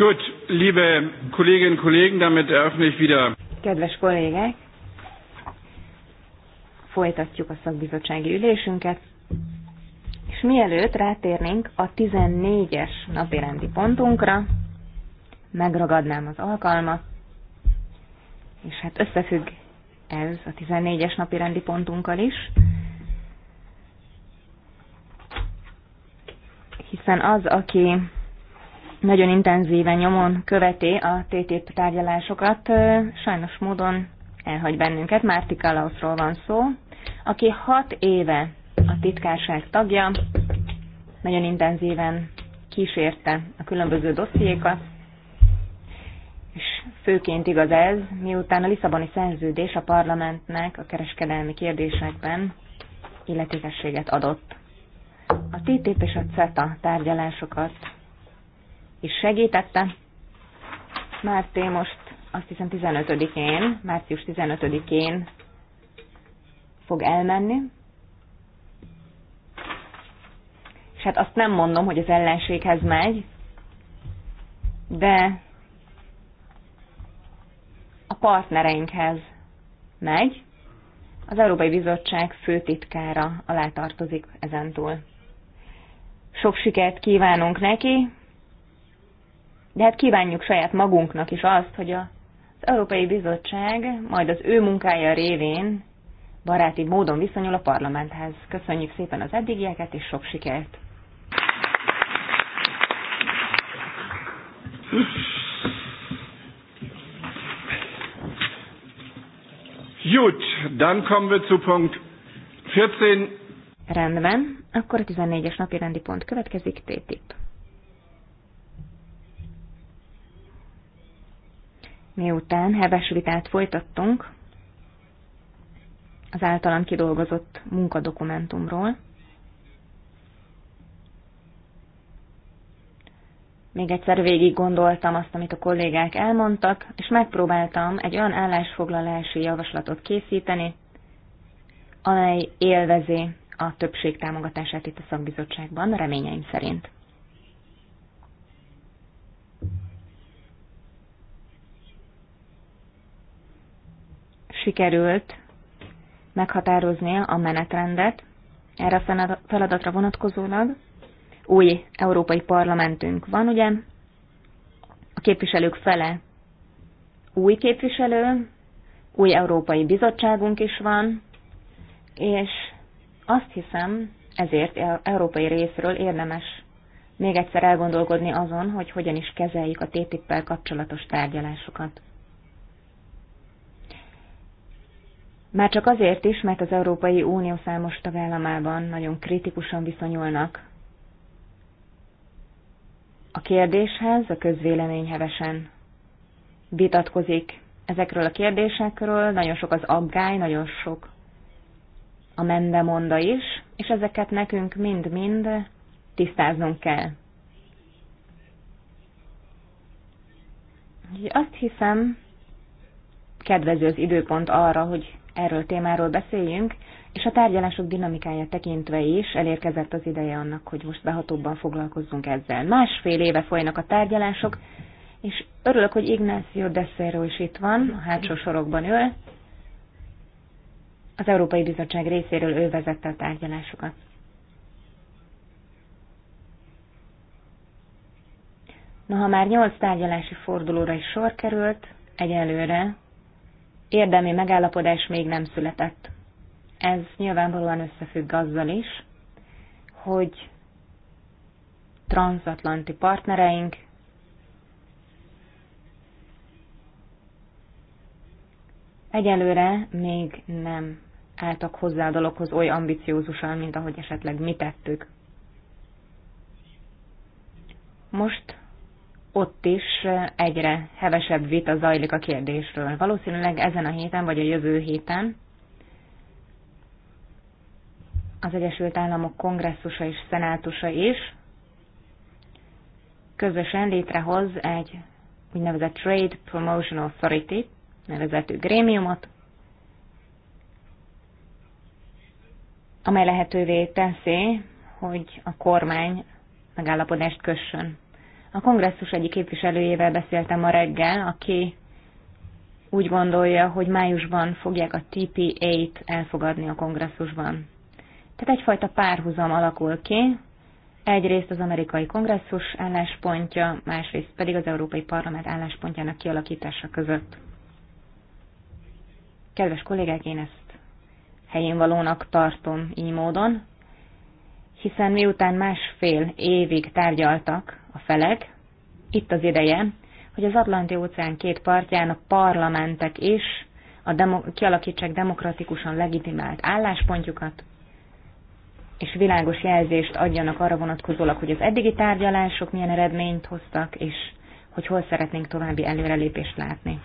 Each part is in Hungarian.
Gut, liebe Kolleginnen und Kollegen, damit eröffne ich wieder. Kedves kollégák, folytatjuk a szakbizottsági ülésünket, és mielőtt rátérnénk a 14-es napirendi pontunkra, megragadnám az alkalmat, és hát összefügg ez a 14-es napirendi pontunkkal is, hiszen az, aki nagyon intenzíven nyomon követi a TTIP tárgyalásokat, sajnos módon elhagy bennünket. Márti Kalauszról van szó, aki hat éve a titkárság tagja, nagyon intenzíven kísérte a különböző dossziékat, és főként igaz ez, miután a Lisszaboni szerződés a parlamentnek a kereskedelmi kérdésekben illetékességet adott. A TTIP és a CETA tárgyalásokat és segítette. Márté most azt hiszem 15-én, március 15-én fog elmenni. És hát azt nem mondom, hogy az ellenséghez megy, de a partnereinkhez megy. Az Európai Bizottság főtitkára alá tartozik ezentúl. Sok sikert kívánunk neki, de hát kívánjuk saját magunknak is azt, hogy az Európai Bizottság majd az ő munkája révén baráti módon viszonyul a parlamenthez. Köszönjük szépen az eddigieket, és sok sikert! Gut, dann kommen wir zu Punkt 14. Rendben, akkor a 14-es napi rendi pont következik, T-tip. Miután heves vitát folytattunk az általam kidolgozott munkadokumentumról, még egyszer végig gondoltam azt, amit a kollégák elmondtak, és megpróbáltam egy olyan állásfoglalási javaslatot készíteni, amely élvezi a többség támogatását itt a szakbizottságban, reményeim szerint. sikerült meghatároznia a menetrendet erre a feladatra vonatkozólag. Új európai parlamentünk van, ugye? A képviselők fele új képviselő, új európai bizottságunk is van, és azt hiszem, ezért e- európai részről érdemes még egyszer elgondolkodni azon, hogy hogyan is kezeljük a TTIP-pel kapcsolatos tárgyalásokat. Már csak azért is, mert az Európai Unió számos tagállamában nagyon kritikusan viszonyulnak a kérdéshez, a közvélemény hevesen vitatkozik ezekről a kérdésekről, nagyon sok az aggály, nagyon sok a mendemonda is, és ezeket nekünk mind-mind tisztáznunk kell. Azt hiszem, kedvező az időpont arra, hogy erről témáról beszéljünk, és a tárgyalások dinamikája tekintve is elérkezett az ideje annak, hogy most behatóbban foglalkozzunk ezzel. Másfél éve folynak a tárgyalások, és örülök, hogy Ignacio Desszerro is itt van, a hátsó sorokban ül. Az Európai Bizottság részéről ő vezette a tárgyalásokat. Noha már nyolc tárgyalási fordulóra is sor került, egyelőre érdemi megállapodás még nem született. Ez nyilvánvalóan összefügg azzal is, hogy transatlanti partnereink egyelőre még nem álltak hozzá a dologhoz oly ambiciózusan, mint ahogy esetleg mi tettük. Most ott is egyre hevesebb vita zajlik a kérdésről. Valószínűleg ezen a héten vagy a jövő héten az Egyesült Államok kongresszusa és szenátusa is közösen létrehoz egy úgynevezett Trade Promotion Authority nevezetű grémiumot, amely lehetővé teszi, hogy a kormány megállapodást kössön a kongresszus egyik képviselőjével beszéltem ma reggel, aki úgy gondolja, hogy májusban fogják a TP8-t elfogadni a kongresszusban. Tehát egyfajta párhuzam alakul ki, egyrészt az amerikai kongresszus álláspontja, másrészt pedig az Európai Parlament álláspontjának kialakítása között. Kedves kollégák, én ezt helyén valónak tartom így módon, hiszen miután másfél évig tárgyaltak a felek, itt az ideje, hogy az Atlanti-óceán két partján a parlamentek is a demo- kialakítsák demokratikusan legitimált álláspontjukat, és világos jelzést adjanak arra vonatkozólag, hogy az eddigi tárgyalások milyen eredményt hoztak, és hogy hol szeretnénk további előrelépést látni.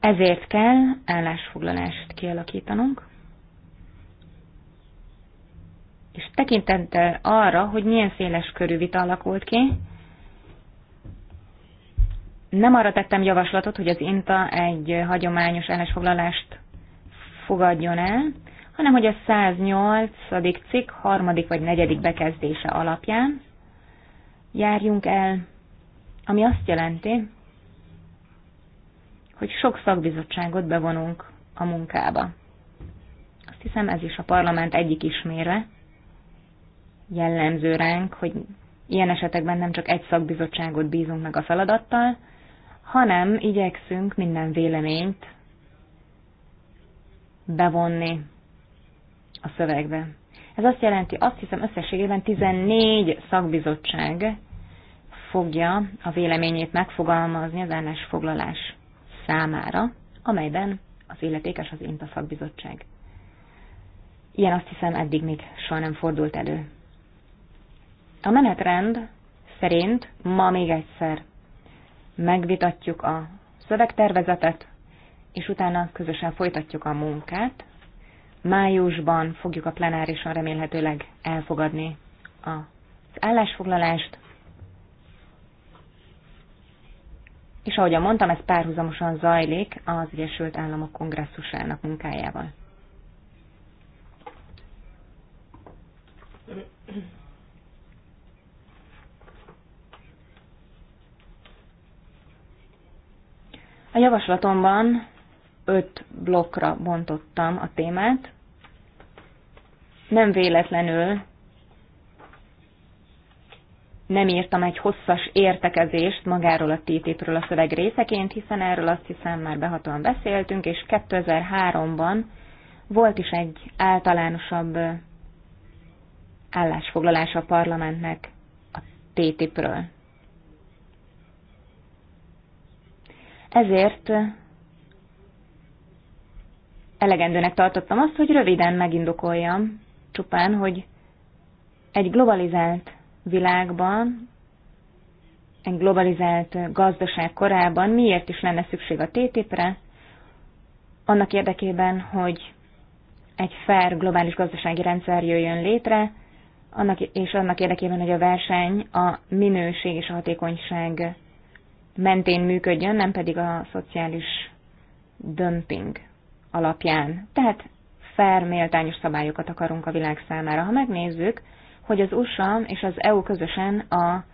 Ezért kell állásfoglalást kialakítanunk, és tekintettel arra, hogy milyen széles körű vita alakult ki, nem arra tettem javaslatot, hogy az INTA egy hagyományos állásfoglalást fogadjon el, hanem hogy a 108. cikk harmadik vagy negyedik bekezdése alapján járjunk el, ami azt jelenti, hogy sok szakbizottságot bevonunk a munkába. Azt hiszem ez is a parlament egyik ismére jellemző ránk, hogy ilyen esetekben nem csak egy szakbizottságot bízunk meg a feladattal, hanem igyekszünk minden véleményt bevonni a szövegbe. Ez azt jelenti, azt hiszem összességében 14 szakbizottság fogja a véleményét megfogalmazni az állásfoglalás számára, amelyben az illetékes az INTA szakbizottság. Ilyen azt hiszem eddig még soha nem fordult elő. A menetrend szerint ma még egyszer megvitatjuk a szövegtervezetet, és utána közösen folytatjuk a munkát. Májusban fogjuk a plenárison remélhetőleg elfogadni az állásfoglalást, és ahogyan mondtam, ez párhuzamosan zajlik az Egyesült Államok kongresszusának munkájával. A javaslatomban öt blokkra bontottam a témát. Nem véletlenül nem írtam egy hosszas értekezést magáról a TTIP-ről a szöveg részeként, hiszen erről azt hiszem már behatóan beszéltünk, és 2003-ban volt is egy általánosabb állásfoglalása a parlamentnek a TTIP-ről. Ezért elegendőnek tartottam azt, hogy röviden megindokoljam, csupán, hogy egy globalizált világban, egy globalizált gazdaság korában miért is lenne szükség a TTIP-re, annak érdekében, hogy egy fair globális gazdasági rendszer jöjjön létre, annak, és annak érdekében, hogy a verseny a minőség és a hatékonyság mentén működjön, nem pedig a szociális dömping alapján. Tehát fair, méltányos szabályokat akarunk a világ számára. Ha megnézzük, hogy az USA és az EU közösen a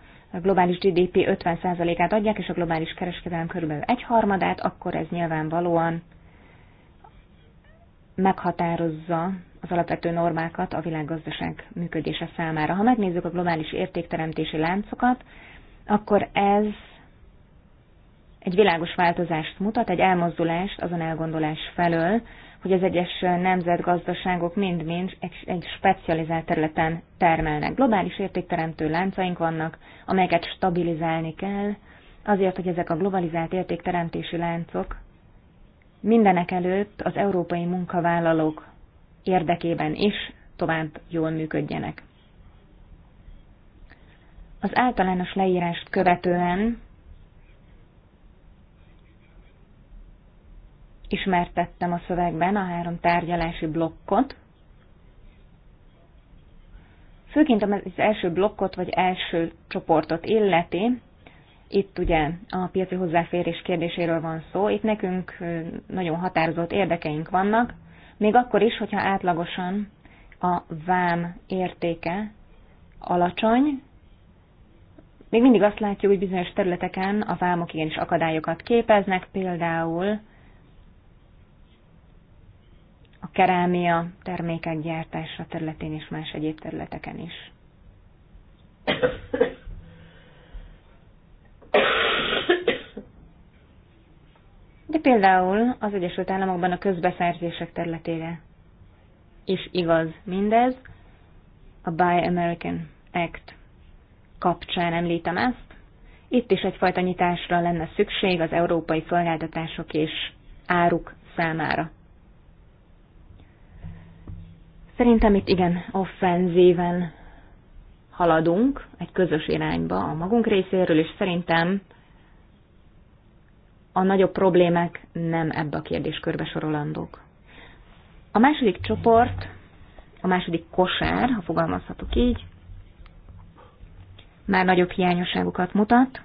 globális GDP 50%-át adják, és a globális kereskedelem körülbelül egyharmadát, akkor ez nyilvánvalóan meghatározza az alapvető normákat a világgazdaság működése számára. Ha megnézzük a globális értékteremtési láncokat, akkor ez egy világos változást mutat, egy elmozdulást azon elgondolás felől, hogy az egyes nemzetgazdaságok mind-mind egy, egy specializált területen termelnek. Globális értékteremtő láncaink vannak, amelyeket stabilizálni kell, azért, hogy ezek a globalizált értékteremtési láncok mindenek előtt az európai munkavállalók érdekében is tovább jól működjenek. Az általános leírást követően ismertettem a szövegben a három tárgyalási blokkot. Főként az első blokkot vagy első csoportot illeti, itt ugye a piaci hozzáférés kérdéséről van szó, itt nekünk nagyon határozott érdekeink vannak, még akkor is, hogyha átlagosan a vám értéke alacsony, még mindig azt látjuk, hogy bizonyos területeken a vámok igenis akadályokat képeznek, például kerámia termékek gyártása területén és más egyéb területeken is. De például az Egyesült Államokban a közbeszerzések területére is igaz mindez. A Buy American Act kapcsán említem ezt. Itt is egyfajta nyitásra lenne szükség az európai szolgáltatások és áruk számára. Szerintem itt igen offenzíven haladunk egy közös irányba a magunk részéről, és szerintem a nagyobb problémák nem ebbe a kérdéskörbe sorolandók. A második csoport, a második kosár, ha fogalmazhatok így, már nagyobb hiányosságokat mutat.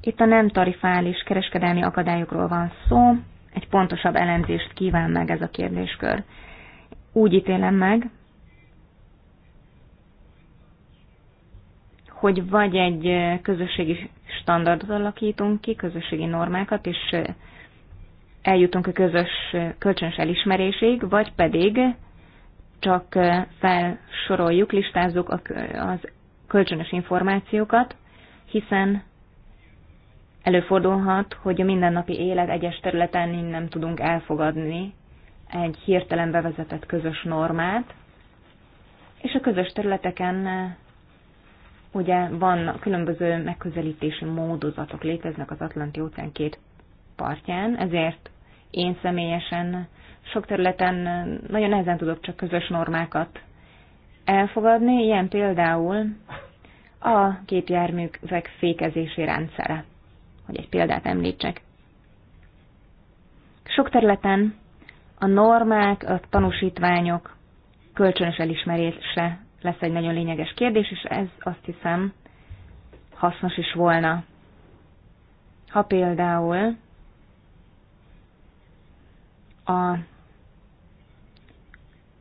Itt a nem tarifális kereskedelmi akadályokról van szó, egy pontosabb elemzést kíván meg ez a kérdéskör úgy ítélem meg, hogy vagy egy közösségi standardot alakítunk ki, közösségi normákat, és eljutunk a közös kölcsönös elismerésig, vagy pedig csak felsoroljuk, listázzuk az kölcsönös információkat, hiszen előfordulhat, hogy a mindennapi élet egyes területen nem tudunk elfogadni egy hirtelen bevezetett közös normát, és a közös területeken eh, ugye van különböző megközelítési módozatok léteznek az Atlanti óceán két partján, ezért én személyesen sok területen eh, nagyon nehezen tudok csak közös normákat elfogadni, ilyen például a gépjárművek fékezési rendszere, hogy egy példát említsek. Sok területen a normák, a tanúsítványok kölcsönös elismerése lesz egy nagyon lényeges kérdés, és ez azt hiszem hasznos is volna. Ha például a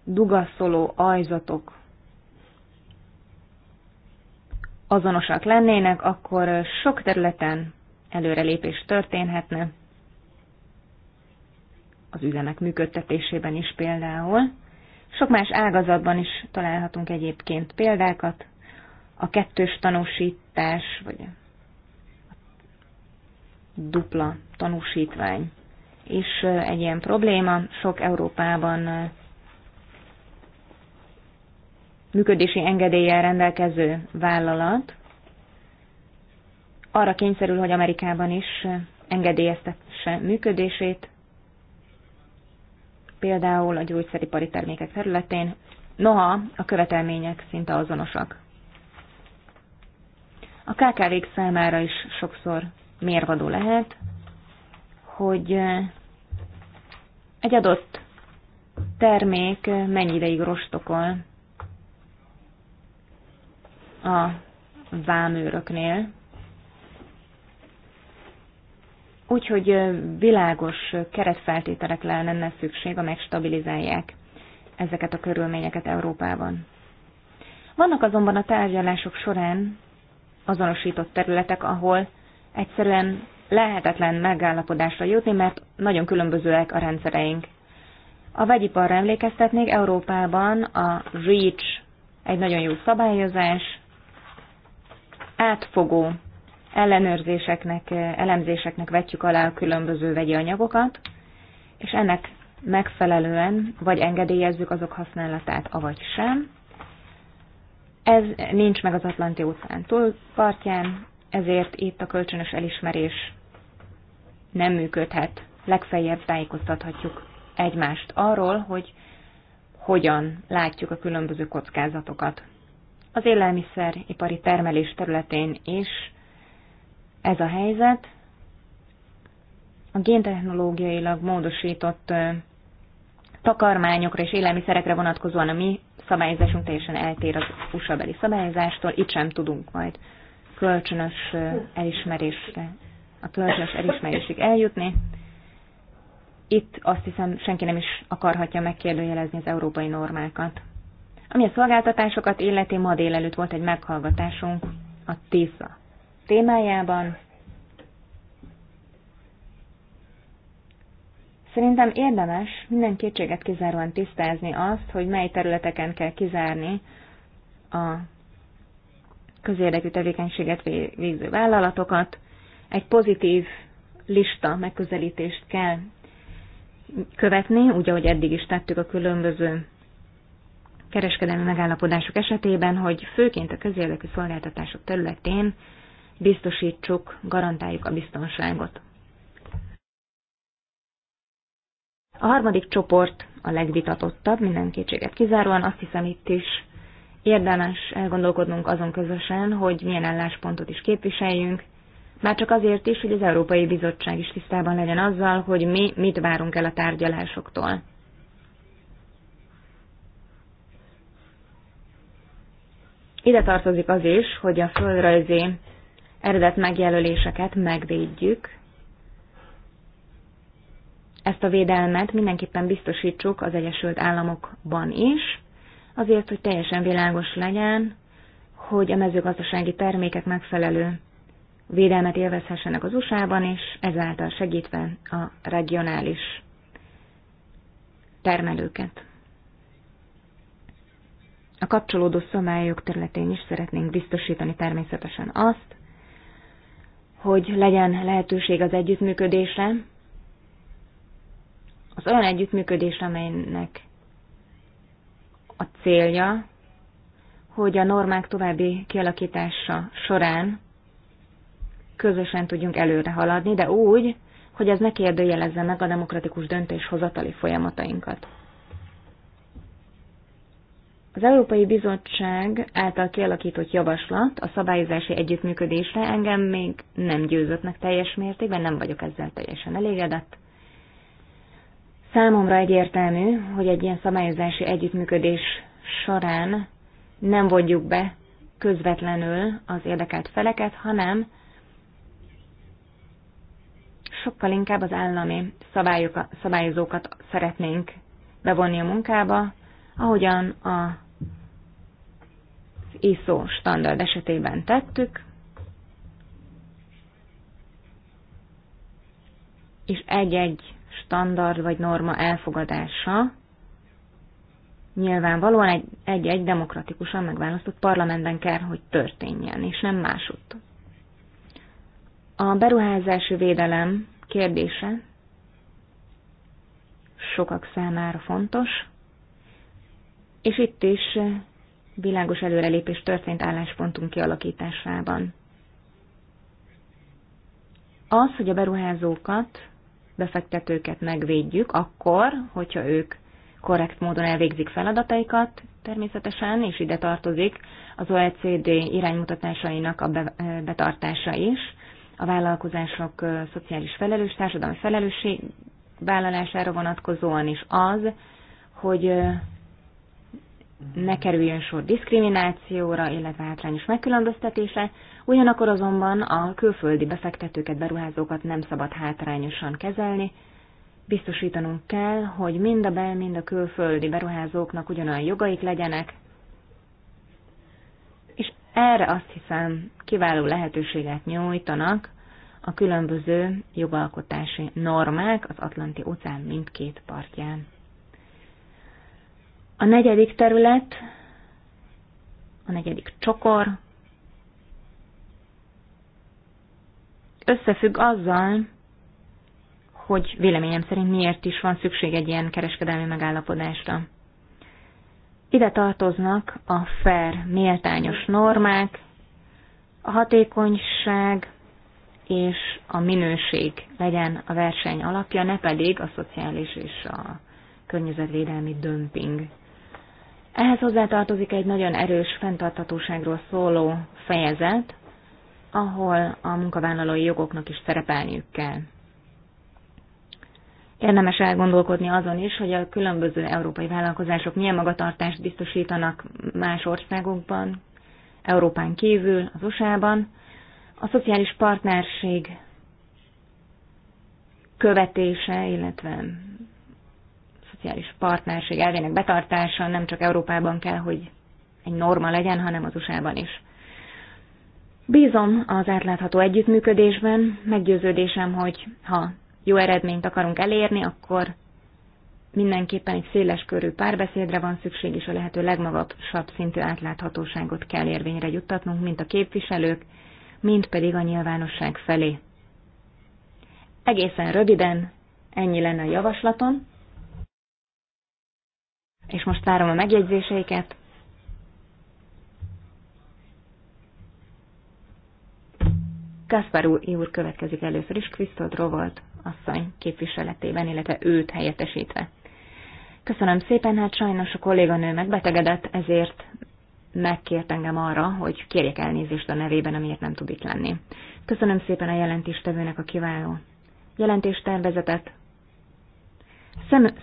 dugaszoló ajzatok azonosak lennének, akkor sok területen előrelépés történhetne, az üzemek működtetésében is például. Sok más ágazatban is találhatunk egyébként példákat, a kettős tanúsítás, vagy a dupla tanúsítvány is egy ilyen probléma. Sok Európában működési engedéllyel rendelkező vállalat arra kényszerül, hogy Amerikában is engedélyeztesse működését, például a gyógyszeripari termékek területén, noha a követelmények szinte azonosak. A kkv számára is sokszor mérvadó lehet, hogy eh, egy adott termék mennyi ideig rostokol a vámőröknél, Úgyhogy világos keretfeltételek lenne szükség, amelyek stabilizálják ezeket a körülményeket Európában. Vannak azonban a tárgyalások során azonosított területek, ahol egyszerűen lehetetlen megállapodásra jutni, mert nagyon különbözőek a rendszereink. A vegyiparra emlékeztetnék, Európában a REACH egy nagyon jó szabályozás, átfogó ellenőrzéseknek, elemzéseknek vetjük alá a különböző vegyi anyagokat, és ennek megfelelően vagy engedélyezzük azok használatát, avagy sem. Ez nincs meg az Atlanti óceán túlpartján, ezért itt a kölcsönös elismerés nem működhet. Legfeljebb tájékoztathatjuk egymást arról, hogy hogyan látjuk a különböző kockázatokat. Az élelmiszeripari termelés területén is ez a helyzet. A géntechnológiailag módosított takarmányokra és élelmiszerekre vonatkozóan a mi szabályozásunk teljesen eltér az USA beli szabályozástól, itt sem tudunk majd kölcsönös elismerésre, a kölcsönös elismerésig eljutni. Itt azt hiszem senki nem is akarhatja megkérdőjelezni az európai normákat. Ami a szolgáltatásokat illeti, ma délelőtt volt egy meghallgatásunk a TISZA témájában. Szerintem érdemes minden kétséget kizáróan tisztázni azt, hogy mely területeken kell kizárni a közérdekű tevékenységet végző vállalatokat. Egy pozitív lista megközelítést kell követni, úgy, ahogy eddig is tettük a különböző kereskedelmi megállapodások esetében, hogy főként a közérdekű szolgáltatások területén biztosítsuk, garantáljuk a biztonságot. A harmadik csoport a legvitatottabb, minden kétséget kizáróan, azt hiszem itt is érdemes elgondolkodnunk azon közösen, hogy milyen álláspontot is képviseljünk, már csak azért is, hogy az Európai Bizottság is tisztában legyen azzal, hogy mi mit várunk el a tárgyalásoktól. Ide tartozik az is, hogy a földrajzi eredet megjelöléseket megvédjük. Ezt a védelmet mindenképpen biztosítsuk az Egyesült Államokban is, azért, hogy teljesen világos legyen, hogy a mezőgazdasági termékek megfelelő védelmet élvezhessenek az USA-ban, és ezáltal segítve a regionális termelőket. A kapcsolódó szomályok területén is szeretnénk biztosítani természetesen azt, hogy legyen lehetőség az együttműködésre, az olyan együttműködés, amelynek a célja, hogy a normák további kialakítása során közösen tudjunk előre haladni, de úgy, hogy ez ne kérdőjelezze meg a demokratikus döntéshozatali folyamatainkat. Az Európai Bizottság által kialakított javaslat a szabályozási együttműködésre engem még nem győzött meg teljes mértékben, nem vagyok ezzel teljesen elégedett. Számomra egyértelmű, hogy egy ilyen szabályozási együttműködés során nem vonjuk be közvetlenül az érdekelt feleket, hanem sokkal inkább az állami szabályozókat szeretnénk bevonni a munkába, ahogyan a ISO standard esetében tettük, és egy-egy standard vagy norma elfogadása nyilvánvalóan egy-egy demokratikusan megválasztott parlamentben kell, hogy történjen, és nem másutt. A beruházási védelem kérdése sokak számára fontos, és itt is világos előrelépés történt álláspontunk kialakításában. Az, hogy a beruházókat, befektetőket megvédjük, akkor, hogyha ők korrekt módon elvégzik feladataikat, természetesen, és ide tartozik az OECD iránymutatásainak a betartása is, a vállalkozások szociális felelős, társadalmi felelősség vállalására vonatkozóan is az, hogy ne kerüljön sor diszkriminációra, illetve hátrányos megkülönböztetése, ugyanakkor azonban a külföldi befektetőket, beruházókat nem szabad hátrányosan kezelni, biztosítanunk kell, hogy mind a bel, mind a külföldi beruházóknak ugyanolyan jogaik legyenek, és erre azt hiszem kiváló lehetőséget nyújtanak a különböző jogalkotási normák az Atlanti óceán mindkét partján. A negyedik terület, a negyedik csokor összefügg azzal, hogy véleményem szerint miért is van szükség egy ilyen kereskedelmi megállapodásra. Ide tartoznak a fair, méltányos normák, a hatékonyság és a minőség legyen a verseny alapja, ne pedig a szociális és a környezetvédelmi dömping. Ehhez hozzátartozik egy nagyon erős fenntarthatóságról szóló fejezet, ahol a munkavállalói jogoknak is szerepelniük kell. Érdemes elgondolkodni azon is, hogy a különböző európai vállalkozások milyen magatartást biztosítanak más országokban, Európán kívül, az USA-ban. A szociális partnerség követése, illetve szociális partnerség elvének betartása nem csak Európában kell, hogy egy norma legyen, hanem az USA-ban is. Bízom az átlátható együttműködésben, meggyőződésem, hogy ha jó eredményt akarunk elérni, akkor mindenképpen egy széles körű párbeszédre van szükség, és a lehető legmagasabb szintű átláthatóságot kell érvényre juttatnunk, mint a képviselők, mint pedig a nyilvánosság felé. Egészen röviden ennyi lenne a javaslatom és most várom a megjegyzéseiket. Kaspar úr következik először is, Krisztod Rovolt asszony képviseletében, illetve őt helyettesítve. Köszönöm szépen, hát sajnos a kolléganő megbetegedett, ezért megkért engem arra, hogy kérjek elnézést a nevében, amiért nem tud itt lenni. Köszönöm szépen a jelentéstevőnek a kiváló jelentéstervezetet,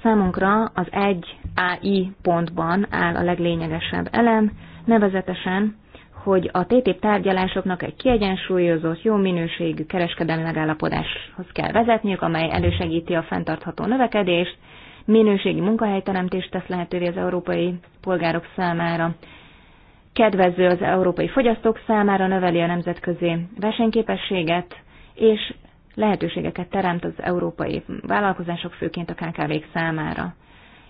Számunkra az egy ai pontban áll a leglényegesebb elem, nevezetesen, hogy a TTIP tárgyalásoknak egy kiegyensúlyozott, jó minőségű kereskedelmi megállapodáshoz kell vezetniük, amely elősegíti a fenntartható növekedést, minőségi munkahelyteremtést tesz lehetővé az európai polgárok számára, kedvező az európai fogyasztók számára, növeli a nemzetközi versenyképességet, és lehetőségeket teremt az európai vállalkozások, főként a kkv számára.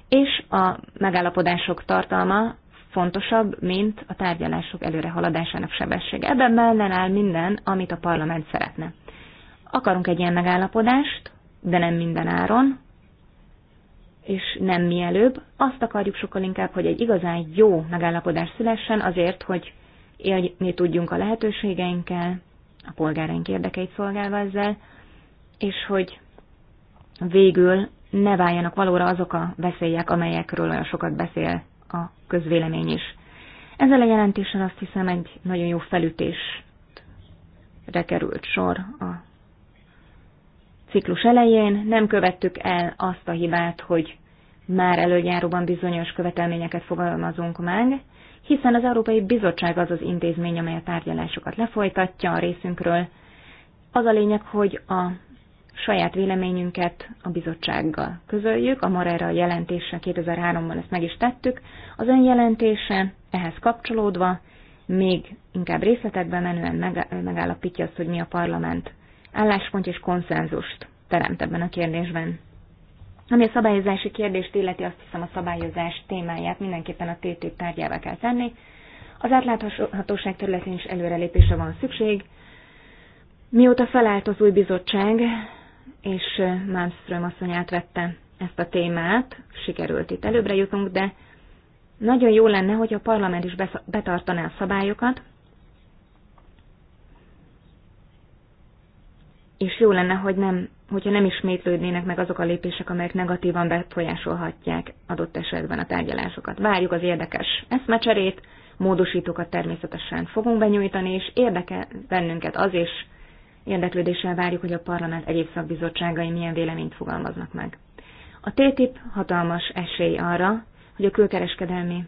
És a megállapodások tartalma fontosabb, mint a tárgyalások előre haladásának sebessége. Ebben mellen áll minden, amit a parlament szeretne. Akarunk egy ilyen megállapodást, de nem minden áron, és nem mielőbb. Azt akarjuk sokkal inkább, hogy egy igazán jó megállapodás szülessen azért, hogy élni tudjunk a lehetőségeinkkel, a polgáraink érdekeit szolgálva ezzel, és hogy végül ne váljanak valóra azok a veszélyek, amelyekről olyan sokat beszél a közvélemény is. Ezzel a jelentésen azt hiszem egy nagyon jó felütésre került sor a ciklus elején. Nem követtük el azt a hibát, hogy már előjáróban bizonyos követelményeket fogalmazunk meg, hiszen az Európai Bizottság az az intézmény, amely a tárgyalásokat lefolytatja a részünkről. Az a lényeg, hogy a saját véleményünket a bizottsággal közöljük. A Marera jelentése 2003-ban ezt meg is tettük. Az önjelentése ehhez kapcsolódva még inkább részletekben menően megállapítja azt, hogy mi a parlament álláspont és konszenzust teremt ebben a kérdésben. Ami a szabályozási kérdést illeti, azt hiszem a szabályozás témáját mindenképpen a TT tárgyává kell tenni. Az átláthatóság területén is előrelépésre van szükség. Mióta felállt az új bizottság, és eh, Malmström asszony átvette ezt a témát, sikerült itt előbbre jutunk, de nagyon jó lenne, hogy a parlament is betartaná a szabályokat, és jó lenne, hogy nem, hogyha nem ismétlődnének meg azok a lépések, amelyek negatívan befolyásolhatják adott esetben a tárgyalásokat. Várjuk az érdekes eszmecserét, módosítókat természetesen fogunk benyújtani, és érdekel bennünket az is, Érdeklődéssel várjuk, hogy a parlament egyéb szakbizottságai milyen véleményt fogalmaznak meg. A TTIP hatalmas esély arra, hogy a külkereskedelmi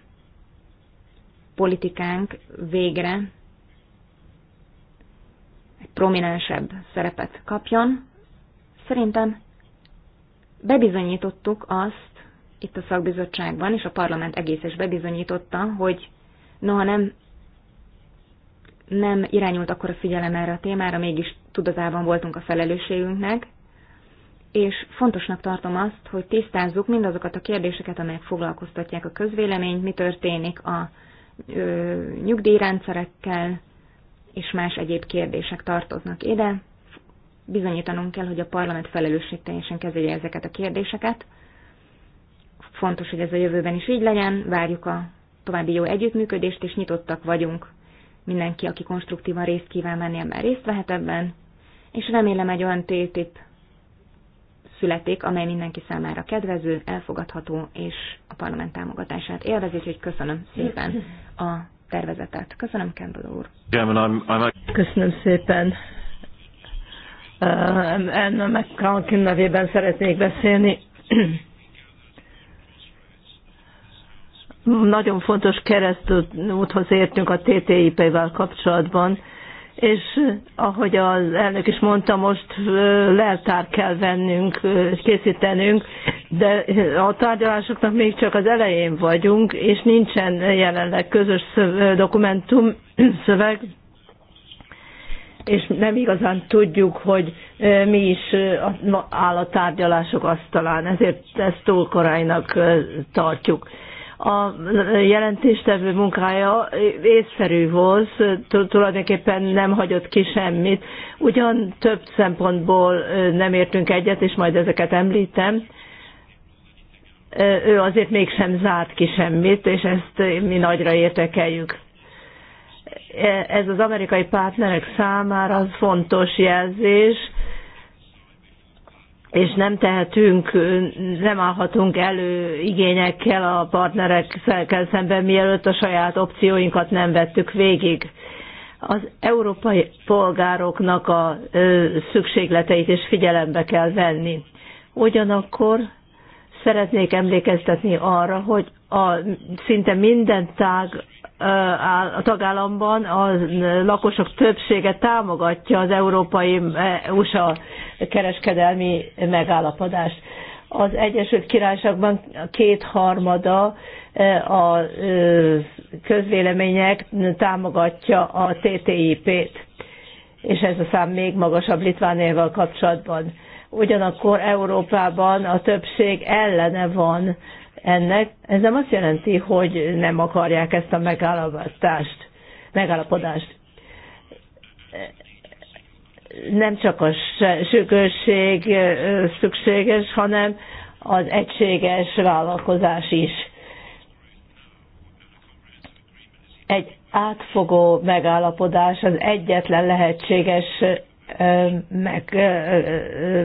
politikánk végre egy prominensebb szerepet kapjon. Szerintem bebizonyítottuk azt itt a szakbizottságban, és a parlament egész is bebizonyította, hogy noha nem nem irányult akkor a figyelem erre a témára, mégis tudatában voltunk a felelősségünknek, és fontosnak tartom azt, hogy tisztázzuk mindazokat a kérdéseket, amelyek foglalkoztatják a közvéleményt, mi történik a ö, nyugdíjrendszerekkel, és más egyéb kérdések tartoznak ide. Bizonyítanunk kell, hogy a parlament teljesen kezelje ezeket a kérdéseket. Fontos, hogy ez a jövőben is így legyen, várjuk a további jó együttműködést, és nyitottak vagyunk mindenki, aki konstruktívan részt kíván venni, ebben részt vehet ebben, és remélem egy olyan TTIP születik, amely mindenki számára kedvező, elfogadható, és a parlament támogatását élvezik, hogy köszönöm szépen a tervezetet. Köszönöm, Campbell úr. Köszönöm szépen. Enna McCalkin nevében szeretnék beszélni. nagyon fontos keresztúthoz értünk a TTIP-vel kapcsolatban, és ahogy az elnök is mondta, most leltár kell vennünk, készítenünk, de a tárgyalásoknak még csak az elején vagyunk, és nincsen jelenleg közös dokumentum, szöveg, és nem igazán tudjuk, hogy mi is áll a tárgyalások asztalán, ezért ezt túl korainak tartjuk a jelentéstevő munkája észszerű volt, tulajdonképpen nem hagyott ki semmit. Ugyan több szempontból nem értünk egyet, és majd ezeket említem. Ő azért mégsem zárt ki semmit, és ezt mi nagyra értekeljük. E, ez az amerikai partnerek számára az fontos jelzés, és nem tehetünk, nem állhatunk elő igényekkel a partnerekkel szemben, mielőtt a saját opcióinkat nem vettük végig. Az európai polgároknak a szükségleteit is figyelembe kell venni. Ugyanakkor szeretnék emlékeztetni arra, hogy a, szinte minden tág a tagállamban a lakosok többsége támogatja az európai USA kereskedelmi megállapodást. Az Egyesült Királyságban kétharmada eh, a eh, közvélemények támogatja a TTIP-t, és ez a szám még magasabb Litvániával kapcsolatban. Ugyanakkor Európában a többség ellene van ennek. Ez nem azt jelenti, hogy nem akarják ezt a megállapodást. megállapodást nem csak a sürgősség szükséges, hanem az egységes vállalkozás is. Egy átfogó megállapodás az egyetlen lehetséges meg,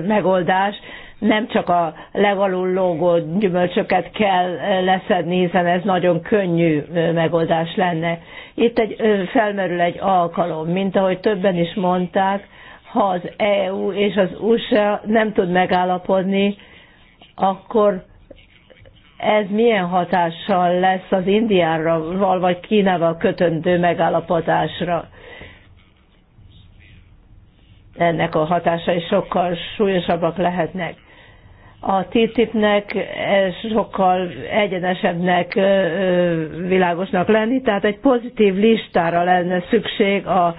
megoldás. Nem csak a legalul lógó gyümölcsöket kell leszedni, hiszen ez nagyon könnyű megoldás lenne. Itt egy, felmerül egy alkalom, mint ahogy többen is mondták, ha az EU és az USA nem tud megállapodni, akkor ez milyen hatással lesz az Indiára vagy Kínával kötöndő megállapodásra? Ennek a hatásai sokkal súlyosabbak lehetnek. A TTIP-nek e, sokkal egyenesebbnek, világosnak lenni, tehát egy pozitív listára lenne szükség a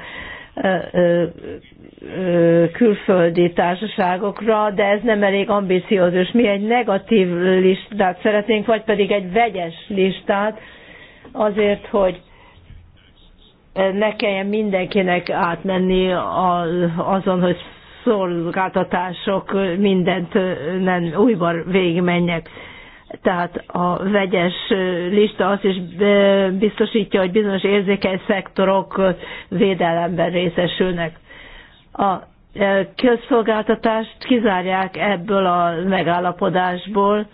külföldi társaságokra, de ez nem elég ambiciózus. Mi egy negatív listát szeretnénk, vagy pedig egy vegyes listát, azért, hogy ne kelljen mindenkinek átmenni azon, hogy szolgáltatások mindent nem újban végigmenjek. Tehát a vegyes lista azt is biztosítja, hogy bizonyos érzékeny szektorok védelemben részesülnek. A e, közszolgáltatást kizárják ebből a megállapodásból,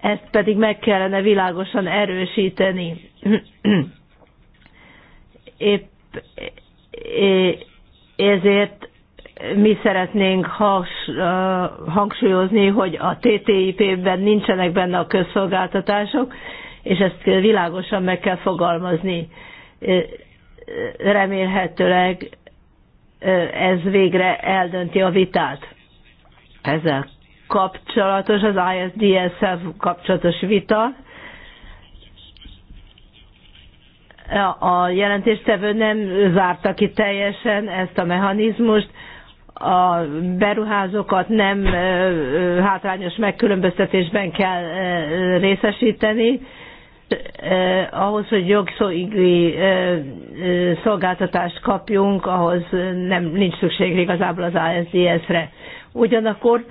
ezt pedig meg kellene világosan erősíteni. Épp ezért mi szeretnénk hangsúlyozni, hogy a TTIP-ben nincsenek benne a közszolgáltatások, és ezt világosan meg kell fogalmazni. Remélhetőleg ez végre eldönti a vitát. Ezzel kapcsolatos, az ISDS-szel kapcsolatos vita. A jelentéstevő nem zárta ki teljesen ezt a mechanizmust, a beruházókat nem hátrányos megkülönböztetésben kell részesíteni, Eh, ahhoz, hogy eh, eh, szolgáltatást kapjunk, ahhoz nem nincs szükség igazából az ASDS-re. Ugyanakkor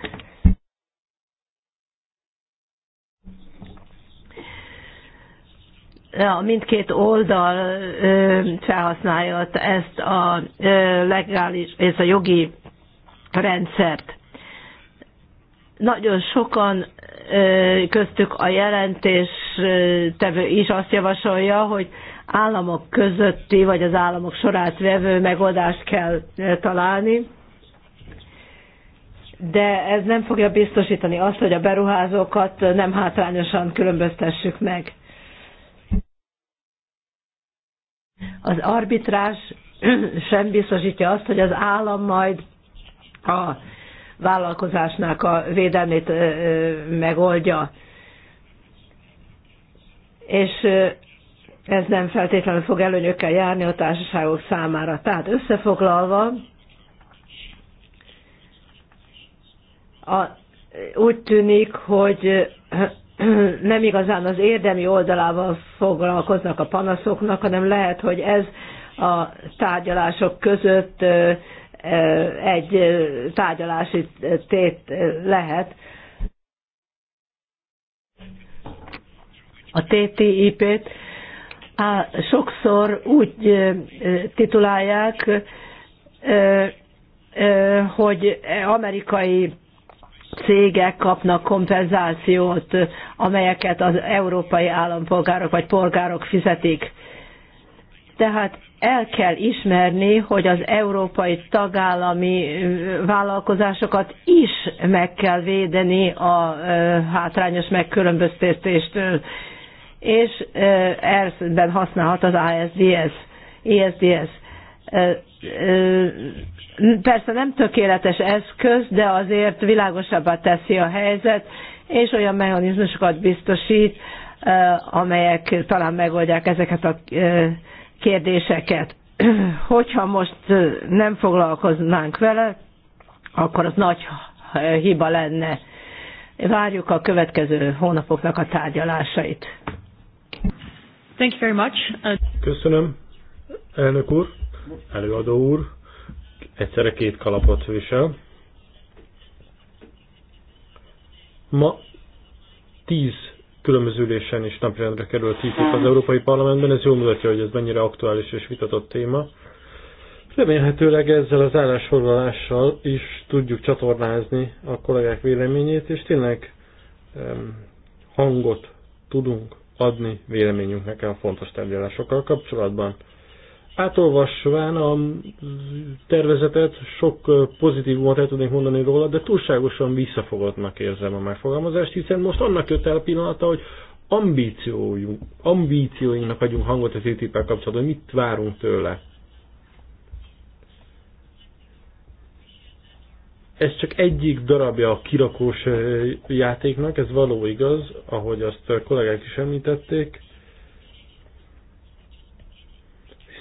a mindkét oldal eh, felhasználja ezt a legális, ez a jogi rendszert. Nagyon sokan köztük a jelentés tevő is azt javasolja, hogy államok közötti vagy az államok sorát vevő megoldást kell találni, de ez nem fogja biztosítani azt, hogy a beruházókat nem hátrányosan különböztessük meg. Az arbitrás sem biztosítja azt, hogy az állam majd a vállalkozásnak a védelmét megoldja. És ez nem feltétlenül fog előnyökkel járni a társaságok számára. Tehát összefoglalva, a, úgy tűnik, hogy nem igazán az érdemi oldalával foglalkoznak a panaszoknak, hanem lehet, hogy ez a tárgyalások között egy tárgyalási tét lehet. A TTIP-t sokszor úgy titulálják, hogy amerikai cégek kapnak kompenzációt, amelyeket az európai állampolgárok vagy polgárok fizetik. Tehát el kell ismerni, hogy az európai tagállami vállalkozásokat is meg kell védeni a hátrányos megkülönböztetéstől, és ebben használhat az ASDS, ISDS. Persze nem tökéletes eszköz, de azért világosabbá teszi a helyzet, és olyan mechanizmusokat biztosít, amelyek talán megoldják ezeket a kérdéseket. Hogyha most nem foglalkoznánk vele, akkor az nagy hiba lenne. Várjuk a következő hónapoknak a tárgyalásait. Thank you very much. Köszönöm, elnök úr, előadó úr. Egyszerre két kalapot visel. Ma tíz különbözülésen is napirendre kerül a TTIP az Európai Parlamentben. Ez jól mutatja, hogy ez mennyire aktuális és vitatott téma. Remélhetőleg ezzel az állásfoglalással is tudjuk csatornázni a kollégák véleményét, és tényleg hangot tudunk adni véleményünknek a fontos tárgyalásokkal kapcsolatban. Átolvasván a tervezetet sok pozitívumot el tudnék mondani róla, de túlságosan visszafogottnak érzem a megfogalmazást, hiszen most annak jött el a pillanata, hogy ambícióinknak adjunk hangot a ttip kapcsolatban, hogy mit várunk tőle. Ez csak egyik darabja a kirakós játéknak, ez való igaz, ahogy azt a kollégák is említették.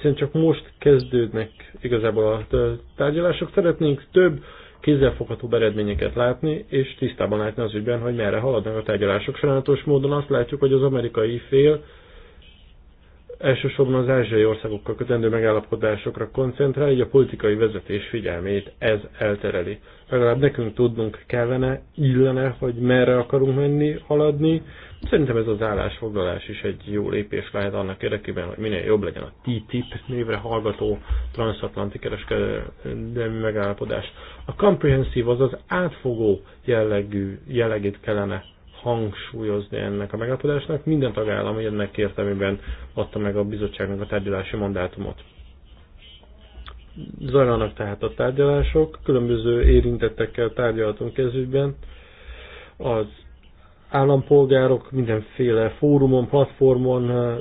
hiszen csak most kezdődnek igazából a tárgyalások. Szeretnénk több kézzelfogható eredményeket látni, és tisztában látni az ügyben, hogy merre haladnak a tárgyalások. Sajnálatos módon azt látjuk, hogy az amerikai fél elsősorban az ázsiai országokkal kötendő megállapodásokra koncentrál, így a politikai vezetés figyelmét ez eltereli. Legalább nekünk tudnunk kellene, illene, hogy merre akarunk menni, haladni, Szerintem ez az állásfoglalás is egy jó lépés lehet annak érdekében, hogy minél jobb legyen a TTIP névre hallgató transatlanti kereskedelmi megállapodás. A comprehensive, az átfogó jellegű, jellegét kellene hangsúlyozni ennek a megállapodásnak. Minden tagállam ennek értelmében adta meg a bizottságnak a tárgyalási mandátumot. Zajlanak tehát a tárgyalások, különböző érintettekkel tárgyalatunk kezdődben. ügyben. Az állampolgárok mindenféle fórumon, platformon,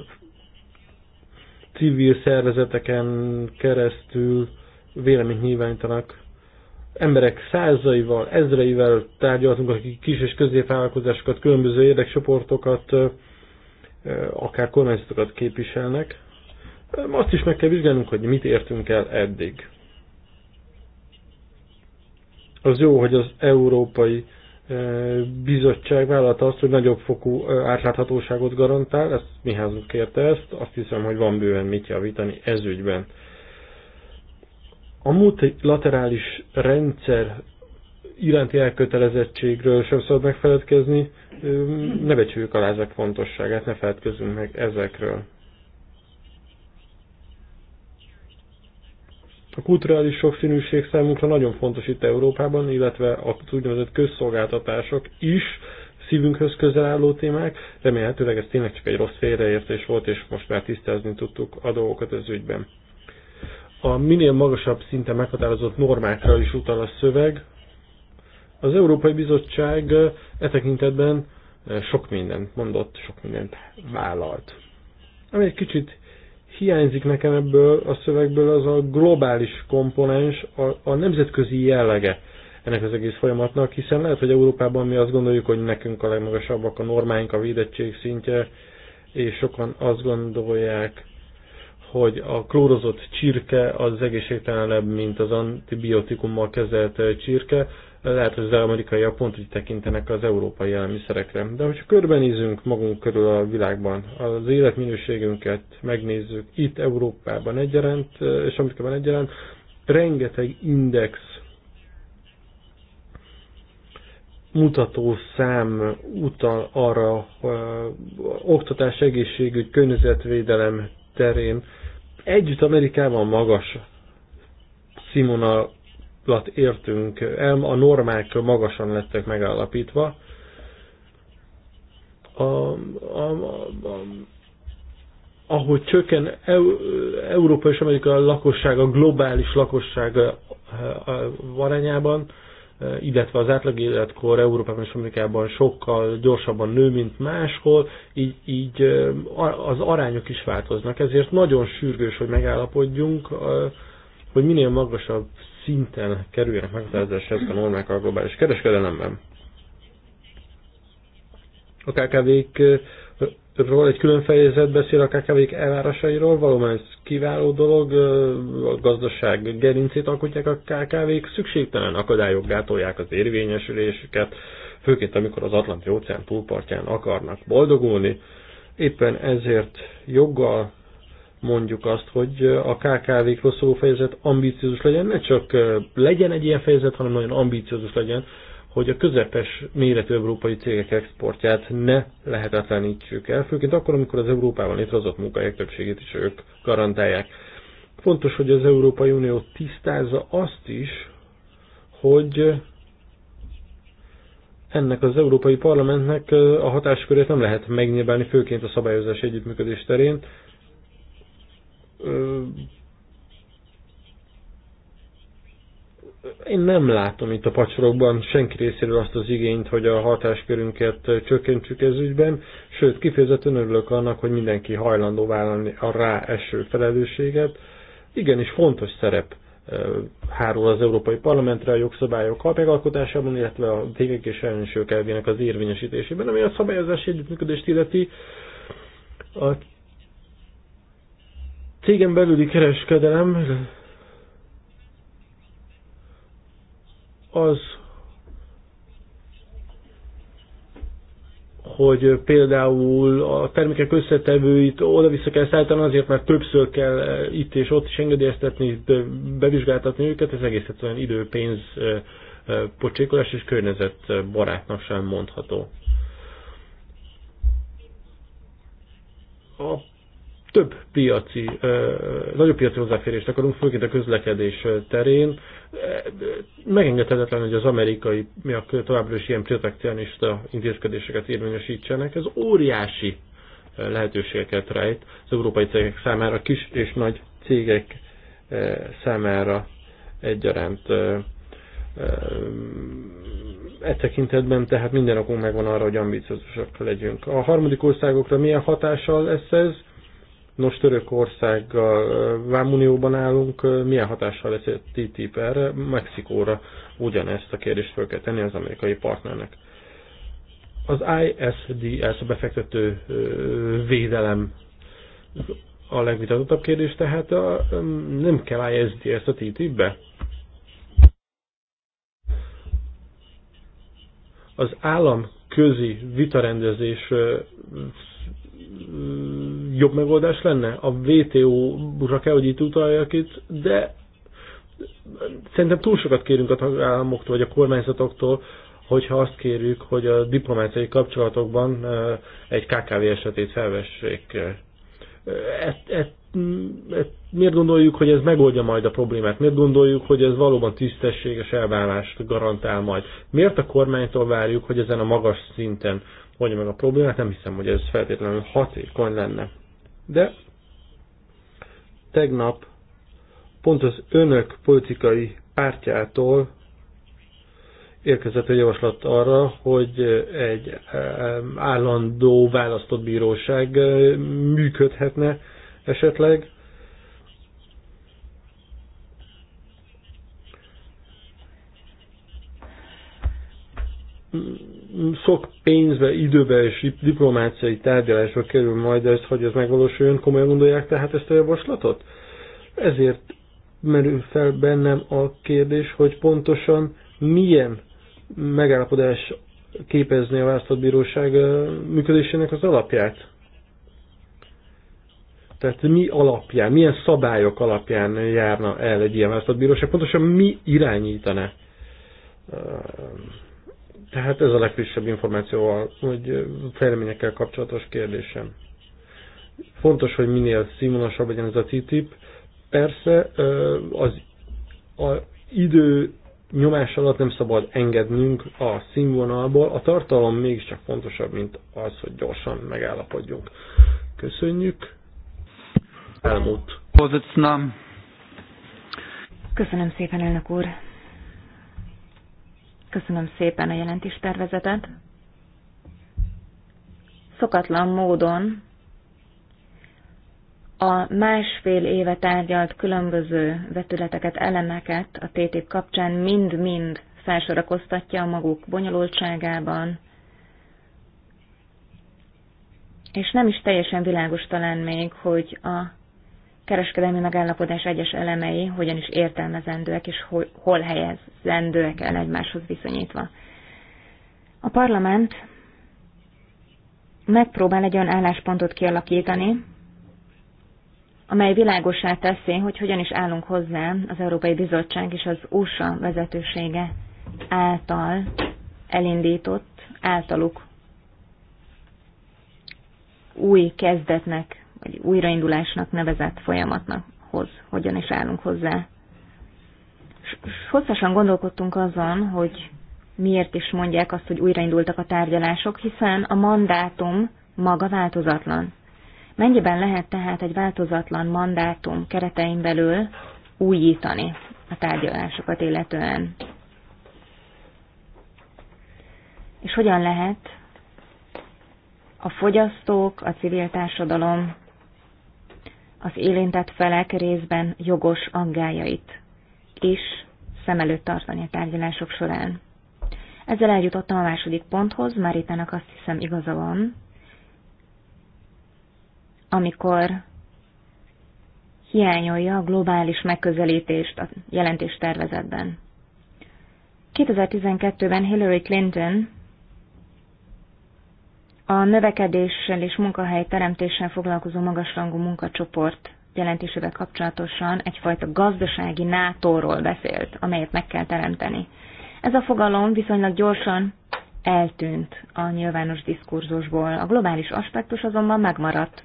civil szervezeteken keresztül véleményt nyilvánítanak. Emberek százaival, ezreivel tárgyaltunk, akik kis és középvállalkozásokat, különböző érdekcsoportokat, akár kormányzatokat képviselnek. Azt is meg kell vizsgálnunk, hogy mit értünk el eddig. Az jó, hogy az európai bizottság vállalta azt, hogy nagyobb fokú átláthatóságot garantál, ezt Mihály kérte ezt, azt hiszem, hogy van bőven mit javítani ez ügyben. A multilaterális rendszer iránti elkötelezettségről sem szabad megfeledkezni, ne becsüljük alá ezek fontosságát, ne feledkezzünk meg ezekről. A kulturális sokszínűség számunkra nagyon fontos itt Európában, illetve az úgynevezett közszolgáltatások is szívünkhöz közel álló témák. Remélhetőleg ez tényleg csak egy rossz félreértés volt, és most már tisztázni tudtuk a dolgokat ez ügyben. A minél magasabb szinten meghatározott normákra is utal a szöveg. Az Európai Bizottság e, e tekintetben e, sok mindent mondott, sok mindent vállalt. Ami egy kicsit hiányzik nekem ebből a szövegből az a globális komponens, a, a nemzetközi jellege ennek az egész folyamatnak, hiszen lehet, hogy Európában mi azt gondoljuk, hogy nekünk a legmagasabbak a normáink, a védettség szintje, és sokan azt gondolják, hogy a klórozott csirke az egészségtelenebb, mint az antibiotikummal kezelt csirke. Lehet, hogy az amerikaiak pont úgy tekintenek az európai élelmiszerekre. De hogyha körbenézünk magunk körül a világban, az életminőségünket megnézzük itt Európában egyaránt, és Amerikában egyaránt, rengeteg index mutató-szám utal arra uh, oktatás, egészségügy, környezetvédelem terén. Együtt Amerikában magas színvonal utat értünk el, a normák magasan lettek megállapítva. A, a, a, a, ahogy csökken Európa és Amerika lakossága, globális lakossága arányában, illetve az átlag életkor Európában és Amerikában sokkal gyorsabban nő, mint máshol, így, így az arányok is változnak. Ezért nagyon sürgős, hogy megállapodjunk, hogy minél magasabb szinten kerüljenek meghatározásra ezek a normák a globális kereskedelemben. A kkv eh, ról egy külön fejezet beszél a KKV-k elvárásairól, valóban ez kiváló dolog, eh, a gazdaság gerincét alkotják a KKV-k, szükségtelen akadályok gátolják az érvényesülésüket, főként amikor az Atlanti óceán túlpartján akarnak boldogulni. Éppen ezért joggal mondjuk azt, hogy a KKV-król szóló fejezet ambíciózus legyen, ne csak legyen egy ilyen fejezet, hanem nagyon ambíciózus legyen, hogy a közepes méretű európai cégek exportját ne lehetetlenítsük el, főként akkor, amikor az Európában létrehozott munkahelyek többségét is ők garantálják. Fontos, hogy az Európai Unió tisztázza azt is, hogy ennek az Európai Parlamentnek a hatáskörét nem lehet megnyilvánni, főként a szabályozás együttműködés terén, én nem látom itt a pacsorokban senki részéről azt az igényt, hogy a hatáskörünket csökkentsük ez ügyben, sőt, kifejezetten örülök annak, hogy mindenki hajlandó vállalni a rá eső felelősséget. Igenis fontos szerep hárul az Európai Parlamentre a jogszabályok megalkotásában, illetve a tégek és ellenőrsök elvének az érvényesítésében, ami a szabályozási együttműködést illeti. A Cégen belüli kereskedelem az, hogy például a termékek összetevőit oda-vissza kell szállítani azért, mert többször kell eh, itt és ott is engedélyeztetni, bevizsgáltatni őket, ez egész egyszerűen idő, pénz, eh, eh, pocsékolás és környezet barátnak sem mondható. A több piaci, nagyobb piaci hozzáférést akarunk, főként a közlekedés terén. Megengedhetetlen, hogy az amerikai, miak továbbra is ilyen protekcionista intézkedéseket érvényesítsenek. Ez óriási lehetőségeket rejt az európai cégek számára, kis és nagy cégek számára egyaránt e tekintetben, tehát minden okunk megvan arra, hogy ambiciózusak legyünk. A harmadik országokra milyen hatással lesz ez? Nos, Törökországgal Vámunióban állunk, milyen hatással lesz a TTIP erre? Mexikóra ugyanezt a kérdést fel kell tenni az amerikai partnernek. Az ISDS, a befektető védelem a legvitatottabb kérdés, tehát a, nem kell ISDS a TTIP-be? Az állam közi vitarendezés jobb megoldás lenne? A WTO-ra kell, hogy itt utaljak itt, de szerintem túl sokat kérünk a tagállamoktól, vagy a kormányzatoktól, hogyha azt kérjük, hogy a diplomáciai kapcsolatokban eh, egy KKV esetét felvessék. Ezt, ezt, ezt, miért gondoljuk, hogy ez megoldja majd a problémát? Miért gondoljuk, hogy ez valóban tisztességes elvállást garantál majd? Miért a kormánytól várjuk, hogy ezen a magas szinten oldja meg a problémát? Nem hiszem, hogy ez feltétlenül hatékony lenne. De tegnap pont az önök politikai pártjától érkezett egy javaslat arra, hogy egy állandó választott bíróság működhetne esetleg sok pénzbe, időbe és diplomáciai tárgyalásba kerül majd ezt, hogy ez megvalósuljon, komolyan gondolják tehát ezt a javaslatot? Ezért merül fel bennem a kérdés, hogy pontosan milyen megállapodás képezni a bíróság működésének az alapját. Tehát mi alapján, milyen szabályok alapján járna el egy ilyen bíróság? pontosan mi irányítana tehát ez a legfrissebb információ, hogy fejleményekkel kapcsolatos kérdésem. Fontos, hogy minél színvonalasabb legyen ez a TTIP. Persze az a idő nyomás alatt nem szabad engednünk a színvonalból. A tartalom mégiscsak fontosabb, mint az, hogy gyorsan megállapodjunk. Köszönjük. Elmúlt. Köszönöm szépen, elnök úr. Köszönöm szépen a tervezetet. Szokatlan módon a másfél éve tárgyalt különböző vetületeket, elemeket a TTIP kapcsán mind-mind felsorakoztatja a maguk bonyolultságában, és nem is teljesen világos talán még, hogy a kereskedelmi megállapodás egyes elemei hogyan is értelmezendőek és hol, helyezendőek el egymáshoz viszonyítva. A parlament megpróbál egy olyan álláspontot kialakítani, amely világosá teszi, hogy hogyan is állunk hozzá az Európai Bizottság és az USA vezetősége által elindított, általuk új kezdetnek vagy újraindulásnak nevezett folyamatnakhoz hogyan is állunk hozzá. Hosszasan gondolkodtunk azon, hogy miért is mondják azt, hogy újraindultak a tárgyalások, hiszen a mandátum maga változatlan. Mennyiben lehet tehát egy változatlan mandátum keretein belül újítani a tárgyalásokat illetően? És hogyan lehet a fogyasztók, a civil társadalom az érintett felek részben jogos aggájait is szem előtt tartani a tárgyalások során. Ezzel eljutottam a második ponthoz, már itt ennek azt hiszem igaza van, amikor hiányolja a globális megközelítést a jelentés 2012-ben Hillary Clinton a növekedéssel és munkahely teremtéssel foglalkozó magasrangú munkacsoport jelentésével kapcsolatosan egyfajta gazdasági NATO-ról beszélt, amelyet meg kell teremteni. Ez a fogalom viszonylag gyorsan eltűnt a nyilvános diskurzusból, a globális aspektus azonban megmaradt.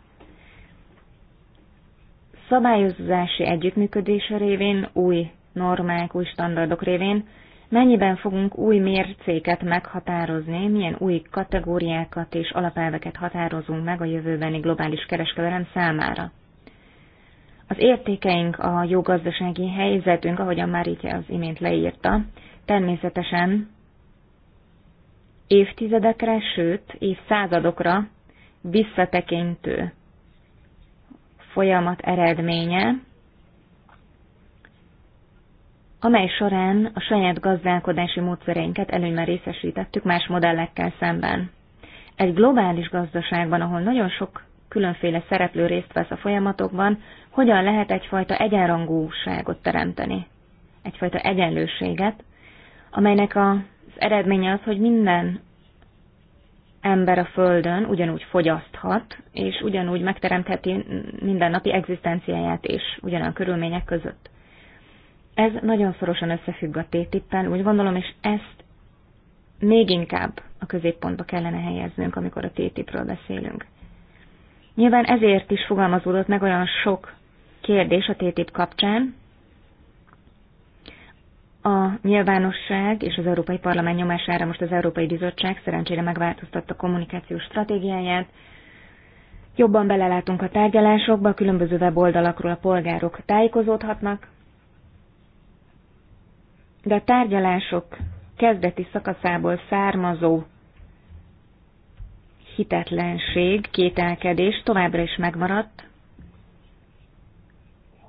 Szabályozási együttműködés révén, új normák, új standardok révén Mennyiben fogunk új mércéket meghatározni, milyen új kategóriákat és alapelveket határozunk meg a jövőbeni globális kereskedelem számára? Az értékeink, a jó gazdasági helyzetünk, ahogyan már így az imént leírta, természetesen évtizedekre, sőt évszázadokra visszatekintő folyamat eredménye, amely során a saját gazdálkodási módszereinket előnyben részesítettük más modellekkel szemben. Egy globális gazdaságban, ahol nagyon sok különféle szereplő részt vesz a folyamatokban, hogyan lehet egyfajta egyenrangúságot teremteni, egyfajta egyenlőséget, amelynek az eredménye az, hogy minden ember a Földön ugyanúgy fogyaszthat, és ugyanúgy megteremtheti mindennapi egzisztenciáját is ugyanolyan körülmények között. Ez nagyon szorosan összefügg a TTIP-en, úgy gondolom, és ezt még inkább a középpontba kellene helyeznünk, amikor a TTIP-ről beszélünk. Nyilván ezért is fogalmazódott meg olyan sok kérdés a TTIP kapcsán. A nyilvánosság és az Európai Parlament nyomására most az Európai Bizottság szerencsére megváltoztatta a kommunikációs stratégiáját. Jobban belelátunk a tárgyalásokba, a különböző weboldalakról a polgárok tájékozódhatnak, de a tárgyalások kezdeti szakaszából származó hitetlenség, kételkedés továbbra is megmaradt,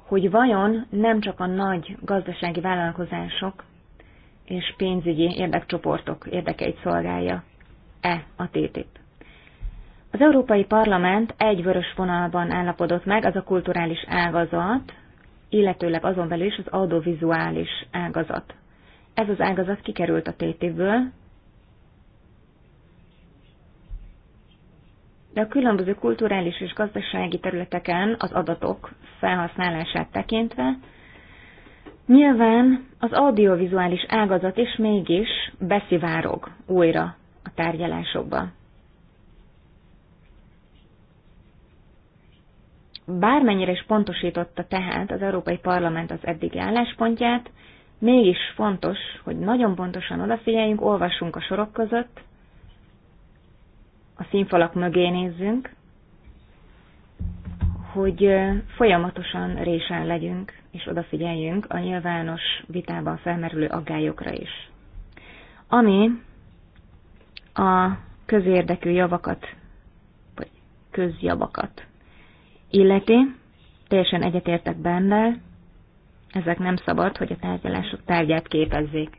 hogy vajon nem csak a nagy gazdasági vállalkozások és pénzügyi érdekcsoportok érdekeit szolgálja-e a TTIP. Az Európai Parlament egy vörös vonalban állapodott meg, az a kulturális ágazat, illetőleg azon belül is az audiovizuális ágazat ez az ágazat kikerült a TTIP-ből, de a különböző kulturális és gazdasági területeken az adatok felhasználását tekintve, nyilván az audiovizuális ágazat is mégis beszivárog újra a tárgyalásokba. Bármennyire is pontosította tehát az Európai Parlament az eddigi álláspontját, mégis fontos, hogy nagyon pontosan odafigyeljünk, olvassunk a sorok között, a színfalak mögé nézzünk, hogy folyamatosan résen legyünk, és odafigyeljünk a nyilvános vitában felmerülő aggályokra is. Ami a közérdekű javakat, vagy közjavakat illeti, teljesen egyetértek benne, ezek nem szabad, hogy a tárgyalások tárgyát képezzék.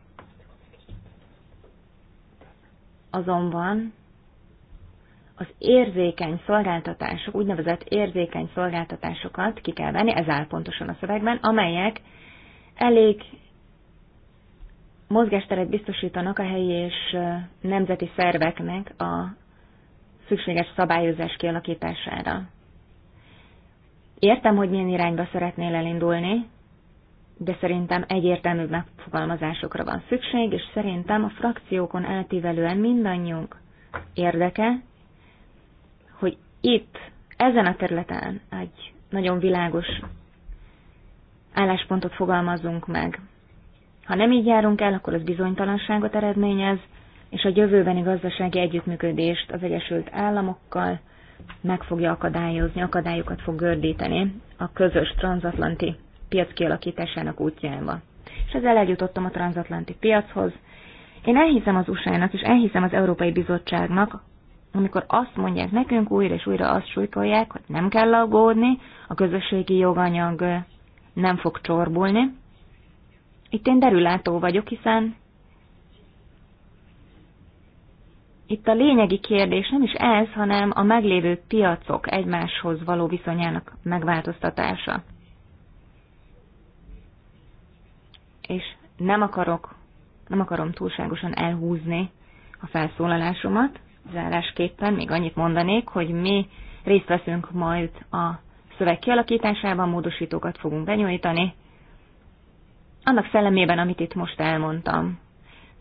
Azonban az érzékeny szolgáltatások, úgynevezett érzékeny szolgáltatásokat ki kell venni, ez áll pontosan a szövegben, amelyek elég mozgásteret biztosítanak a helyi és nemzeti szerveknek a szükséges szabályozás kialakítására. Értem, hogy milyen irányba szeretnél elindulni, de szerintem egyértelmű megfogalmazásokra van szükség, és szerintem a frakciókon eltívelően mindannyiunk érdeke, hogy itt, ezen a területen egy nagyon világos álláspontot fogalmazunk meg. Ha nem így járunk el, akkor az bizonytalanságot eredményez, és a jövőbeni gazdasági együttműködést az Egyesült Államokkal meg fogja akadályozni, akadályokat fog gördíteni a közös transatlanti piac kialakításának van, És ezzel eljutottam a transatlanti piachoz. Én elhiszem az USA-nak, és elhiszem az Európai Bizottságnak, amikor azt mondják nekünk, újra és újra azt súlykolják, hogy nem kell aggódni, a közösségi joganyag nem fog csorbulni. Itt én derülátó vagyok, hiszen itt a lényegi kérdés nem is ez, hanem a meglévő piacok egymáshoz való viszonyának megváltoztatása. és nem akarok, nem akarom túlságosan elhúzni a felszólalásomat. Zárásképpen még annyit mondanék, hogy mi részt veszünk majd a szöveg kialakításában, módosítókat fogunk benyújtani, annak szellemében, amit itt most elmondtam.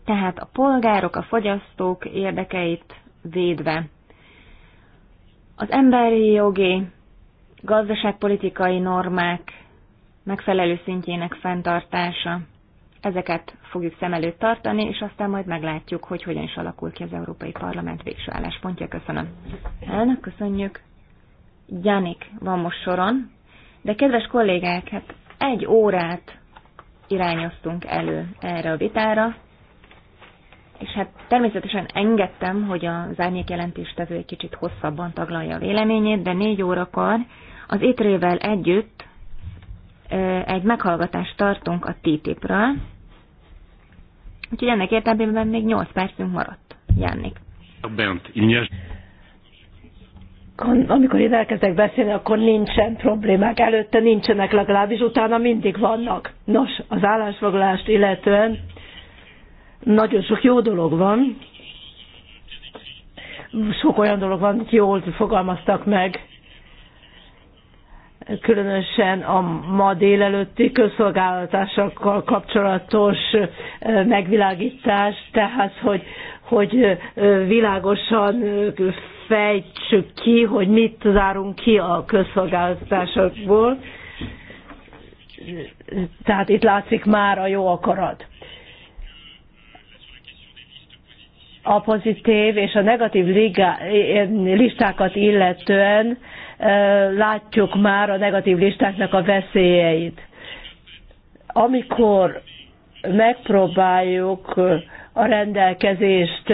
Tehát a polgárok, a fogyasztók érdekeit védve. Az emberi jogi, gazdaságpolitikai normák megfelelő szintjének fenntartása, Ezeket fogjuk szem előtt tartani, és aztán majd meglátjuk, hogy hogyan is alakul ki az Európai Parlament végső álláspontja. Köszönöm. Elnök, köszönjük. Janik van most soron, de kedves kollégák, hát egy órát irányoztunk elő erre a vitára, és hát természetesen engedtem, hogy az árnyék jelentéstevő egy kicsit hosszabban taglalja a véleményét, de négy órakor az étrével együtt egy meghallgatást tartunk a TTIP-ről, úgyhogy ennek értelmében még 8 percünk maradt. Jánnik. Bent, amikor én elkezdek beszélni, akkor nincsen problémák. Előtte nincsenek legalábbis, utána mindig vannak. Nos, az állásfoglalást illetően nagyon sok jó dolog van. Sok olyan dolog van, amit jól fogalmaztak meg különösen a ma délelőtti közszolgálatásokkal kapcsolatos megvilágítás, tehát hogy, hogy világosan fejtsük ki, hogy mit zárunk ki a közszolgálatásokból. Tehát itt látszik már a jó akarat. A pozitív és a negatív listákat illetően látjuk már a negatív listáknak a veszélyeit. Amikor megpróbáljuk a rendelkezést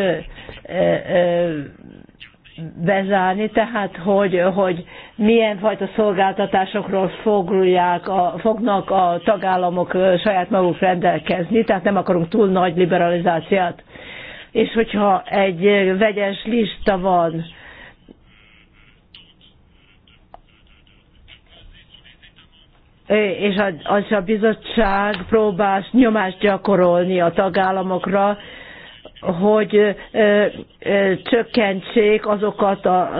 bezárni, tehát hogy, hogy milyen fajta szolgáltatásokról fogulják a, fognak a tagállamok saját maguk rendelkezni, tehát nem akarunk túl nagy liberalizációt. És hogyha egy vegyes lista van, és a, az a bizottság próbál nyomást gyakorolni a tagállamokra, hogy ö, ö, csökkentsék azokat a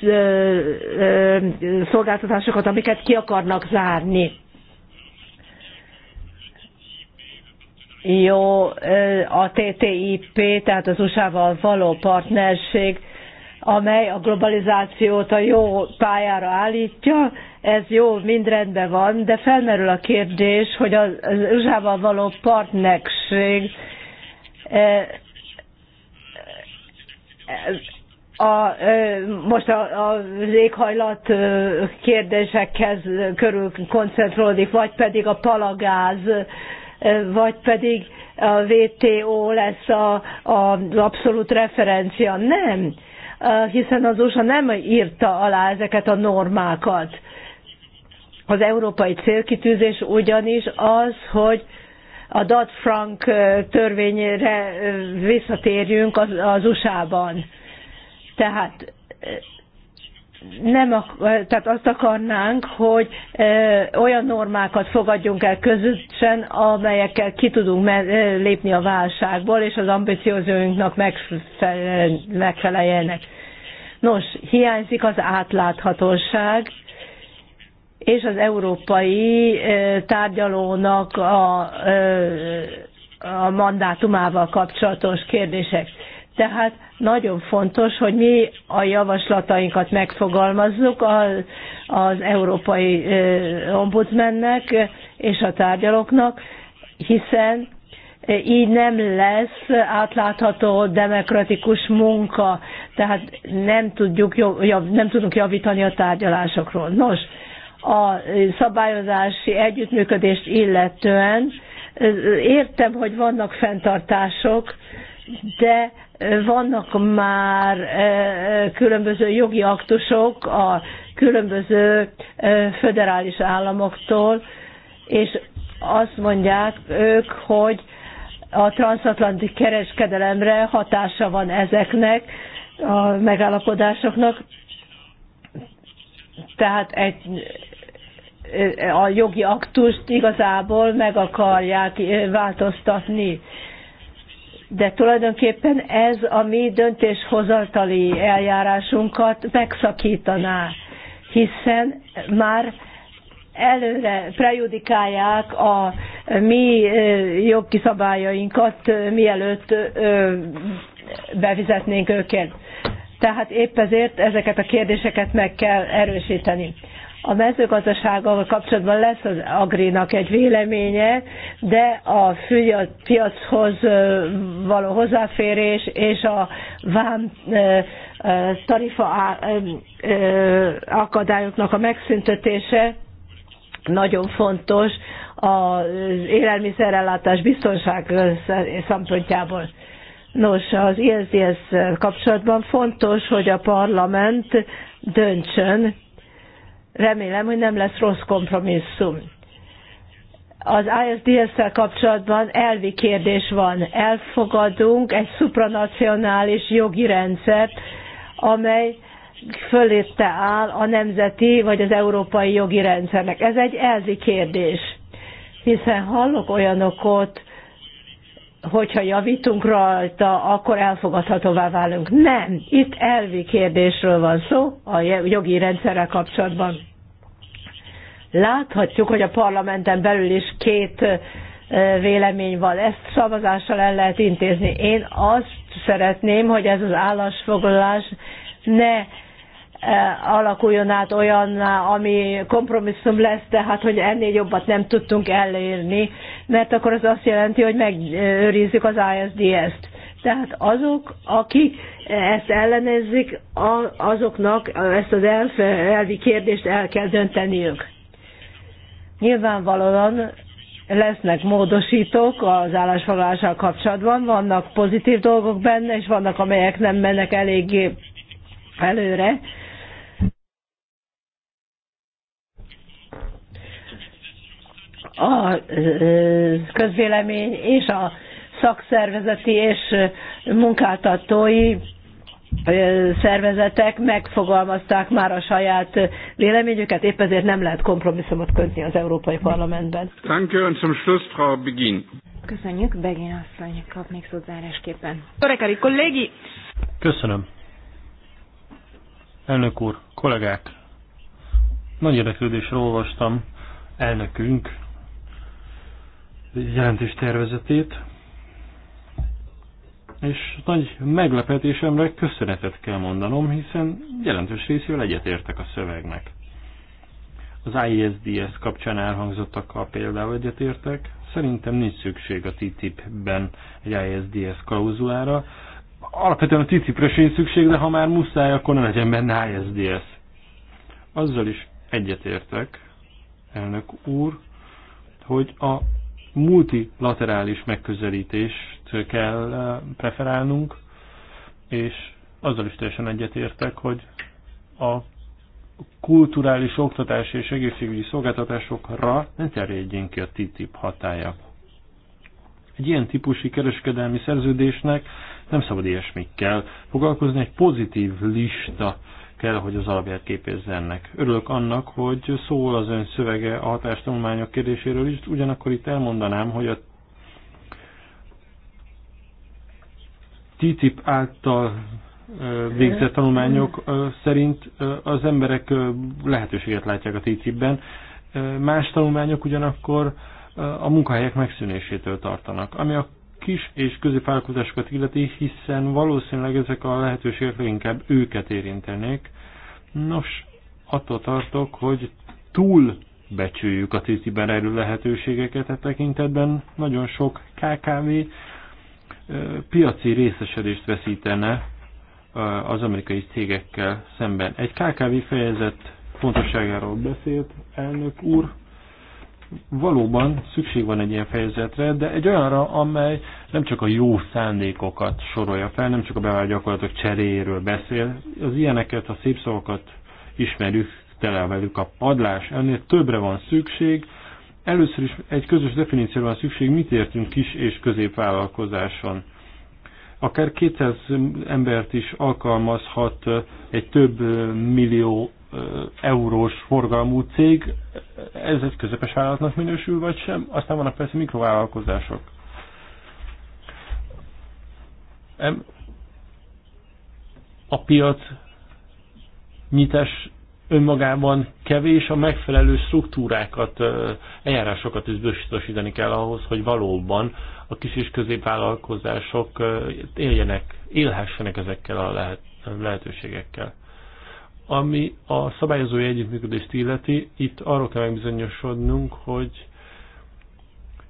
ö, ö, szolgáltatásokat, amiket ki akarnak zárni. Jó, a TTIP, tehát az USA-val való partnerség, amely a globalizációt a jó pályára állítja, ez jó, mind rendben van, de felmerül a kérdés, hogy az USA-val való partnerség e, a, e, most a, az éghajlat e, kérdésekhez körül koncentrolódik, vagy pedig a palagáz, vagy pedig a VTO lesz a, az abszolút referencia. Nem, hiszen az USA nem írta alá ezeket a normákat. Az európai célkitűzés ugyanis az, hogy a Dodd-Frank törvényre visszatérjünk az, az USA-ban. Tehát nem, tehát azt akarnánk, hogy olyan normákat fogadjunk el közösen, amelyekkel ki tudunk lépni a válságból, és az ambiciózóinknak megfeleljenek. Nos, hiányzik az átláthatóság, és az európai tárgyalónak a, a mandátumával kapcsolatos kérdések. Tehát nagyon fontos, hogy mi a javaslatainkat megfogalmazzuk az, az európai ombudsmannek és a tárgyalóknak, hiszen így nem lesz átlátható demokratikus munka, tehát nem, tudjuk, nem tudunk javítani a tárgyalásokról. Nos, a szabályozási együttműködést illetően. Értem, hogy vannak fenntartások, de vannak már eh, különböző jogi aktusok a különböző eh, föderális államoktól, és azt mondják ők, hogy a transatlanti kereskedelemre hatása van ezeknek a megállapodásoknak. Tehát egy a jogi aktust igazából meg akarják eh, változtatni. De tulajdonképpen ez a mi döntéshozatali eljárásunkat megszakítaná, hiszen már előre prejudikálják a mi eh, jogi szabályainkat, eh, mielőtt bevizetnénk őket. Tehát épp ezért ezeket a kérdéseket meg kell erősíteni. A mezőgazdasággal kapcsolatban lesz az Agrinak egy véleménye, de a piachoz való hozzáférés és a vám tarifa akadályoknak a megszüntetése nagyon fontos az élelmiszerellátás biztonság szempontjából. Nos, az ISDS kapcsolatban fontos, hogy a parlament döntsön, Remélem, hogy nem lesz rossz kompromisszum. Az ISDS-szel kapcsolatban elvi kérdés van. Elfogadunk egy supranacionális jogi rendszert, amely fölötte áll a nemzeti vagy az európai jogi rendszernek. Ez egy elvi kérdés, hiszen hallok olyanokat, hogyha javítunk rajta, akkor elfogadhatóvá válunk. Nem, itt elvi kérdésről van szó a jogi rendszerrel kapcsolatban. Láthatjuk, hogy a parlamenten belül is két vélemény van. Ezt szavazással el lehet intézni. Én azt szeretném, hogy ez az állásfoglalás ne alakuljon át olyan, ami kompromisszum lesz, tehát hogy ennél jobbat nem tudtunk elérni, mert akkor az azt jelenti, hogy megőrizzük az ISDS-t. Tehát azok, akik ezt ellenezzik, azoknak ezt az elf, elvi kérdést el kell dönteniük. Nyilvánvalóan lesznek módosítók az állásfoglalással kapcsolatban, vannak pozitív dolgok benne, és vannak, amelyek nem mennek eléggé előre, a közvélemény és a szakszervezeti és munkáltatói szervezetek megfogalmazták már a saját véleményüket, épp ezért nem lehet kompromisszumot kötni az Európai Parlamentben. Köszönjük, Begin asszony, kap még szót zárásképpen. Torekari kollégi! Köszönöm. Elnök úr, kollégák! Nagy érdeklődésre olvastam elnökünk jelentés tervezetét, és nagy meglepetésemre köszönetet kell mondanom, hiszen jelentős részével egyetértek a szövegnek. Az ISDS kapcsán elhangzottakkal például egyetértek, szerintem nincs szükség a TTIP-ben egy ISDS klauzulára. Alapvetően a TTIP-re sincs szükség, de ha már muszáj, akkor ne legyen benne ISDS. Azzal is egyetértek, elnök úr, hogy a multilaterális megközelítést kell eh, preferálnunk, és azzal is teljesen egyetértek, hogy a kulturális oktatási és egészségügyi szolgáltatásokra ne terjedjen ki a TTIP hatája. Egy ilyen típusú kereskedelmi szerződésnek nem szabad ilyesmikkel foglalkozni, egy pozitív lista kell, hogy az alapját képezze ennek. Örülök annak, hogy szól az ön szövege a hatástanulmányok kérdéséről is, ugyanakkor itt elmondanám, hogy a TTIP által végzett tanulmányok szerint az emberek lehetőséget látják a TTIP-ben, más tanulmányok ugyanakkor a munkahelyek megszűnésétől tartanak, ami a kis és középvállalkozásokat illeti, hiszen valószínűleg ezek a lehetőségek leginkább őket érintenék. Nos, attól tartok, hogy túl becsüljük a tűziben erő lehetőségeket e tekintetben. Nagyon sok KKV piaci részesedést veszítene az amerikai cégekkel szemben. Egy KKV fejezet fontosságáról beszélt elnök úr, valóban szükség van egy ilyen fejezetre, de egy olyanra, amely nem csak a jó szándékokat sorolja fel, nem csak a bevált gyakorlatok cseréjéről beszél, az ilyeneket, a szép szavakat ismerjük, tele velük a padlás, ennél többre van szükség, Először is egy közös definícióra van szükség, mit értünk kis és középvállalkozáson. Akár 200 embert is alkalmazhat egy több millió eurós forgalmú cég, ez egy közepes vállalatnak minősül, vagy sem. Aztán vannak persze mikrovállalkozások. A piac nyitás önmagában kevés, a megfelelő struktúrákat, eljárásokat is biztosítani kell ahhoz, hogy valóban a kis és középvállalkozások éljenek, élhessenek ezekkel a lehet, lehetőségekkel. Ami a szabályozói együttműködést illeti, itt arról kell megbizonyosodnunk, hogy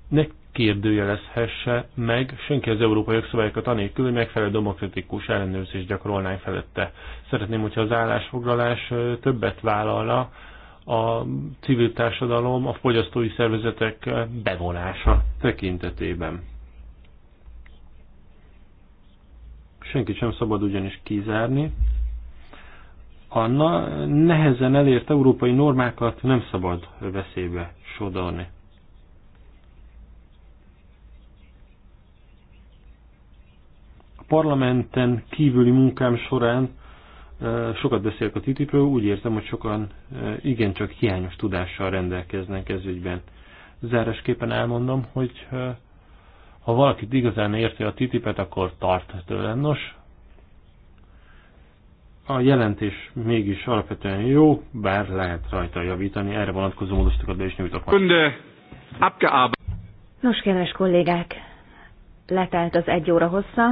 ne kérdőjelezhesse meg senki az európai jogszabályokat anélkül, hogy megfelelő demokratikus ellenőrzést gyakorolnánk felette. Szeretném, hogyha az állásfoglalás többet vállalna a civil társadalom, a fogyasztói szervezetek bevonása tekintetében. Senki sem szabad ugyanis kizárni, Anna nehezen elért európai normákat nem szabad veszélybe sodorni. A parlamenten kívüli munkám során sokat beszélek a TTIP-ről, úgy érzem, hogy sokan igencsak hiányos tudással rendelkeznek ez ügyben. Zárásképpen elmondom, hogy ha valakit igazán érti a TTIP-et, akkor tart tőle. Nos, a jelentés mégis alapvetően jó, bár lehet rajta javítani, erre vonatkozó módosítókat be is nyújtok Nos, kedves kollégák, letelt az egy óra hossza,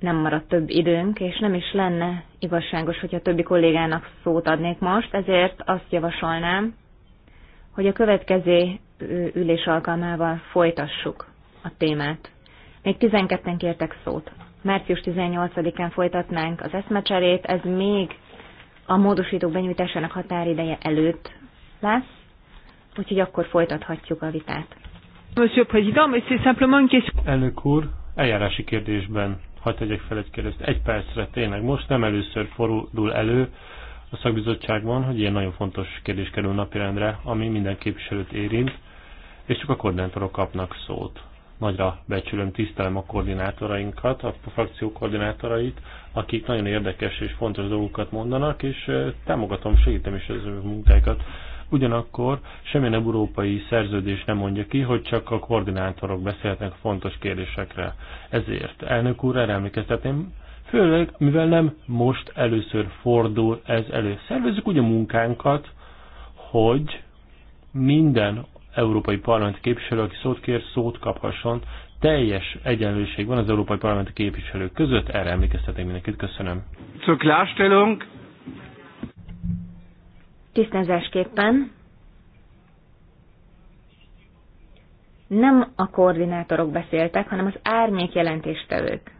nem maradt több időnk, és nem is lenne igazságos, hogyha többi kollégának szót adnék most, ezért azt javasolnám, hogy a következő ülés alkalmával folytassuk a témát. Még 12-en kértek szót március 18-án folytatnánk az eszmecserét, ez még a módosítók benyújtásának határideje előtt lesz, úgyhogy akkor folytathatjuk a vitát. Monsieur Président, mais c'est simplement une question. Elnök úr, eljárási kérdésben hadd tegyek fel egy kérdést. Egy percre tényleg most nem először fordul elő a szakbizottságban, hogy ilyen nagyon fontos kérdés kerül napirendre, ami minden képviselőt érint, és csak a koordinátorok kapnak szót. Nagyra becsülöm, tisztelem a koordinátorainkat, a frakció koordinátorait, akik nagyon érdekes és fontos dolgokat mondanak, és eh, támogatom, segítem is az ő munkáikat. Ugyanakkor semmilyen európai szerződés nem mondja ki, hogy csak a koordinátorok beszélhetnek fontos kérdésekre. Ezért, elnök úr, erre emlékeztetném, főleg, mivel nem most először fordul ez elő. Szervezzük úgy a munkánkat, hogy minden európai parlamenti képviselő, aki szót kér, szót kaphasson. Teljes egyenlőség van az európai parlamenti képviselők között, erre emlékeztetek mindenkit, köszönöm. Zur Klarstellung. Tisztázásképpen. Nem a koordinátorok beszéltek, hanem az árnyék jelentéstevők.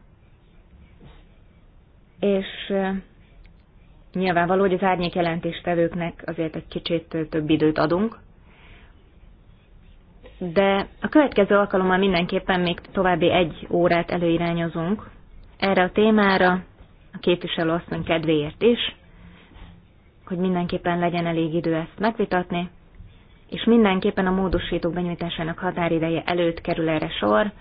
És nyilvánvaló, hogy az árnyék jelentéstevőknek azért egy kicsit több időt adunk, de a következő alkalommal mindenképpen még további egy órát előirányozunk erre a témára, a képviselő asszony kedvéért is, hogy mindenképpen legyen elég idő ezt megvitatni, és mindenképpen a módosítók benyújtásának határideje előtt kerül erre sor,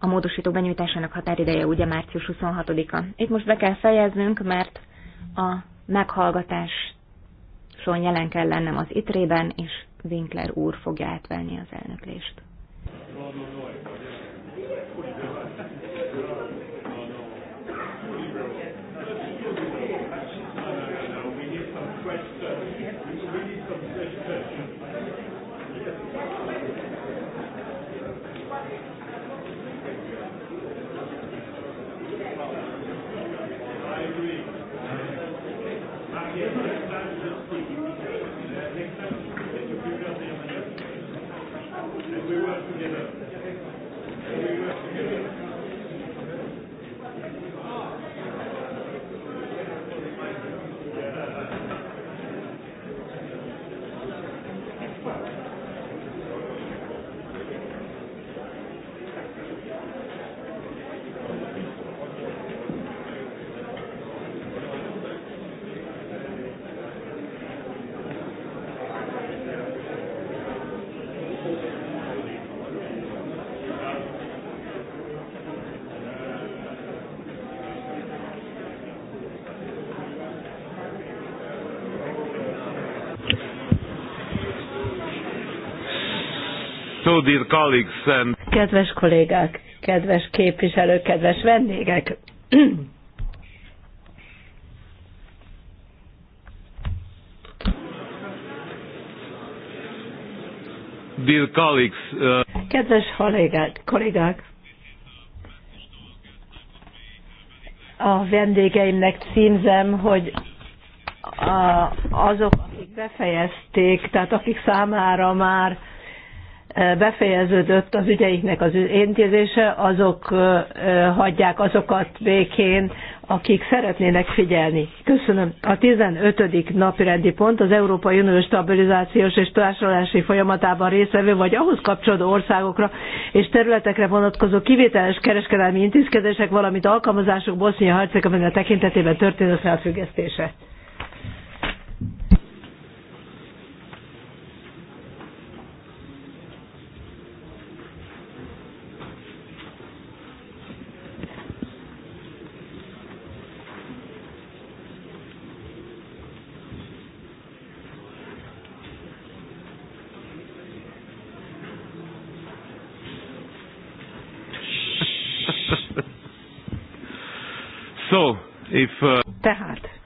a módosítók benyújtásának határideje ugye március 26-a. Itt most be kell fejeznünk, mert a meghallgatás. 16 jelen kell lennem az itrében, és Winkler úr fogja átvenni az elnöklést. dear colleagues and... Kedves kollégák, kedves képviselők, kedves vendégek! Dear colleagues, uh... Kedves kollégák, kollégák! A vendégeimnek címzem, hogy azok, akik befejezték, tehát akik számára már befejeződött az ügyeiknek az intézése, azok hagyják azokat békén, akik szeretnének figyelni. Köszönöm. A 15. rendi pont az Európai Unió stabilizációs és társadalási folyamatában résztvevő vagy ahhoz kapcsolódó országokra és területekre vonatkozó kivételes kereskedelmi intézkedések, valamint alkalmazások Bosznia-Hercegovina tekintetében történő felfüggesztése. So, if, uh... Tehát,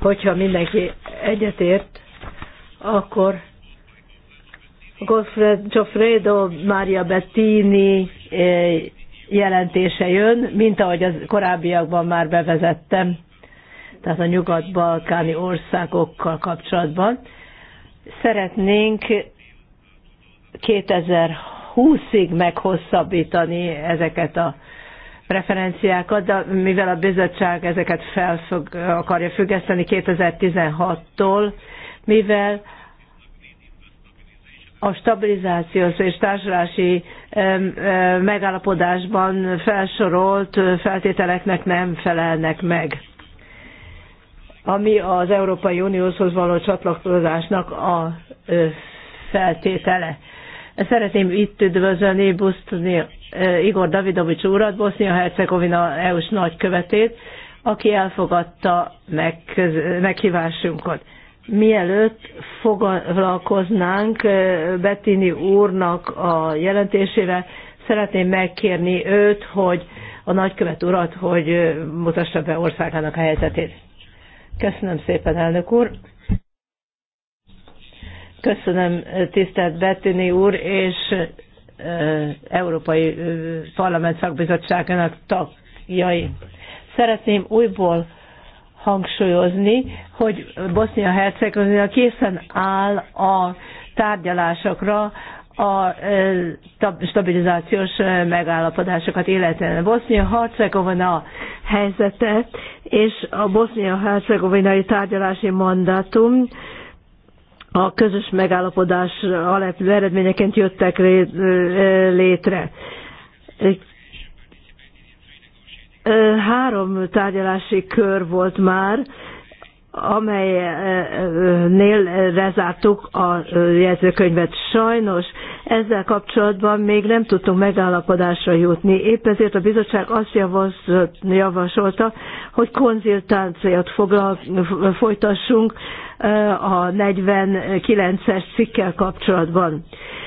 hogyha mindenki egyetért, akkor Gioffredo Maria Bettini eh, jelentése jön, mint ahogy az korábbiakban már bevezettem, tehát a nyugat-balkáni országokkal kapcsolatban. Szeretnénk 2020-ig meghosszabbítani ezeket a preferenciákat, de mivel a bizottság ezeket fel fog, akarja függeszteni 2016-tól, mivel a stabilizációs és társulási megállapodásban felsorolt feltételeknek nem felelnek meg ami az Európai Unióhoz való csatlakozásnak a feltétele. Szeretném itt üdvözölni Busztani eh, Igor Davidovics úrat, Bosznia-Hercegovina EU-s nagykövetét, aki elfogadta meghívásunkat. Mielőtt foglalkoznánk eh, Bettini úrnak a jelentésével, szeretném megkérni őt, hogy a nagykövet urat, hogy eh, mutassa be országának a helyzetét. Köszönöm szépen, elnök úr! Köszönöm, tisztelt Bettini úr, és Európai Parlament szakbizottságának tagjai. Szeretném újból hangsúlyozni, hogy bosnia hercegovina készen áll a tárgyalásokra a stabilizációs megállapodásokat illetően. Bosznia-Hercegovina helyzete és a bosznia-hercegovinai tárgyalási mandátum a közös megállapodás alapvető eredményeként jöttek létre. Három tárgyalási kör volt már, amelynél lezártuk a jegyzőkönyvet. Sajnos ezzel kapcsolatban még nem tudtunk megállapodásra jutni. Épp ezért a bizottság azt javasolta, hogy konzultációt folytassunk eh, a 49-es cikkel kapcsolatban.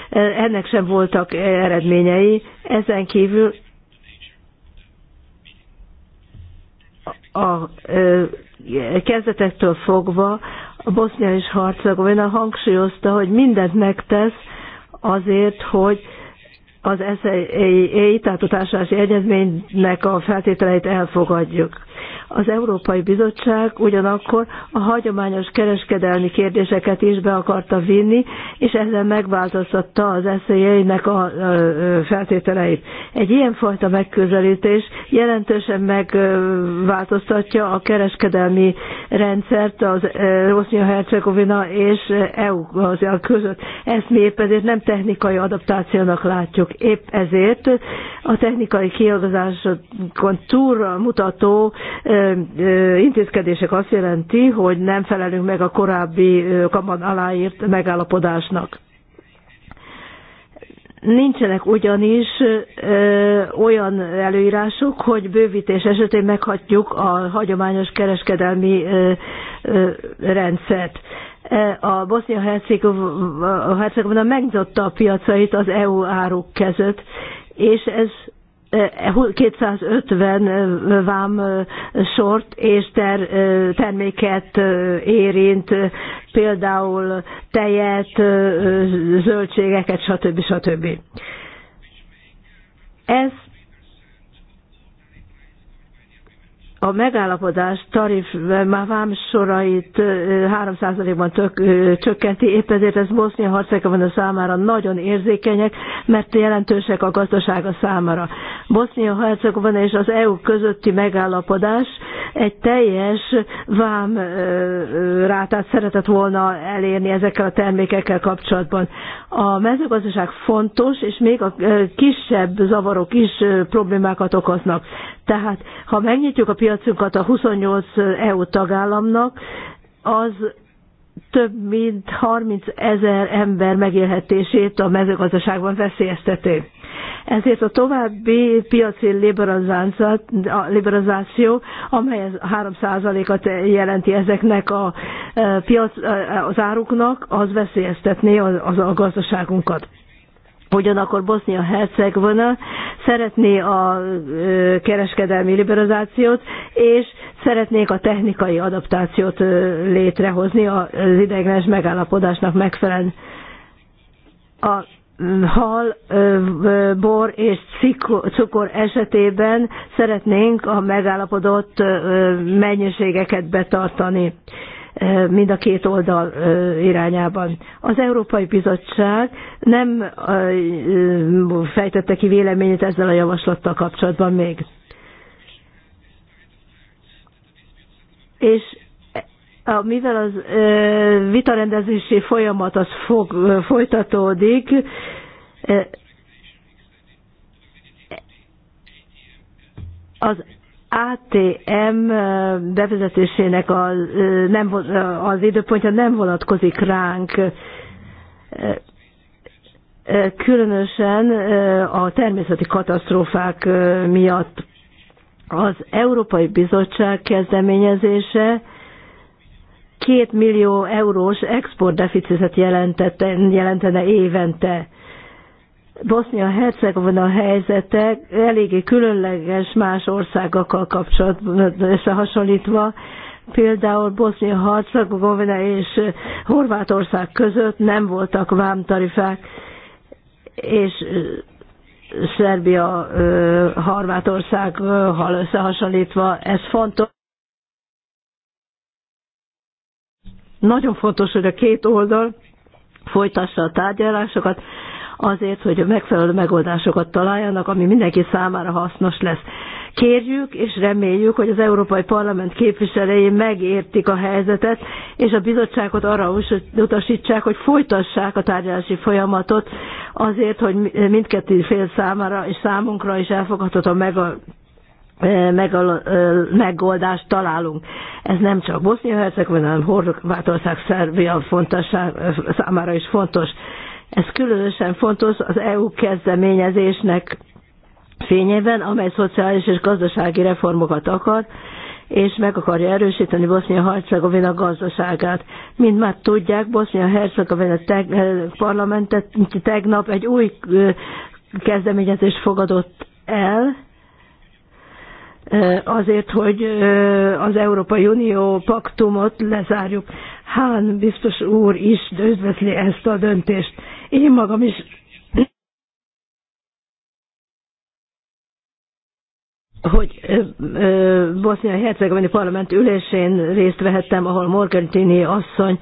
Eh, ennek sem voltak eredményei. Ezen kívül a, a eh, kezdetektől fogva a Bosznia és Hercegovina hangsúlyozta, hogy mindent megtesz azért, hogy az SAA, tehát a társadalmi egyezménynek a feltételeit elfogadjuk. Az Európai Bizottság ugyanakkor a hagyományos kereskedelmi kérdéseket is be akarta vinni, és ezzel megváltoztatta az eszélyeinek a feltételeit. Egy ilyenfajta megközelítés jelentősen megváltoztatja a kereskedelmi rendszert az Rosznia-Hercegovina és EU között. Ezt mi épp ezért nem technikai adaptációnak látjuk. Épp ezért a technikai kiadozásokon túlra mutató intézkedések azt jelenti, hogy nem felelünk meg a korábbi kaman aláírt megállapodásnak. Nincsenek ugyanis ö, olyan előírások, hogy bővítés esetén meghatjuk a hagyományos kereskedelmi ö, ö, rendszert. A Bosznia-Hercegovina megnyitotta a piacait az EU áruk között, és ez 250 vám sort és ter, terméket érint, például tejet, zöldségeket, stb. stb. Ez a megállapodás tarif már vám sorait 3%-ban tök, csökkenti, épp ezért ez Bosznia-Hercegovina számára nagyon érzékenyek, mert jelentősek a gazdasága számára. Bosznia-Hercegovina és az EU közötti megállapodás egy teljes vám rátát szeretett volna elérni ezekkel a termékekkel kapcsolatban. A mezőgazdaság fontos, és még a kisebb zavarok is problémákat okoznak. Tehát, ha megnyitjuk a piacunkat a 28 EU tagállamnak, az több mint 30 ezer ember megélhetését a mezőgazdaságban veszélyezteti. Ezért a további piaci liberalizáció, amely 3%-at jelenti ezeknek a e, piac, e, az áruknak, az veszélyeztetné az a gazdaságunkat. Ugyanakkor Bosznia-Hercegvona szeretné a kereskedelmi liberalizációt, és szeretnék a technikai adaptációt létrehozni az ideiglenes megállapodásnak megfelelően. A hal, bor és cukor esetében szeretnénk a megállapodott mennyiségeket betartani mind a két oldal irányában. Az Európai Bizottság nem fejtette ki véleményét ezzel a javaslattal kapcsolatban még. És mivel az vitarendezési folyamat az fog, folytatódik, az ATM bevezetésének a, nem, az időpontja nem vonatkozik ránk. Különösen a természeti katasztrófák miatt az Európai Bizottság kezdeményezése két millió eurós exportdeficitet jelentene évente. Bosznia-Hercegovina helyzete eléggé különleges más országokkal kapcsolatban összehasonlítva. Például Bosnia hercegovina és Horvátország között nem voltak vámtarifák, és Szerbia, horvátország hal összehasonlítva, ez fontos. Nagyon fontos, hogy a két oldal folytassa a tárgyalásokat, azért, hogy megfelelő megoldásokat találjanak, ami mindenki számára hasznos lesz. Kérjük és reméljük, hogy az Európai Parlament képviselői megértik a helyzetet, és a bizottságot arra utasítsák, hogy folytassák a tárgyalási folyamatot azért, hogy mindkettő fél számára és számunkra is elfogadható meg a e, e, megoldást találunk. Ez nem csak Bosznia-Hercegovina, hanem Horvátország, Szerbia fontos, e, számára is fontos. Ez különösen fontos az EU kezdeményezésnek fényében, amely szociális és gazdasági reformokat akar, és meg akarja erősíteni bosnia hercegovina gazdaságát. Mint már tudják, bosnia hercegovina teg- eh, parlamentet tegnap egy új eh, kezdeményezést fogadott el, eh, azért, hogy az Európai Unió paktumot lezárjuk. Hán biztos úr is üdvözli ezt a döntést. Én magam is hogy bosznia hercegovini parlament ülésén részt vehettem, ahol Morgantini asszony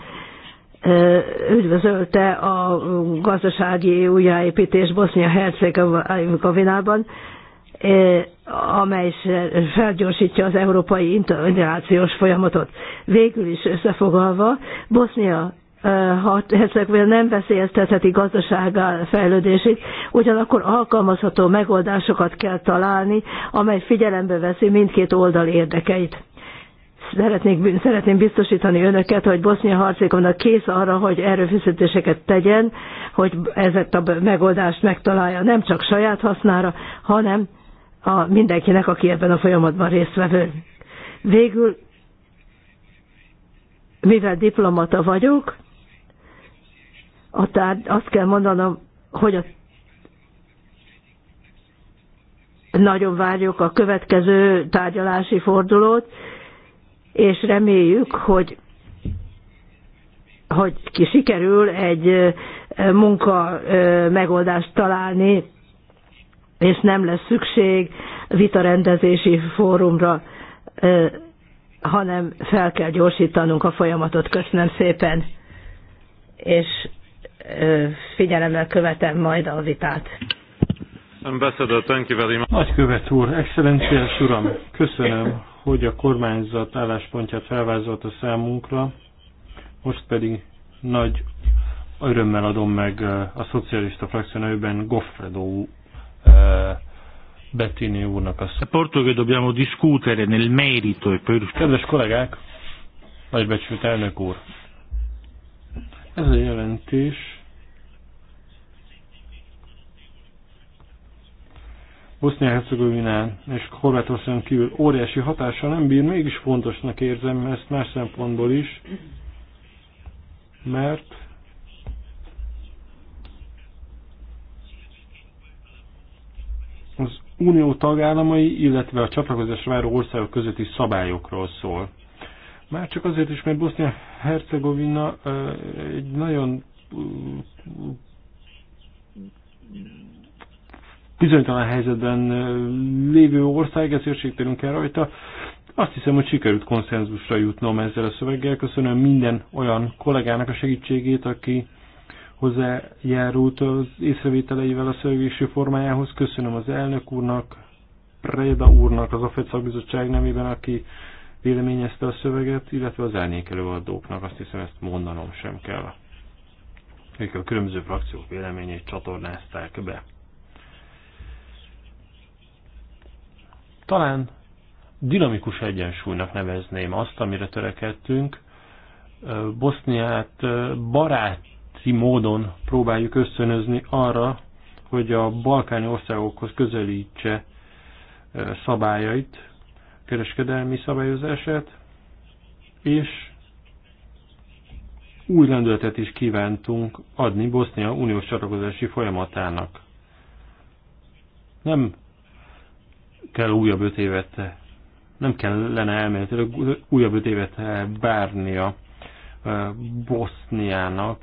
üdvözölte a gazdasági újjáépítés Bosznia-Hercegovinában, amely felgyorsítja az európai integrációs folyamatot. Végül is összefogalva, Bosznia ha ezekből nem veszélyeztetheti gazdaságá fejlődését, ugyanakkor alkalmazható megoldásokat kell találni, amely figyelembe veszi mindkét oldal érdekeit. Szeretnék, szeretném biztosítani önöket, hogy Bosznia-Hercegovina kész arra, hogy erőfeszítéseket tegyen, hogy ezt a megoldást megtalálja nem csak saját hasznára, hanem a mindenkinek, aki ebben a folyamatban résztvevő. Végül, mivel diplomata vagyok, a tárgy, azt kell mondanom, hogy a nagyon várjuk a következő tárgyalási fordulót, és reméljük, hogy hogy ki sikerül egy munka megoldást találni, és nem lesz szükség vitarendezési fórumra, hanem fel kell gyorsítanunk a folyamatot. Köszönöm szépen, és figyelemmel követem majd a vitát. Ambassador, thank Nagykövet úr, excellenciás uram, köszönöm, hogy a kormányzat álláspontját felvázolta számunkra, most pedig nagy örömmel adom meg a szocialista nevében Goffredo Bettini úrnak a szót. Porto dobbiamo discutere nel merito e per... Kedves kollégák, nagybecsült elnök úr, ez a jelentés Bosznia-Hercegovinán és Horvátországon kívül óriási hatással nem bír, mégis fontosnak érzem ezt más szempontból is, mert az unió tagállamai, illetve a csatlakozás váró országok közötti szabályokról szól. Már csak azért is, mert Bosznia-Hercegovina egy nagyon bizonytalan helyzetben lévő ország, ezért sétélünk kell rajta. Azt hiszem, hogy sikerült konszenzusra jutnom ezzel a szöveggel. Köszönöm minden olyan kollégának a segítségét, aki hozzájárult az észrevételeivel a szövegési formájához. Köszönöm az elnök úrnak, Preda úrnak, az AFED szakbizottság nevében, aki véleményezte a szöveget, illetve az árnyékelőadóknak, azt hiszem ezt mondanom sem kell. Ők a különböző frakciók véleményét csatornázták be. Talán dinamikus egyensúlynak nevezném azt, amire törekedtünk. Boszniát baráti módon próbáljuk összönözni arra, hogy a balkáni országokhoz közelítse szabályait, kereskedelmi szabályozását, és új lendületet is kívántunk adni Bosznia uniós csatlakozási folyamatának. Nem kell újabb öt évet, nem kellene elméletileg újabb öt évet bárnia Boszniának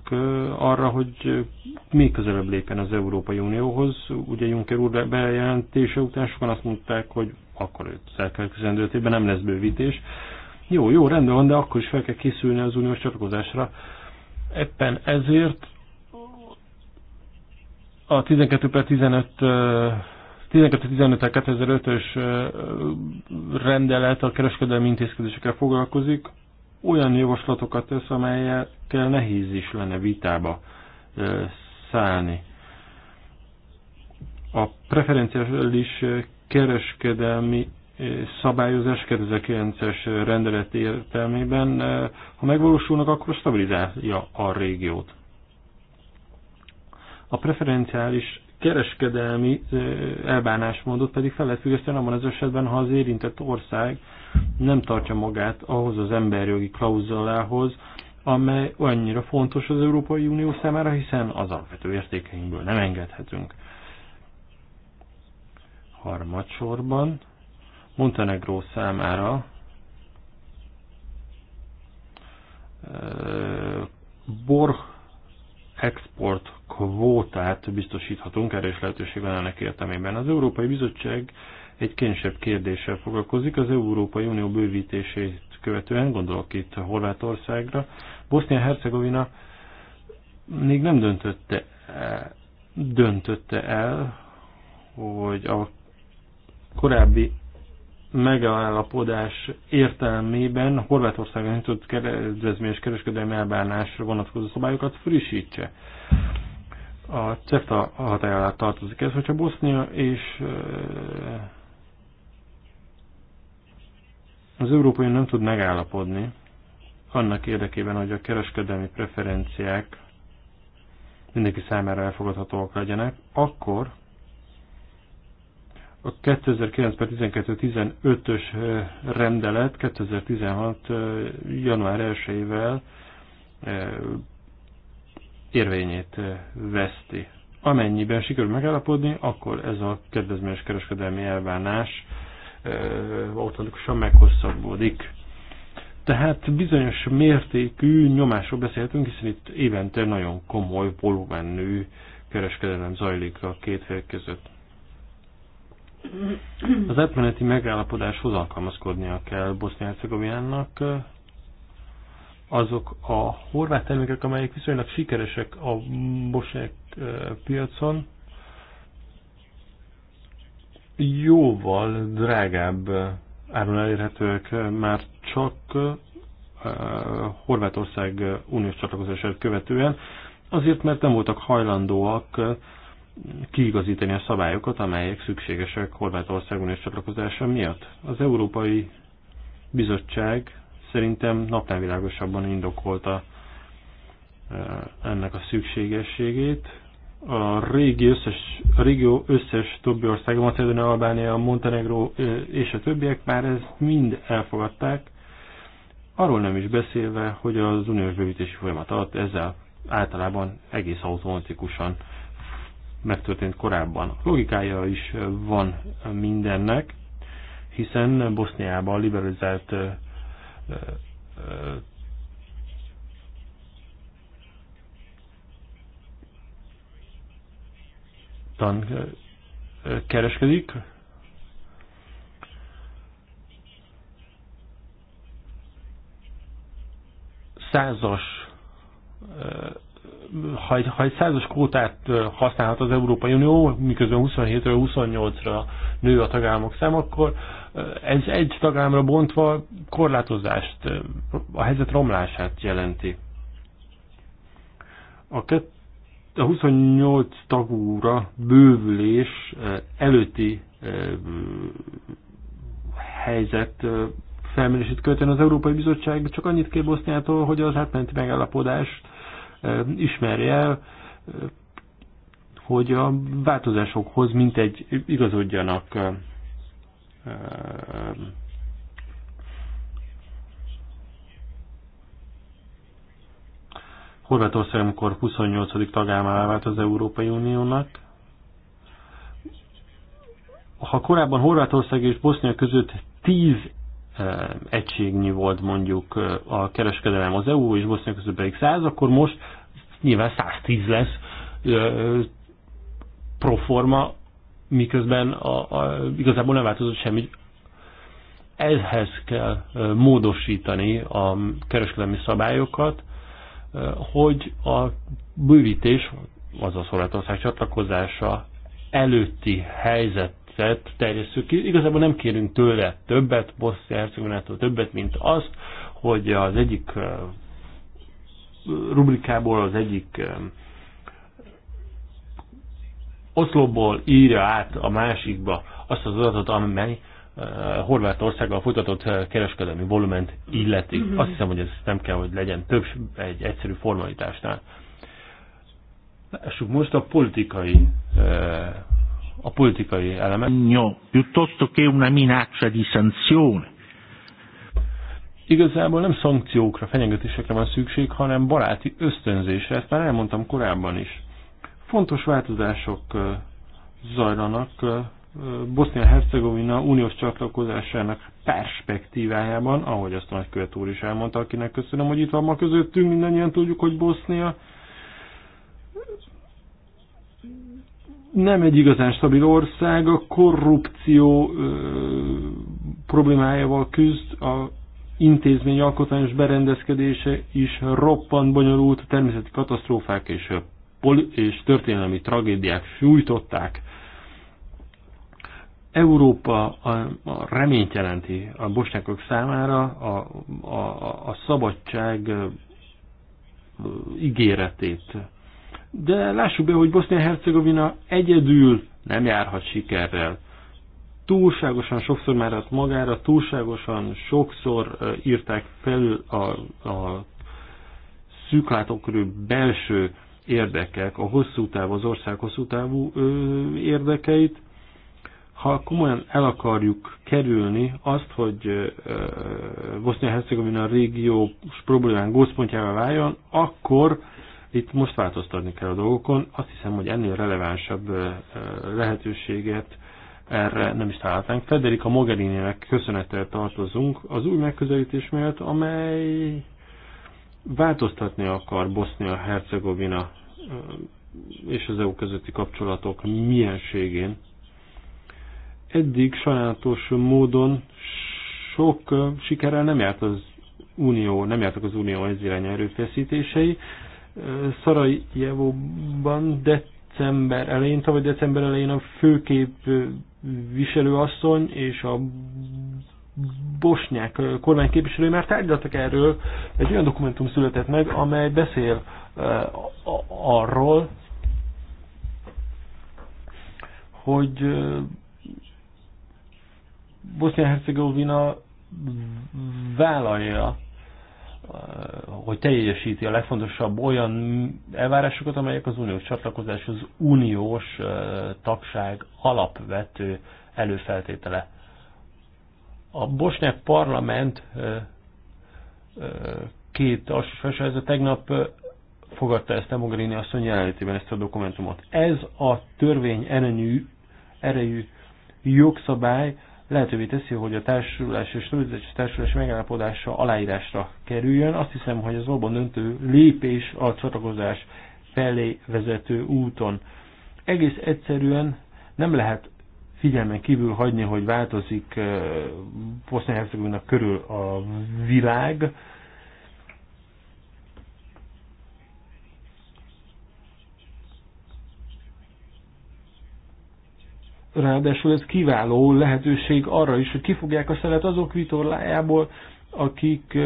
arra, hogy még közelebb lépjen az Európai Unióhoz. Ugye Juncker úr bejelentése után sokan azt mondták, hogy akkor őt elkövetkezendő öt évben nem lesz bővítés. Jó, jó, rendben van, de akkor is fel kell készülni az uniós csatlakozásra. Eppen ezért a 12 per 15 12-15 2005-ös rendelet a kereskedelmi intézkedésekkel foglalkozik, olyan javaslatokat tesz, amelyekkel nehéz is lenne vitába szállni. A preferenciális kereskedelmi szabályozás 2009-es rendelet értelmében, ha megvalósulnak, akkor stabilizálja a régiót. A preferenciális kereskedelmi elbánásmódot pedig fel lehet függeszteni abban az esetben, ha az érintett ország nem tartja magát ahhoz az emberjogi klauzulához, amely annyira fontos az Európai Unió számára, hiszen az alapvető értékeinkből nem engedhetünk. Harmadsorban Montenegró számára bor export kvótát biztosíthatunk, erre is lehetőség van ennek értelmében. Az Európai Bizottság egy kénysebb kérdéssel foglalkozik, az Európai Unió bővítését követően, gondolok itt Horvátországra, Bosznia-Hercegovina még nem döntötte, döntötte el, hogy a korábbi megállapodás értelmében Horvátországon nyitott kedvezményes kereskedelmi elbánásra vonatkozó szabályokat frissítse. A CEFTA hatály alá tartozik ez, hogyha Bosznia és eh, az Európai nem tud megállapodni annak érdekében, hogy a kereskedelmi preferenciák mindenki számára elfogadhatóak legyenek, akkor a 2009-12-15-ös eh, rendelet 2016. Eh, január 1-ével eh, érvényét veszti. Amennyiben sikerül megállapodni, akkor ez a kedvezményes kereskedelmi elvánás automatikusan meghosszabbodik. Tehát bizonyos mértékű nyomásról beszélhetünk, hiszen itt évente nagyon komoly volumenű kereskedelem zajlik a két fél között. Az átmeneti megállapodáshoz alkalmazkodnia kell Bosznia-Hercegovinának. Azok a horvát termékek, amelyek viszonylag sikeresek a bosnyák eh, piacon, jóval drágább eh, áron elérhetőek eh, már csak Horvátország uniós csatlakozását követően, azért mert nem voltak hajlandóak kiigazítani a szabályokat, amelyek szükségesek Horvátország uniós csatlakozása miatt. Az Európai Bizottság szerintem napnávilágosabban indokolta e, ennek a szükségességét. A, régi összes, a régió összes többi országa, Macedónia, Albánia, Montenegro e, és a többiek már ezt mind elfogadták, arról nem is beszélve, hogy az uniós bővítési folyamat alatt ezzel általában egész automatikusan megtörtént korábban. Logikája is van mindennek, hiszen Boszniában liberalizált tan kereskedik. Százas ha egy, ha egy százas kvótát használhat az Európai Unió, miközben 27-ről 28-ra nő a tagállamok szám, akkor ez egy tagállamra bontva korlátozást, a helyzet romlását jelenti. A, a 28 tagúra bővülés előtti helyzet felmérését követően az Európai Bizottság csak annyit kér Boszniától, hogy az átmenti megállapodást ismerje el, hogy a változásokhoz mintegy igazodjanak Horvátország, amikor 28. tagállamává vált az Európai Uniónak, ha korábban Horvátország és Bosznia között 10 egységnyi volt mondjuk a kereskedelem az EU és Bosznia között pedig 100, akkor most nyilván 110 lesz proforma, miközben a, a, igazából nem változott semmi. Ehhez kell módosítani a kereskedelmi szabályokat, hogy a bővítés, azaz szolgáltatás csatlakozása előtti helyzet rendszert terjesszük ki. Igazából nem kérünk tőle többet, Bosznia-Hercegovinától többet, mint azt, hogy az egyik rubrikából, az egyik oszlopból írja át a másikba azt az adatot, amely Horvátországgal folytatott kereskedelmi volument illeti. Mm-hmm. Azt hiszem, hogy ez nem kell, hogy legyen több egy egyszerű formalitásnál. Lássuk most a politikai a politikai elemek. No, piuttosto che una minaccia di sanzione. Igazából nem szankciókra, fenyegetésekre van szükség, hanem baráti ösztönzésre, ezt már elmondtam korábban is. Fontos változások zajlanak Bosznia-Hercegovina uniós csatlakozásának perspektívájában, ahogy azt a nagykövet úr is elmondta, akinek köszönöm, hogy itt van ma közöttünk, mindannyian tudjuk, hogy Bosznia nem egy igazán stabil ország, a korrupció ö, problémájával küzd, a intézmény alkotmányos berendezkedése is roppant bonyolult, természeti katasztrófák és, és történelmi tragédiák sújtották. Európa a, a reményt jelenti a bosnyákok számára, a, a, a szabadság ígéretét de lássuk be, hogy Bosznia-Hercegovina egyedül nem járhat sikerrel. Túlságosan sokszor már az magára, túlságosan sokszor írták felül a, a szűklátókörű belső érdekek, a hosszú távú, az ország hosszú távú érdekeit. Ha komolyan el akarjuk kerülni azt, hogy Bosznia-Hercegovina a régiós problémán gócpontjává váljon, akkor itt most változtatni kell a dolgokon. Azt hiszem, hogy ennél relevánsabb lehetőséget erre nem is találtánk. Federica Mogherininek köszönettel tartozunk az új megközelítés miatt, amely változtatni akar Bosznia-Hercegovina és az EU közötti kapcsolatok mienségén. Eddig sajnálatos módon sok sikerrel nem járt az Unió, nem jártak az Unió ez irányú erőfeszítései, Szarajevóban december elején, tavaly december elején a főkép viselőasszony és a bosnyák kormányképviselői már tárgyaltak erről, egy olyan dokumentum született meg, amely beszél eh, arról, hogy eh, Bosznia-Hercegovina vállalja Eh, hogy teljesíti a legfontosabb olyan elvárásokat, amelyek az uniós csatlakozás az uniós eh, tagság alapvető előfeltétele. A bosnyák parlament eh, két alsós ez a tegnap fogadta ezt a Mogherini asszony jelenlétében ezt a dokumentumot. Ez a törvény erejű, erejű jogszabály lehetővé teszi, hogy a társulás és szövetséges társulás megállapodása aláírásra kerüljön. Azt hiszem, hogy az valóban döntő lépés a csatlakozás felé vezető úton. Egész egyszerűen nem lehet figyelmen kívül hagyni, hogy változik eh, Bosznia-Hercegovina körül a világ, Ráadásul ez kiváló lehetőség arra is, hogy kifogják a szelet azok vitorlájából, akik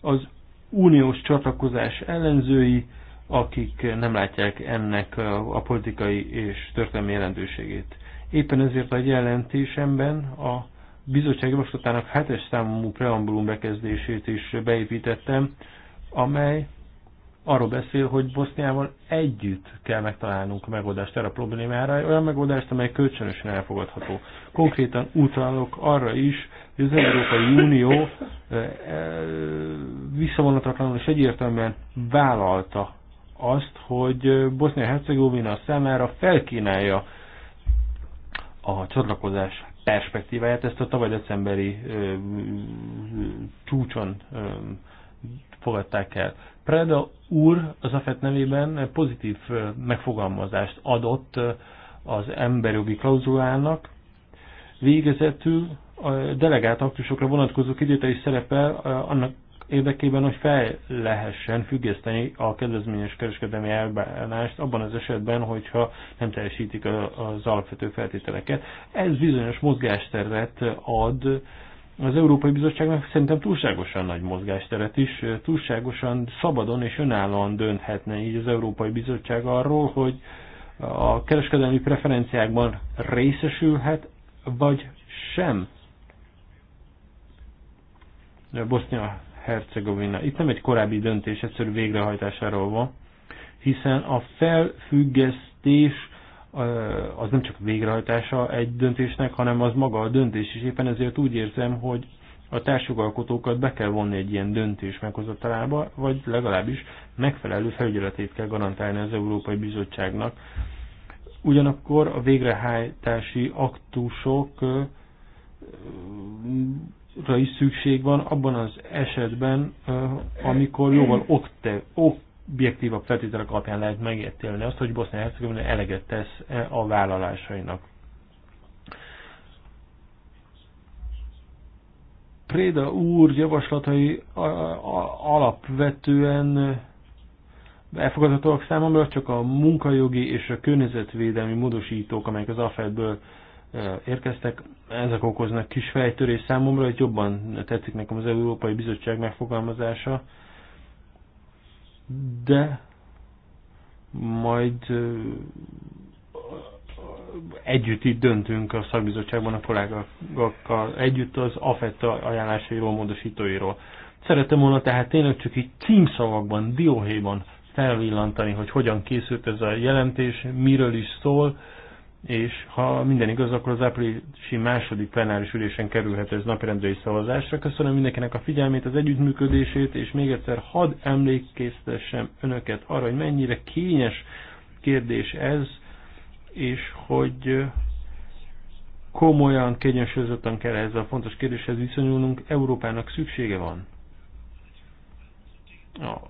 az uniós csatlakozás ellenzői, akik nem látják ennek a politikai és történelmi jelentőségét. Éppen ezért a jelentésemben a bizottság javaslatának hetes számú preambulum bekezdését is beépítettem, amely arról beszél, hogy Boszniával együtt kell megtalálnunk a megoldást erre a problémára, olyan megoldást, amely kölcsönösen elfogadható. Konkrétan utalok arra is, hogy az Európai Unió eh, eh, visszavonatlanul és egyértelműen vállalta azt, hogy Bosznia-Hercegovina számára felkínálja a csatlakozás perspektíváját, ezt a tavaly decemberi ö, eh, ö, csúcson ö, fogadták el. Preda úr az AFET nevében pozitív megfogalmazást adott az emberjogi klauzulának. Végezetül a delegált aktusokra vonatkozó kivétel is szerepel annak érdekében, hogy fel lehessen függeszteni a kedvezményes kereskedelmi elbánást abban az esetben, hogyha nem teljesítik az alapvető feltételeket. Ez bizonyos mozgásterret ad az Európai Bizottságnak szerintem túlságosan nagy mozgásteret is, túlságosan szabadon és önállóan dönthetne így az Európai Bizottság arról, hogy a kereskedelmi preferenciákban részesülhet, vagy sem. Bosznia-Hercegovina. Itt nem egy korábbi döntés egyszerű végrehajtásáról van, hiszen a felfüggesztés az nem csak végrehajtása egy döntésnek, hanem az maga a döntés, és éppen ezért úgy érzem, hogy a társjogalkotókat be kell vonni egy ilyen döntés meghozatalába, vagy legalábbis megfelelő felügyeletét kell garantálni az Európai Bizottságnak. Ugyanakkor a végrehajtási aktusokra is szükség van abban az esetben, amikor jóval okte, ok, objektívabb feltételek alapján lehet megértélni azt, hogy Bosznia-Hercegovina eleget tesz -e a vállalásainak. Préda úr javaslatai alapvetően elfogadhatóak számomra, csak a munkajogi és a környezetvédelmi módosítók, amelyek az AFED-ből e, érkeztek, ezek okoznak kis fejtörés számomra, hogy jobban tetszik nekem az Európai Bizottság megfogalmazása, de majd együtt itt döntünk a szakbizottságban a kollégákkal együtt az AFET ajánlásairól, módosítóiról. Szeretem volna tehát tényleg csak így címszavakban, dióhéjban felvillantani, hogy hogyan készült ez a jelentés, miről is szól, és ha minden igaz, akkor az áprilisi második plenáris ülésen kerülhet ez napirendre szavazásra. Köszönöm mindenkinek a figyelmét, az együttműködését, és még egyszer hadd emlékeztessem önöket arra, hogy mennyire kényes kérdés ez, és hogy komolyan, kegyensúlyozottan kell ez a fontos kérdéshez viszonyulnunk. Európának szüksége van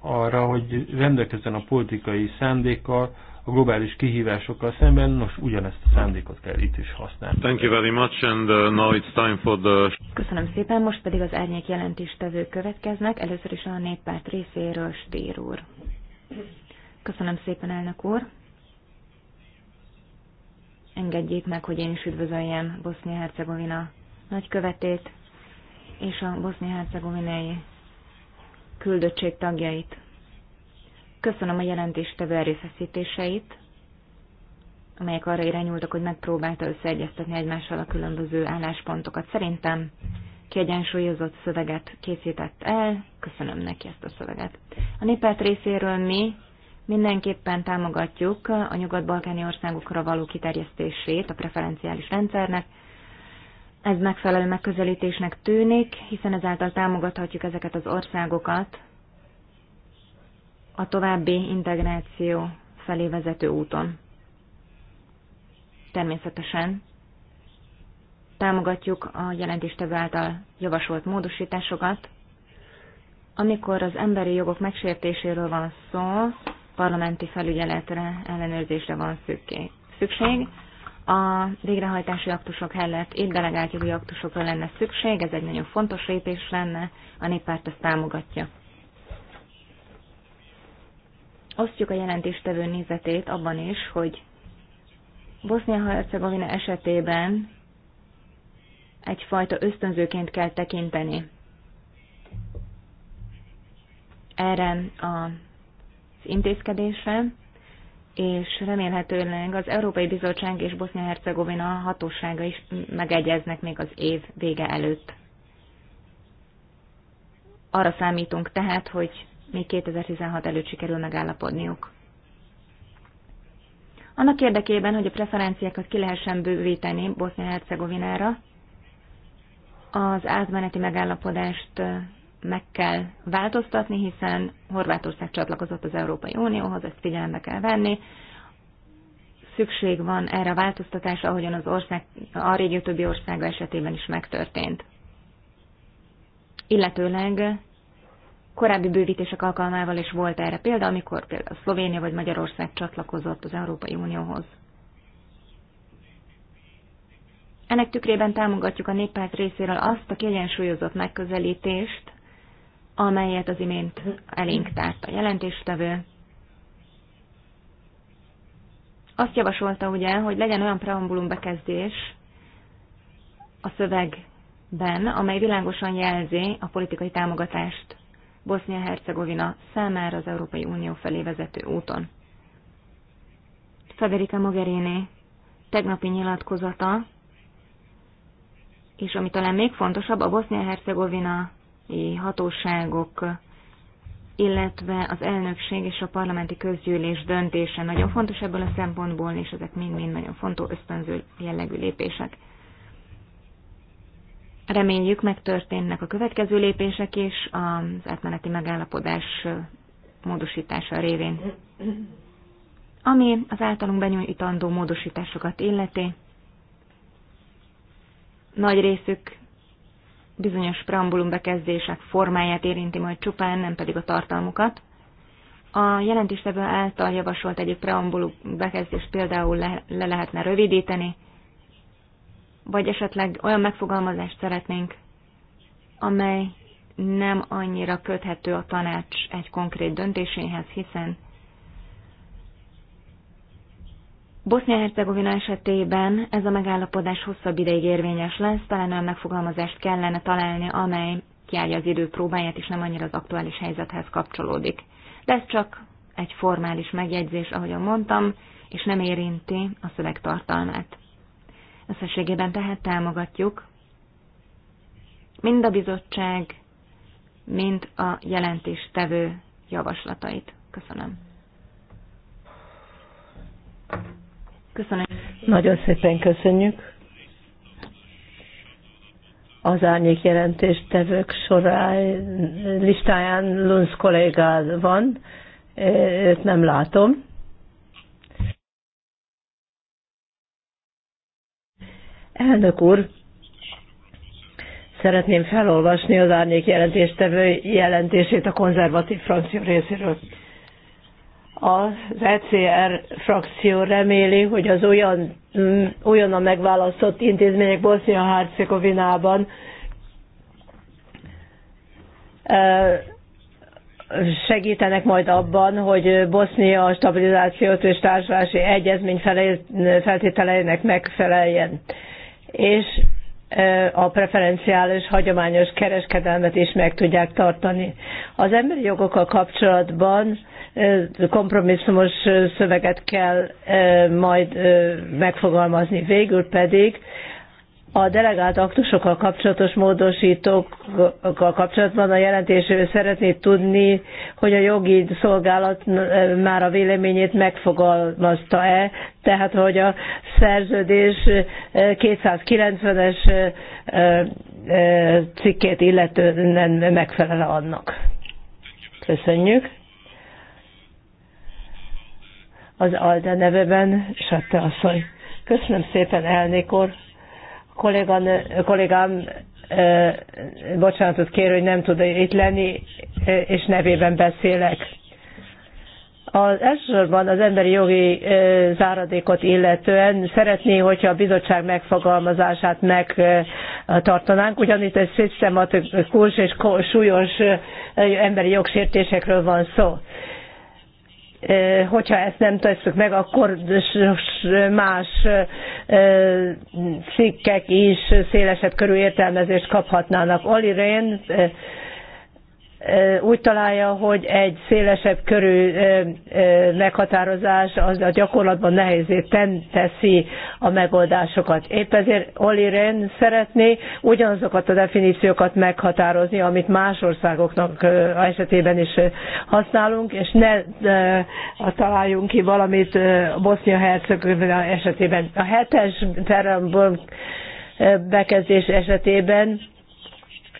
arra, hogy rendelkezzen a politikai szándékkal, a globális kihívásokkal szemben, most ugyanezt a szándékot kell itt is használni. Thank you very much, and uh, now it's time for the... Köszönöm szépen, most pedig az árnyék jelentéstevő következnek, először is a néppárt részéről Stér úr. Köszönöm szépen, elnök úr. Engedjék meg, hogy én is üdvözöljem Bosznia-Hercegovina nagykövetét és a bosznia-hercegovinai küldöttség tagjait. Köszönöm a jelentéstevő erőfeszítéseit, amelyek arra irányultak, hogy megpróbálta összeegyeztetni egymással a különböző álláspontokat. Szerintem kiegyensúlyozott szöveget készített el, köszönöm neki ezt a szöveget. A népelt részéről mi mindenképpen támogatjuk a nyugat-balkáni országokra való kiterjesztését a preferenciális rendszernek. Ez megfelelő megközelítésnek tűnik, hiszen ezáltal támogathatjuk ezeket az országokat a további integráció felé vezető úton. Természetesen támogatjuk a jelentéstevő által javasolt módosításokat. Amikor az emberi jogok megsértéséről van szó, parlamenti felügyeletre, ellenőrzésre van szükség. A végrehajtási aktusok helyett itt delegált jogi aktusokra lenne szükség, ez egy nagyon fontos lépés lenne, a néppárt ezt támogatja. Osztjuk a jelentéstevő nézetét abban is, hogy Bosznia-Hercegovina esetében egyfajta ösztönzőként kell tekinteni erre az intézkedésre, és remélhetőleg az Európai Bizottság és Bosznia-Hercegovina hatósága is megegyeznek még az év vége előtt. Arra számítunk tehát, hogy még 2016 előtt sikerül megállapodniuk. Annak érdekében, hogy a preferenciákat ki lehessen bővíteni Bosznia-Hercegovinára, az átmeneti megállapodást meg kell változtatni, hiszen Horvátország csatlakozott az Európai Unióhoz, ezt figyelembe kell venni. Szükség van erre a változtatásra, ahogyan az ország, a régió többi országa esetében is megtörtént. Illetőleg korábbi bővítések alkalmával is volt erre példa, amikor például Szlovénia vagy Magyarország csatlakozott az Európai Unióhoz. Ennek tükrében támogatjuk a néppárt részéről azt a kiegyensúlyozott megközelítést, amelyet az imént elénk tárt a jelentéstevő. Azt javasolta ugye, hogy legyen olyan preambulum bekezdés a szövegben, amely világosan jelzi a politikai támogatást Bosznia-Hercegovina számára az Európai Unió felé vezető úton. Federica Mogherini tegnapi nyilatkozata, és ami talán még fontosabb, a bosznia-hercegovinai hatóságok, illetve az elnökség és a parlamenti közgyűlés döntése nagyon fontos ebből a szempontból, és ezek mind-mind nagyon fontos ösztönző jellegű lépések. Reméljük megtörténnek a következő lépések is az átmeneti megállapodás módosítása révén. Ami az általunk benyújtandó módosításokat illeti, nagy részük bizonyos preambulum bekezdések formáját érinti majd csupán, nem pedig a tartalmukat. A jelentéstevő által javasolt egyik preambulum bekezdést például le, le lehetne rövidíteni, vagy esetleg olyan megfogalmazást szeretnénk, amely nem annyira köthető a tanács egy konkrét döntéséhez, hiszen Bosznia-Hercegovina esetében ez a megállapodás hosszabb ideig érvényes lesz, talán olyan megfogalmazást kellene találni, amely kiállja az idő próbáját, és nem annyira az aktuális helyzethez kapcsolódik. De ez csak egy formális megjegyzés, ahogyan mondtam, és nem érinti a szöveg tartalmát. Összességében tehát támogatjuk mind a bizottság, mind a jelentéstevő javaslatait. Köszönöm. Köszönöm. Nagyon szépen köszönjük. Az árnyék jelentéstevők során listáján Lunz kollégá van, őt nem látom. Elnök úr, szeretném felolvasni az árnyék jelentéstevő jelentését a konzervatív frakció részéről. Az ECR frakció reméli, hogy az olyan, mm, olyan a megválasztott intézmények Bosznia-Hercegovinában segítenek majd abban, hogy Bosznia a stabilizációt és társulási egyezmény feltételeinek megfeleljen és a preferenciális hagyományos kereskedelmet is meg tudják tartani. Az emberi jogokkal kapcsolatban kompromisszumos szöveget kell majd megfogalmazni. Végül pedig a delegált aktusokkal kapcsolatos módosítókkal kapcsolatban a jelentésről szeretné tudni, hogy a jogi szolgálat már a véleményét megfogalmazta-e, tehát hogy a szerződés 290-es cikkét illetően megfelele annak. Köszönjük. Az Alda neveben Satte asszony. Köszönöm szépen, elnékor kolléganő, kollégám bocsánatot kér, hogy nem tud itt lenni, és nevében beszélek. Az elsősorban az emberi jogi záradékot illetően szeretné, hogyha a bizottság megfogalmazását megtartanánk, ugyanis egy szisztematikus és súlyos emberi jogsértésekről van szó hogyha ezt nem tesszük meg, akkor más cikkek is szélesebb körű értelmezést kaphatnának. Oli Rén úgy találja, hogy egy szélesebb körű meghatározás az a gyakorlatban nehézé teszi a megoldásokat. Épp ezért Oli Ren szeretné ugyanazokat a definíciókat meghatározni, amit más országoknak esetében is használunk, és ne találjunk ki valamit Bosznia-Hercegovina esetében. A hetes teremből bekezdés esetében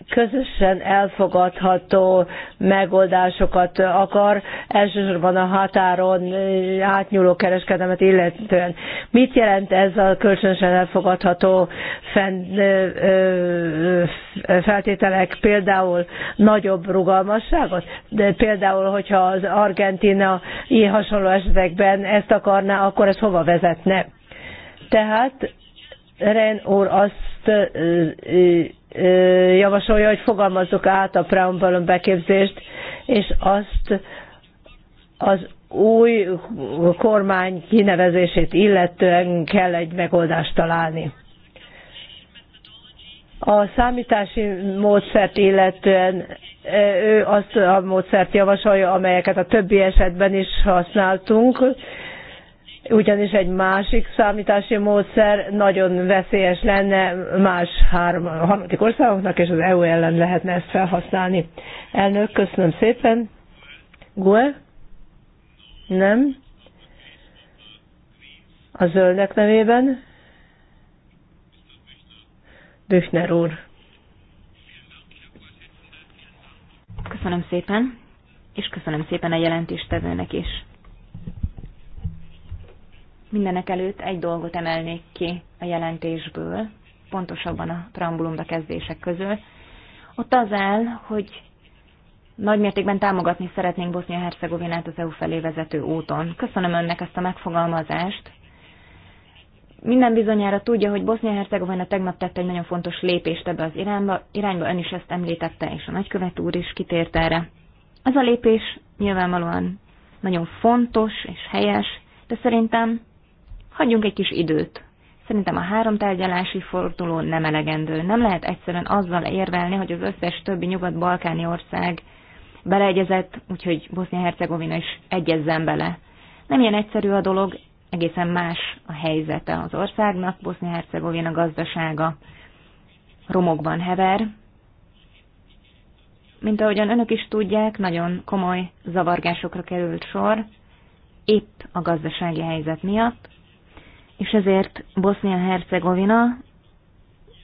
közösen elfogadható megoldásokat akar, elsősorban a határon átnyúló kereskedelmet illetően. Mit jelent ez a kölcsönösen elfogadható feltételek, például nagyobb rugalmasságot? De például, hogyha az Argentina ilyen hasonló esetekben ezt akarná, akkor ez hova vezetne? Tehát Ren úr azt javasolja, hogy fogalmazzuk át a preambulum beképzést, és azt az új kormány kinevezését illetően kell egy megoldást találni. A számítási módszert illetően ő azt a módszert javasolja, amelyeket a többi esetben is használtunk, ugyanis egy másik számítási módszer nagyon veszélyes lenne más három, harmadik országoknak, és az EU ellen lehetne ezt felhasználni. Elnök, köszönöm szépen. Gue? Nem? A zöldek nevében? Büchner úr. Köszönöm szépen, és köszönöm szépen a jelentéstevőnek is. Mindenek előtt egy dolgot emelnék ki a jelentésből, pontosabban a preambulum bekezdések közül. Ott az áll, hogy nagymértékben támogatni szeretnénk Bosznia-Hercegovinát az EU felé vezető úton. Köszönöm önnek ezt a megfogalmazást. Minden bizonyára tudja, hogy Bosznia-Hercegovina tegnap tette egy nagyon fontos lépést ebbe az irányba. irányba. Ön is ezt említette, és a nagykövet úr is kitért erre. Ez a lépés nyilvánvalóan nagyon fontos és helyes, de szerintem hagyjunk egy kis időt. Szerintem a három tárgyalási forduló nem elegendő. Nem lehet egyszerűen azzal érvelni, hogy az összes többi nyugat-balkáni ország beleegyezett, úgyhogy Bosznia-Hercegovina is egyezzen bele. Nem ilyen egyszerű a dolog, egészen más a helyzete az országnak, Bosznia-Hercegovina gazdasága romokban hever. Mint ahogyan önök is tudják, nagyon komoly zavargásokra került sor, épp a gazdasági helyzet miatt, és ezért Bosznia-Hercegovina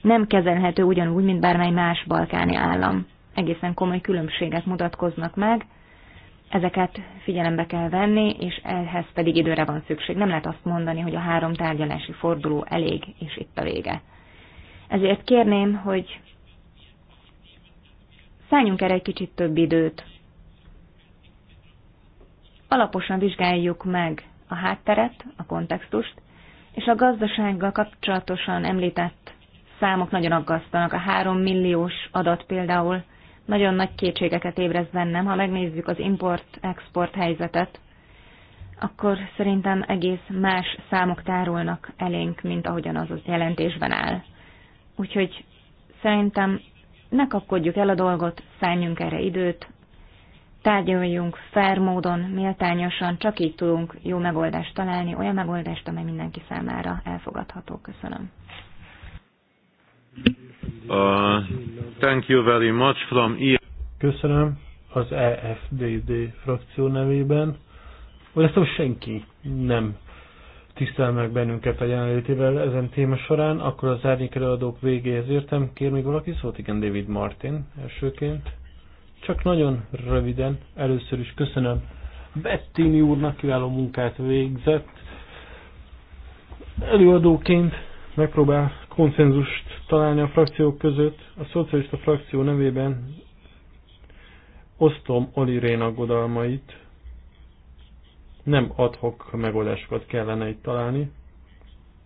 nem kezelhető ugyanúgy, mint bármely más balkáni állam. Egészen komoly különbségek mutatkoznak meg, ezeket figyelembe kell venni, és ehhez pedig időre van szükség. Nem lehet azt mondani, hogy a három tárgyalási forduló elég, és itt a vége. Ezért kérném, hogy szálljunk erre egy kicsit több időt. Alaposan vizsgáljuk meg a hátteret, a kontextust, és a gazdasággal kapcsolatosan említett számok nagyon aggasztanak. A három milliós adat például nagyon nagy kétségeket ébreszt bennem. Ha megnézzük az import-export helyzetet, akkor szerintem egész más számok tárolnak elénk, mint ahogyan az az jelentésben áll. Úgyhogy szerintem ne kapkodjuk el a dolgot, szálljunk erre időt, tárgyaljunk fair módon, méltányosan, csak így tudunk jó megoldást találni, olyan megoldást, amely mindenki számára elfogadható. Köszönöm. Uh, thank you very much from e Köszönöm az EFDD frakció nevében. Vagy ezt senki nem tisztel meg bennünket a jelenlétével ezen téma során, akkor az árnyék előadók végéhez értem. Kér még valaki szót? Igen, David Martin elsőként. Csak nagyon röviden, először is köszönöm Bettini úrnak kiváló munkát végzett. Előadóként megpróbál konszenzust találni a frakciók között. A szocialista frakció nevében osztom Oli Rén aggodalmait. Nem adhok megoldásokat kellene itt találni.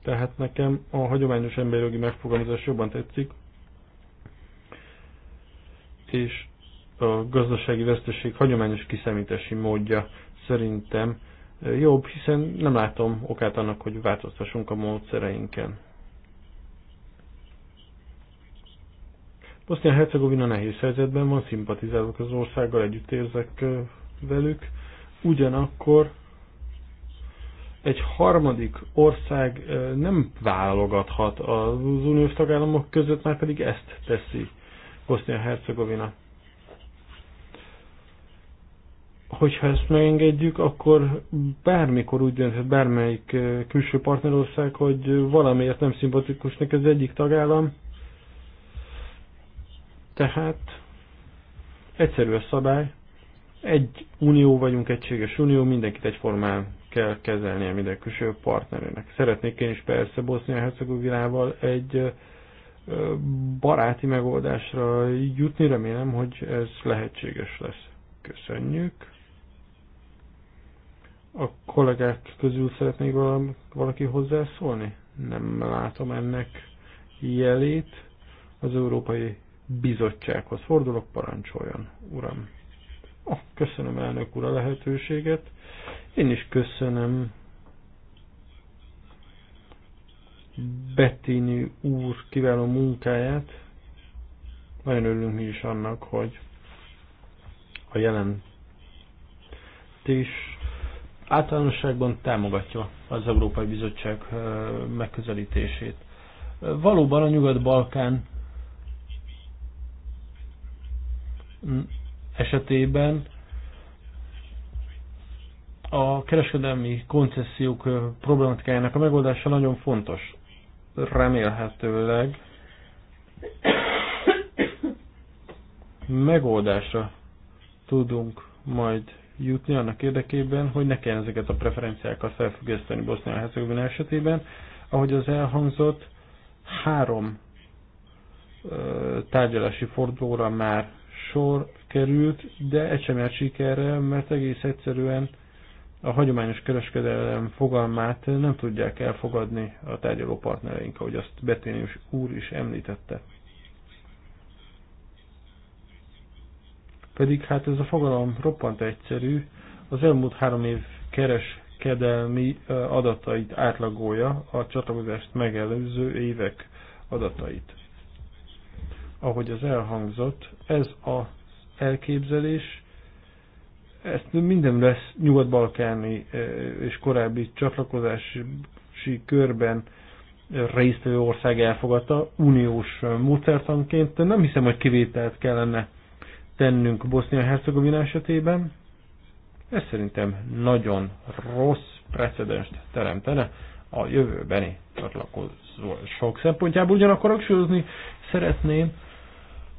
Tehát nekem a hagyományos emberjogi megfogalmazás jobban tetszik. És a gazdasági veszteség hagyományos kiszemítési módja szerintem jobb, hiszen nem látom okát annak, hogy változtassunk a módszereinken. Bosznia-Hercegovina nehéz helyzetben van, szimpatizálok az országgal, együtt érzek velük. Ugyanakkor egy harmadik ország nem válogathat az uniós tagállamok között, már pedig ezt teszi Bosznia-Hercegovina. hogyha ezt megengedjük, akkor bármikor úgy dönthet bármelyik eh, külső partnerország, hogy valamiért nem neki az egyik tagállam. Tehát egyszerű a szabály, egy unió vagyunk, egységes unió, mindenkit egyformán kell kezelnie minden külső partnerének. Szeretnék én is persze Bosznia-Hercegovinával egy eh, baráti megoldásra jutni, remélem, hogy ez lehetséges lesz. Köszönjük. A kollégák közül szeretnék valaki hozzászólni? Nem látom ennek jelét. Az Európai Bizottsághoz fordulok, parancsoljon, uram. Oh, köszönöm elnök ura lehetőséget. Én is köszönöm Bettini úr kiváló munkáját. Nagyon örülünk mi is annak, hogy a jelentés általánosságban támogatja az Európai Bizottság megközelítését. Valóban a Nyugat-Balkán esetében a kereskedelmi koncesziók problematikájának a megoldása nagyon fontos. Remélhetőleg megoldásra tudunk majd jutni annak érdekében, hogy ne kelljen ezeket a preferenciákat felfüggeszteni Bosznia-Hercegovina esetében. Ahogy az elhangzott, három tárgyalási fordulóra már sor került, de egy sem járt sikerre, mert egész egyszerűen a hagyományos kereskedelem fogalmát nem tudják elfogadni a tárgyaló partnereink, ahogy azt Beténius úr is említette. Pedig hát ez a fogalom roppant egyszerű, az elmúlt három év kereskedelmi adatait átlagolja a csatlakozást megelőző évek adatait. Ahogy az elhangzott, ez az elképzelés, ezt minden lesz nyugat-balkáni és korábbi csatlakozási körben résztvevő ország elfogadta uniós módszertanként. Nem hiszem, hogy kivételt kellene tennünk Bosznia-Hercegovina esetében. Ez szerintem nagyon rossz precedenst teremtene a jövőbeni csatlakozó sok szempontjából. Ugyanakkor aksúzni szeretném,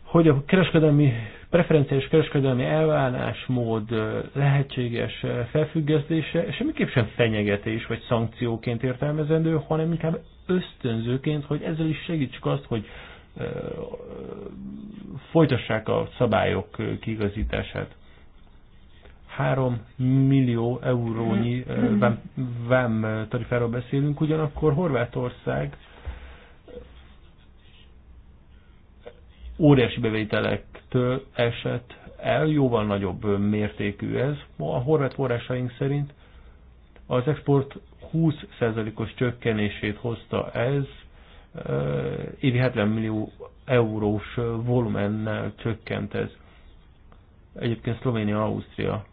hogy a kereskedelmi, preferenciális kereskedelmi elválásmód lehetséges felfüggesztése semmiképp sem fenyegetés vagy szankcióként értelmezendő, hanem inkább ösztönzőként, hogy ezzel is segítsük azt, hogy folytassák a szabályok kigazítását. 3 millió eurónyi mhm. vám, vám tarifáról beszélünk, ugyanakkor Horvátország óriási bevételektől esett el, jóval nagyobb mértékű ez. A horvát forrásaink szerint az export 20%-os csökkenését hozta ez évi 70 millió eurós volumennel csökkent ez. Egyébként Szlovénia, Ausztria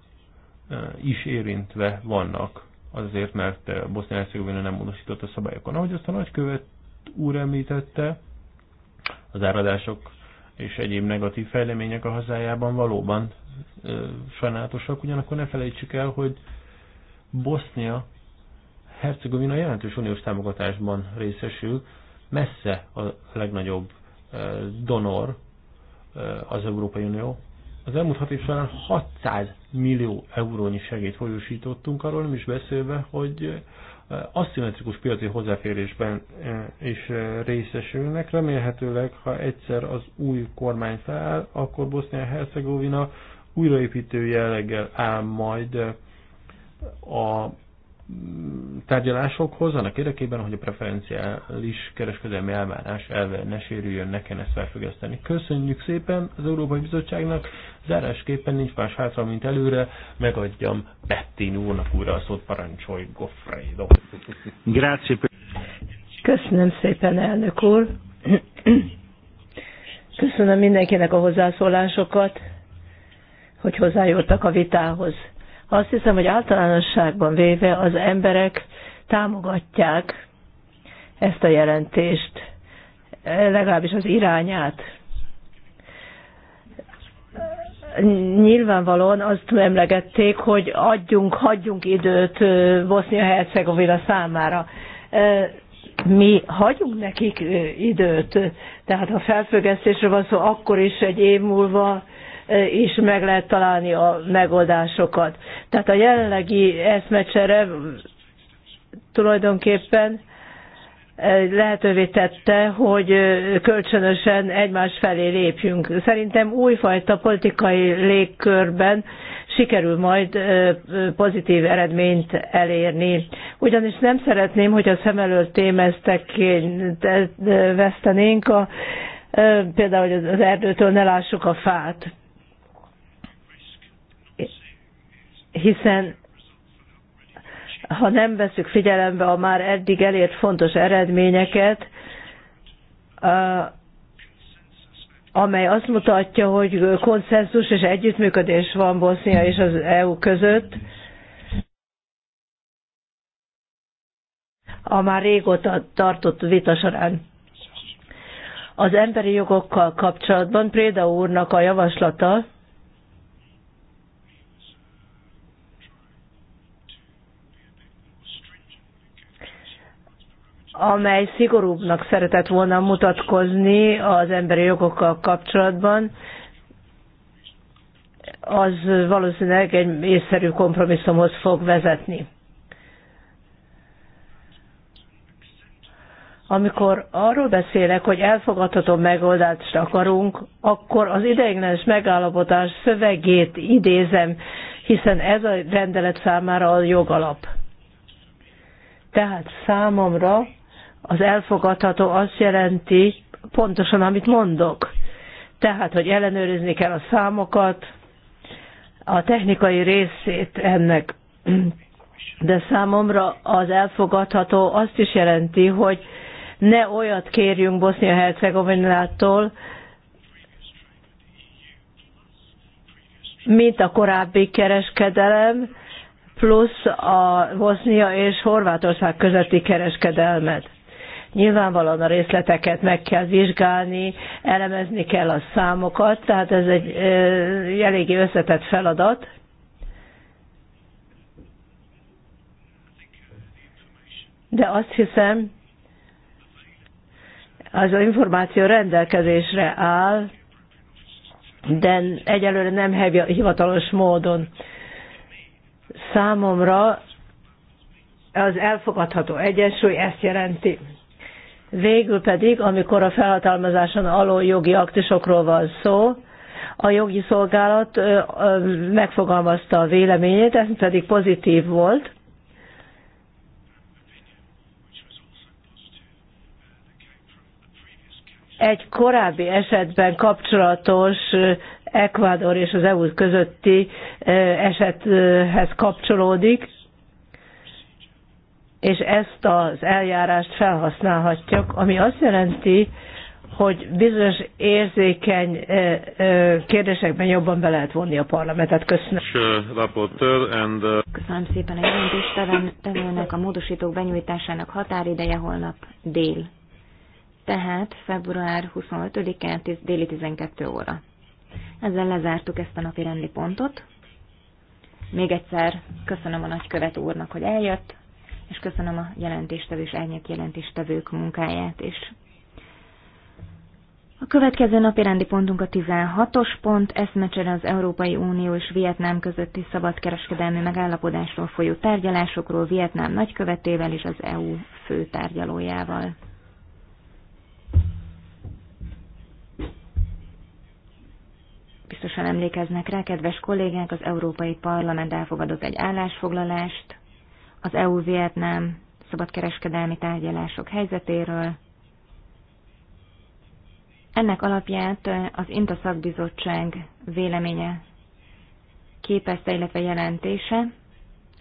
is érintve vannak, azért mert Bosznia-Hercegovina nem a szabályokon. Ahogy azt a nagykövet úr említette, az áradások és egyéb negatív fejlemények a hazájában valóban ö, sajnálatosak, ugyanakkor ne felejtsük el, hogy Bosznia Hercegovina jelentős uniós támogatásban részesül, messze a legnagyobb donor az Európai Unió. Az elmúlt hat év során 600 millió eurónyi segélyt folyósítottunk, arról nem is beszélve, hogy aszimmetrikus piaci hozzáférésben is részesülnek. Remélhetőleg, ha egyszer az új kormány feláll, akkor Bosznia-Hercegovina újraépítő jelleggel áll majd a tárgyalásokhoz, annak érdekében, hogy a preferenciális kereskedelmi elvárás elve ne sérüljön, ne kellene ezt felfüggeszteni. Köszönjük szépen az Európai Bizottságnak, zárásképpen nincs más hátra, mint előre, megadjam Bettin úrnak újra a szót, parancsolj Goffredo. Grazie. Köszönöm szépen, elnök úr. Köszönöm mindenkinek a hozzászólásokat, hogy hozzájöttek a vitához azt hiszem, hogy általánosságban véve az emberek támogatják ezt a jelentést, legalábbis az irányát. Nyilvánvalóan azt emlegették, hogy adjunk, hagyjunk időt Bosznia-Hercegovina számára mi hagyunk nekik időt. Tehát ha felfüggesztésre van szó, akkor is egy év múlva is meg lehet találni a megoldásokat. Tehát a jelenlegi eszmecsere tulajdonképpen lehetővé tette, hogy kölcsönösen egymás felé lépjünk. Szerintem újfajta politikai légkörben sikerül majd pozitív eredményt elérni. Ugyanis nem szeretném, hogy a szem előtt témeztek vesztenénk, a, például, hogy az erdőtől ne lássuk a fát. hiszen ha nem veszük figyelembe a már eddig elért fontos eredményeket, eh, amely azt mutatja, hogy konszenzus és együttműködés van Bosznia és az EU között, a már régóta tartott vita során. Az emberi jogokkal kapcsolatban Préda úrnak a javaslata, amely szigorúbbnak szeretett volna mutatkozni az emberi jogokkal kapcsolatban, az valószínűleg egy észszerű kompromisszumhoz fog vezetni. Amikor arról beszélek, hogy elfogadható megoldást akarunk, akkor az ideiglenes megállapodás szövegét idézem, hiszen ez a rendelet számára a jogalap. Tehát számomra az elfogadható azt jelenti, pontosan amit mondok. Tehát, hogy ellenőrizni kell a számokat, a technikai részét ennek. De számomra az elfogadható azt is jelenti, hogy ne olyat kérjünk Bosznia-Hercegovinától, mint a korábbi kereskedelem, plusz a Bosznia és Horvátország közötti kereskedelmet. Nyilvánvalóan a részleteket meg kell vizsgálni, elemezni kell a számokat, tehát ez egy eléggé összetett feladat. De azt hiszem, az információ rendelkezésre áll, de egyelőre nem hivatalos módon. Számomra az elfogadható egyensúly ezt jelenti. Végül pedig, amikor a felhatalmazáson aló jogi aktusokról van szó, a jogi szolgálat megfogalmazta a véleményét, ez pedig pozitív volt. Egy korábbi esetben kapcsolatos Ecuador és az EU közötti esethez kapcsolódik és ezt az eljárást felhasználhatjuk, ami azt jelenti, hogy bizonyos érzékeny kérdésekben jobban be lehet vonni a parlamentet. Köszönöm. Köszönöm szépen a jelentéstevőnek a módosítók benyújtásának határideje holnap dél. Tehát február 25-e déli 12 óra. Ezzel lezártuk ezt a napi rendi pontot. Még egyszer köszönöm a nagykövet úrnak, hogy eljött, és köszönöm a jelentéstevő és elnyek jelentéstevők munkáját is. A következő napi rendi pontunk a 16-os pont, eszmecsere az Európai Unió és Vietnám közötti szabadkereskedelmi megállapodásról folyó tárgyalásokról Vietnám nagykövetével és az EU főtárgyalójával. Biztosan emlékeznek rá, kedves kollégák, az Európai Parlament elfogadott egy állásfoglalást az EU-Vietnám szabadkereskedelmi tárgyalások helyzetéről. Ennek alapját az INTA szakbizottság véleménye képezte, illetve jelentése,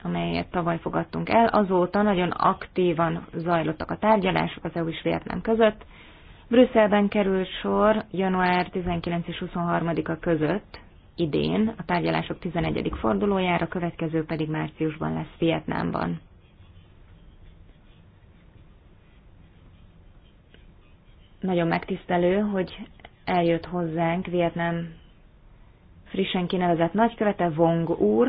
amelyet tavaly fogadtunk el. Azóta nagyon aktívan zajlottak a tárgyalások az EU és Vietnám között. Brüsszelben került sor január 19 és 23-a között idén, a tárgyalások 11. fordulójára, következő pedig márciusban lesz Vietnámban. Nagyon megtisztelő, hogy eljött hozzánk Vietnám frissen kinevezett nagykövete Vong úr.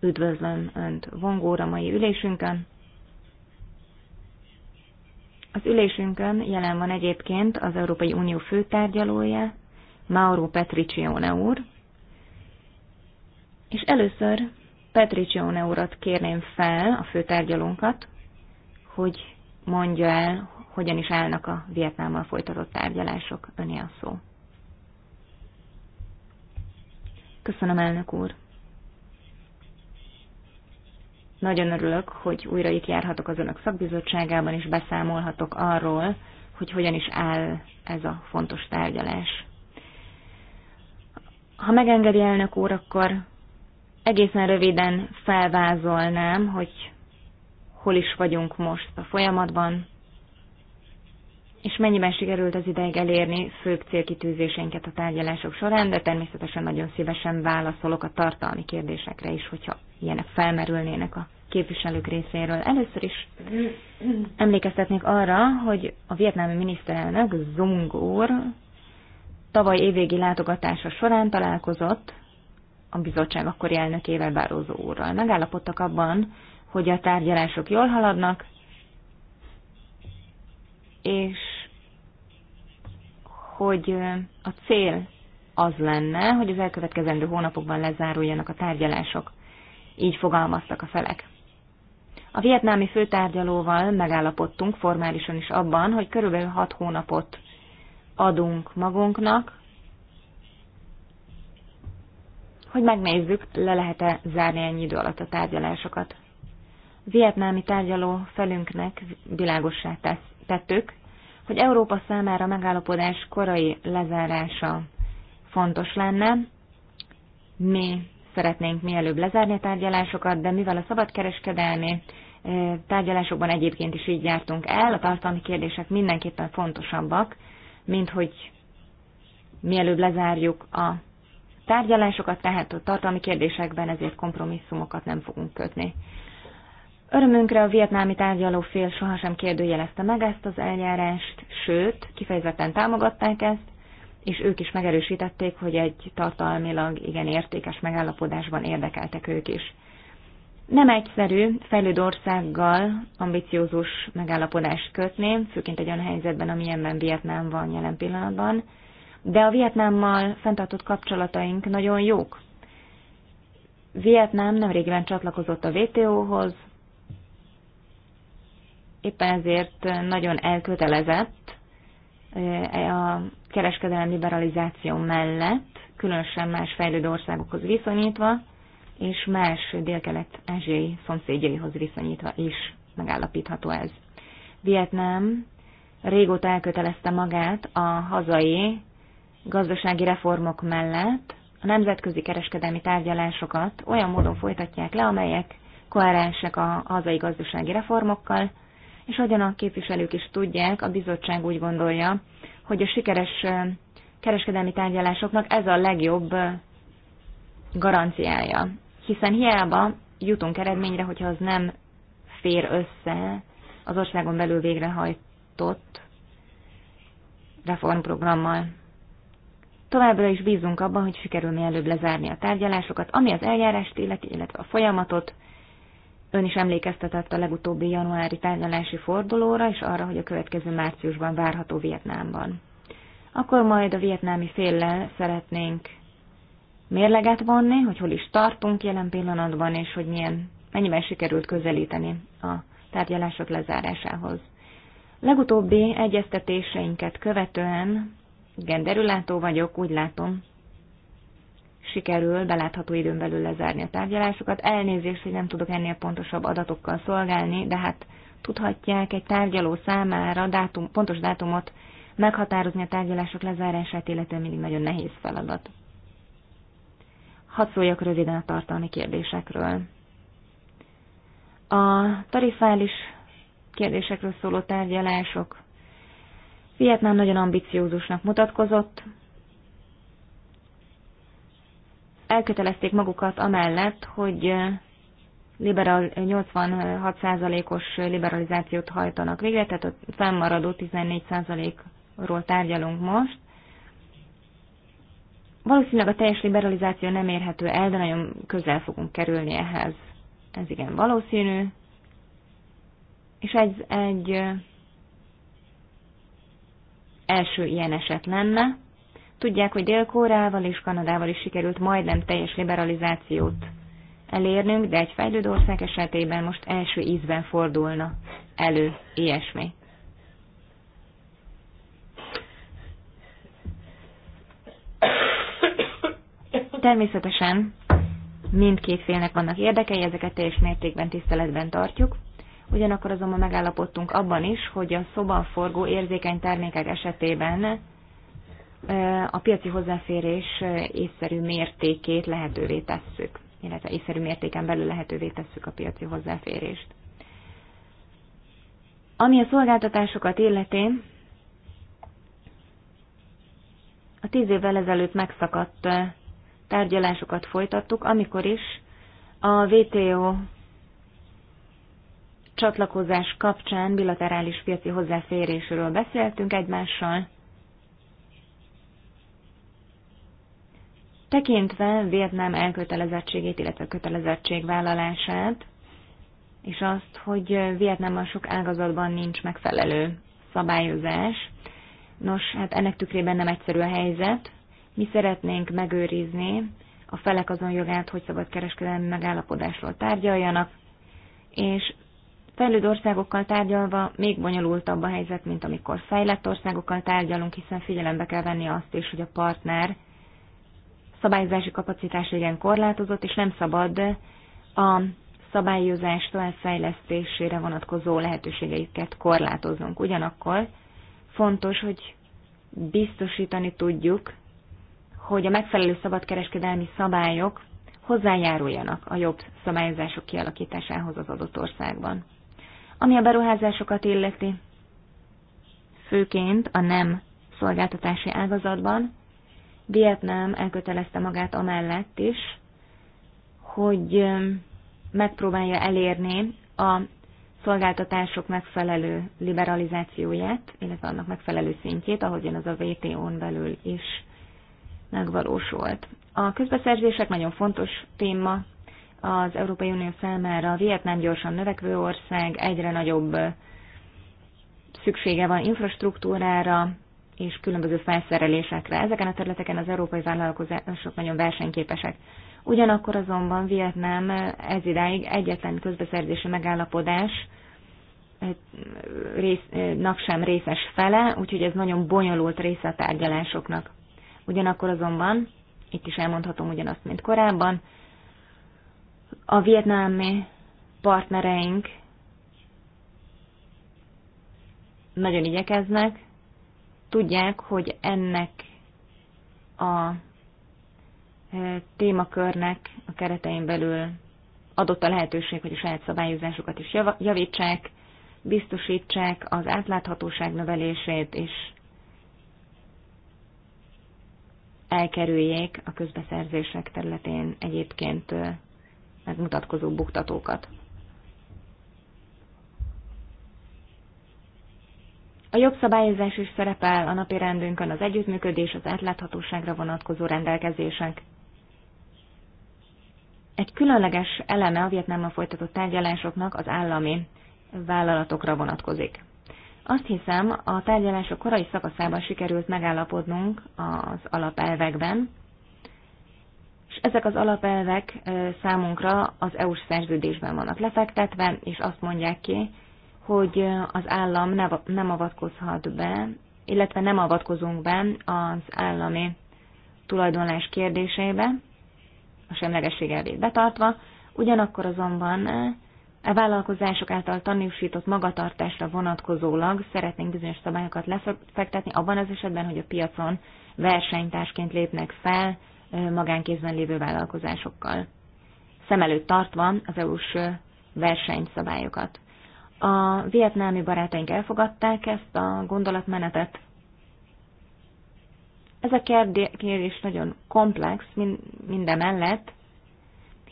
Üdvözlöm Önt, Vong úr, a mai ülésünkön. Az ülésünkön jelen van egyébként az Európai Unió főtárgyalója, Mauro Petricione úr, és először Petricione urat kérném fel, a főtárgyalónkat, hogy mondja el, hogyan is állnak a Vietnámmal folytatott tárgyalások. Öné a szó. Köszönöm, elnök úr. Nagyon örülök, hogy újra itt járhatok az önök szakbizottságában, és beszámolhatok arról, hogy hogyan is áll ez a fontos tárgyalás. Ha megengedi elnök úr, akkor egészen röviden felvázolnám, hogy hol is vagyunk most a folyamatban, és mennyiben sikerült az ideig elérni főbb célkitűzéseinket a tárgyalások során, de természetesen nagyon szívesen válaszolok a tartalmi kérdésekre is, hogyha ilyenek felmerülnének a képviselők részéről. Először is emlékeztetnék arra, hogy a vietnámi miniszterelnök Zung úr tavaly évvégi látogatása során találkozott a bizottság akkori elnökével Bározó úrral. Megállapodtak abban, hogy a tárgyalások jól haladnak, és hogy a cél az lenne, hogy az elkövetkezendő hónapokban lezáruljanak a tárgyalások. Így fogalmaztak a felek. A vietnámi főtárgyalóval megállapodtunk formálisan is abban, hogy körülbelül hat hónapot adunk magunknak, hogy megnézzük, le lehet-e zárni ennyi idő alatt a tárgyalásokat. Vietnámi tárgyaló felünknek világossá tettük, hogy Európa számára megállapodás korai lezárása fontos lenne. Mi szeretnénk mielőbb lezárni a tárgyalásokat, de mivel a szabadkereskedelmi eh, tárgyalásokban egyébként is így jártunk el, a tartalmi kérdések mindenképpen fontosabbak, mint hogy mielőbb lezárjuk a tárgyalásokat, tehát a tartalmi kérdésekben ezért kompromisszumokat nem fogunk kötni. Örömünkre a vietnámi tárgyaló fél sohasem kérdőjelezte meg ezt az eljárást, sőt, kifejezetten támogatták ezt, és ők is megerősítették, hogy egy tartalmilag igen értékes megállapodásban érdekeltek ők is. Nem egyszerű fejlődő országgal ambiciózus megállapodást kötni, főként egy olyan helyzetben, amilyenben Vietnám van jelen pillanatban, de a Vietnámmal fenntartott kapcsolataink nagyon jók. Vietnám nemrégiben csatlakozott a WTO-hoz, éppen ezért nagyon elkötelezett eh, a kereskedelem liberalizáció mellett, különösen más fejlődő országokhoz viszonyítva, és más délkelet-ázsiai szomszédjaihoz viszonyítva is megállapítható ez. Vietnám régóta elkötelezte magát a hazai gazdasági reformok mellett, a nemzetközi kereskedelmi tárgyalásokat olyan módon folytatják le, amelyek koherensek a hazai gazdasági reformokkal, és ahogyan a képviselők is tudják, a bizottság úgy gondolja, hogy a sikeres kereskedelmi tárgyalásoknak ez a legjobb garanciája hiszen hiába jutunk eredményre, hogyha az nem fér össze az országon belül végrehajtott reformprogrammal. Továbbra is bízunk abban, hogy sikerül mielőbb lezárni a tárgyalásokat, ami az eljárást illeti, illetve a folyamatot. Ön is emlékeztetett a legutóbbi januári tárgyalási fordulóra, és arra, hogy a következő márciusban várható Vietnámban. Akkor majd a vietnámi féllel szeretnénk mérleget vonni, hogy hol is tartunk jelen pillanatban, és hogy milyen, mennyiben sikerült közelíteni a tárgyalások lezárásához. Legutóbbi egyeztetéseinket követően, igen, derülátó vagyok, úgy látom, sikerül belátható időn belül lezárni a tárgyalásokat. Elnézést, hogy nem tudok ennél pontosabb adatokkal szolgálni, de hát tudhatják egy tárgyaló számára dátum, pontos dátumot meghatározni a tárgyalások lezárását, illetve mindig nagyon nehéz feladat. Hadd szóljak röviden a tartalmi kérdésekről. A tarifális kérdésekről szóló tárgyalások. Vietnám nagyon ambiciózusnak mutatkozott. Elkötelezték magukat amellett, hogy 86%-os liberalizációt hajtanak végre, tehát a fennmaradó 14%-ról tárgyalunk most. Valószínűleg a teljes liberalizáció nem érhető el, de nagyon közel fogunk kerülni ehhez. Ez igen valószínű. És ez egy első ilyen eset lenne. Tudják, hogy Dél-Kórával és Kanadával is sikerült majdnem teljes liberalizációt elérnünk, de egy fejlődő ország esetében most első ízben fordulna elő ilyesmi. Természetesen mindkét félnek vannak érdekei, ezeket teljes mértékben tiszteletben tartjuk. Ugyanakkor azonban megállapodtunk abban is, hogy a szoban forgó érzékeny termékek esetében a piaci hozzáférés észszerű mértékét lehetővé tesszük, illetve észszerű mértéken belül lehetővé tesszük a piaci hozzáférést. Ami a szolgáltatásokat illeti, a tíz évvel ezelőtt megszakadt tárgyalásokat folytattuk, amikor is a WTO csatlakozás kapcsán bilaterális piaci hozzáférésről beszéltünk egymással, tekintve Vietnám elkötelezettségét, illetve kötelezettségvállalását, és azt, hogy Vietnámban sok ágazatban nincs megfelelő szabályozás. Nos, hát ennek tükrében nem egyszerű a helyzet. Mi szeretnénk megőrizni a felek azon jogát, hogy szabad kereskedelmi megállapodásról tárgyaljanak, és fejlődő országokkal tárgyalva még bonyolultabb a helyzet, mint amikor fejlett országokkal tárgyalunk, hiszen figyelembe kell venni azt is, hogy a partner szabályozási kapacitás igen korlátozott, és nem szabad a szabályozás továbbfejlesztésére vonatkozó lehetőségeiket korlátoznunk. Ugyanakkor fontos, hogy biztosítani tudjuk hogy a megfelelő szabadkereskedelmi szabályok hozzájáruljanak a jobb szabályozások kialakításához az adott országban. Ami a beruházásokat illeti, főként a nem szolgáltatási ágazatban, Vietnám elkötelezte magát amellett is, hogy megpróbálja elérni a szolgáltatások megfelelő liberalizációját, illetve annak megfelelő szintjét, ahogyan az a WTO-n belül is megvalósult. A közbeszerzések nagyon fontos téma az Európai Unió számára. A Vietnám gyorsan növekvő ország, egyre nagyobb szüksége van infrastruktúrára és különböző felszerelésekre. Ezeken a területeken az európai vállalkozások nagyon versenyképesek. Ugyanakkor azonban Vietnám ez idáig egyetlen közbeszerzési megállapodás résznak sem részes fele, úgyhogy ez nagyon bonyolult része a tárgyalásoknak. Ugyanakkor azonban, itt is elmondhatom ugyanazt, mint korábban, a vietnámi partnereink nagyon igyekeznek, tudják, hogy ennek a e, témakörnek a keretein belül adott a lehetőség, hogy a saját szabályozásukat is javítsák, biztosítsák az átláthatóság növelését, és elkerüljék a közbeszerzések területén egyébként megmutatkozó buktatókat. A jobb szabályozás is szerepel a napi rendünkön az együttműködés, az átláthatóságra vonatkozó rendelkezések. Egy különleges eleme a Vietnámmal folytatott tárgyalásoknak az állami vállalatokra vonatkozik. Azt hiszem, a tárgyalások korai szakaszában sikerült megállapodnunk az alapelvekben, és ezek az alapelvek számunkra az EU-s szerződésben vannak lefektetve, és azt mondják ki, hogy az állam nem avatkozhat be, illetve nem avatkozunk be az állami tulajdonlás kérdésébe, a semlegesség elvét betartva, ugyanakkor azonban a vállalkozások által tanúsított magatartásra vonatkozólag szeretnénk bizonyos szabályokat lefektetni abban az esetben, hogy a piacon versenytársként lépnek fel magánkézben lévő vállalkozásokkal. Szem előtt tartva az EU-s versenyszabályokat. A vietnámi barátaink elfogadták ezt a gondolatmenetet. Ez a kérdés nagyon komplex mindemellett,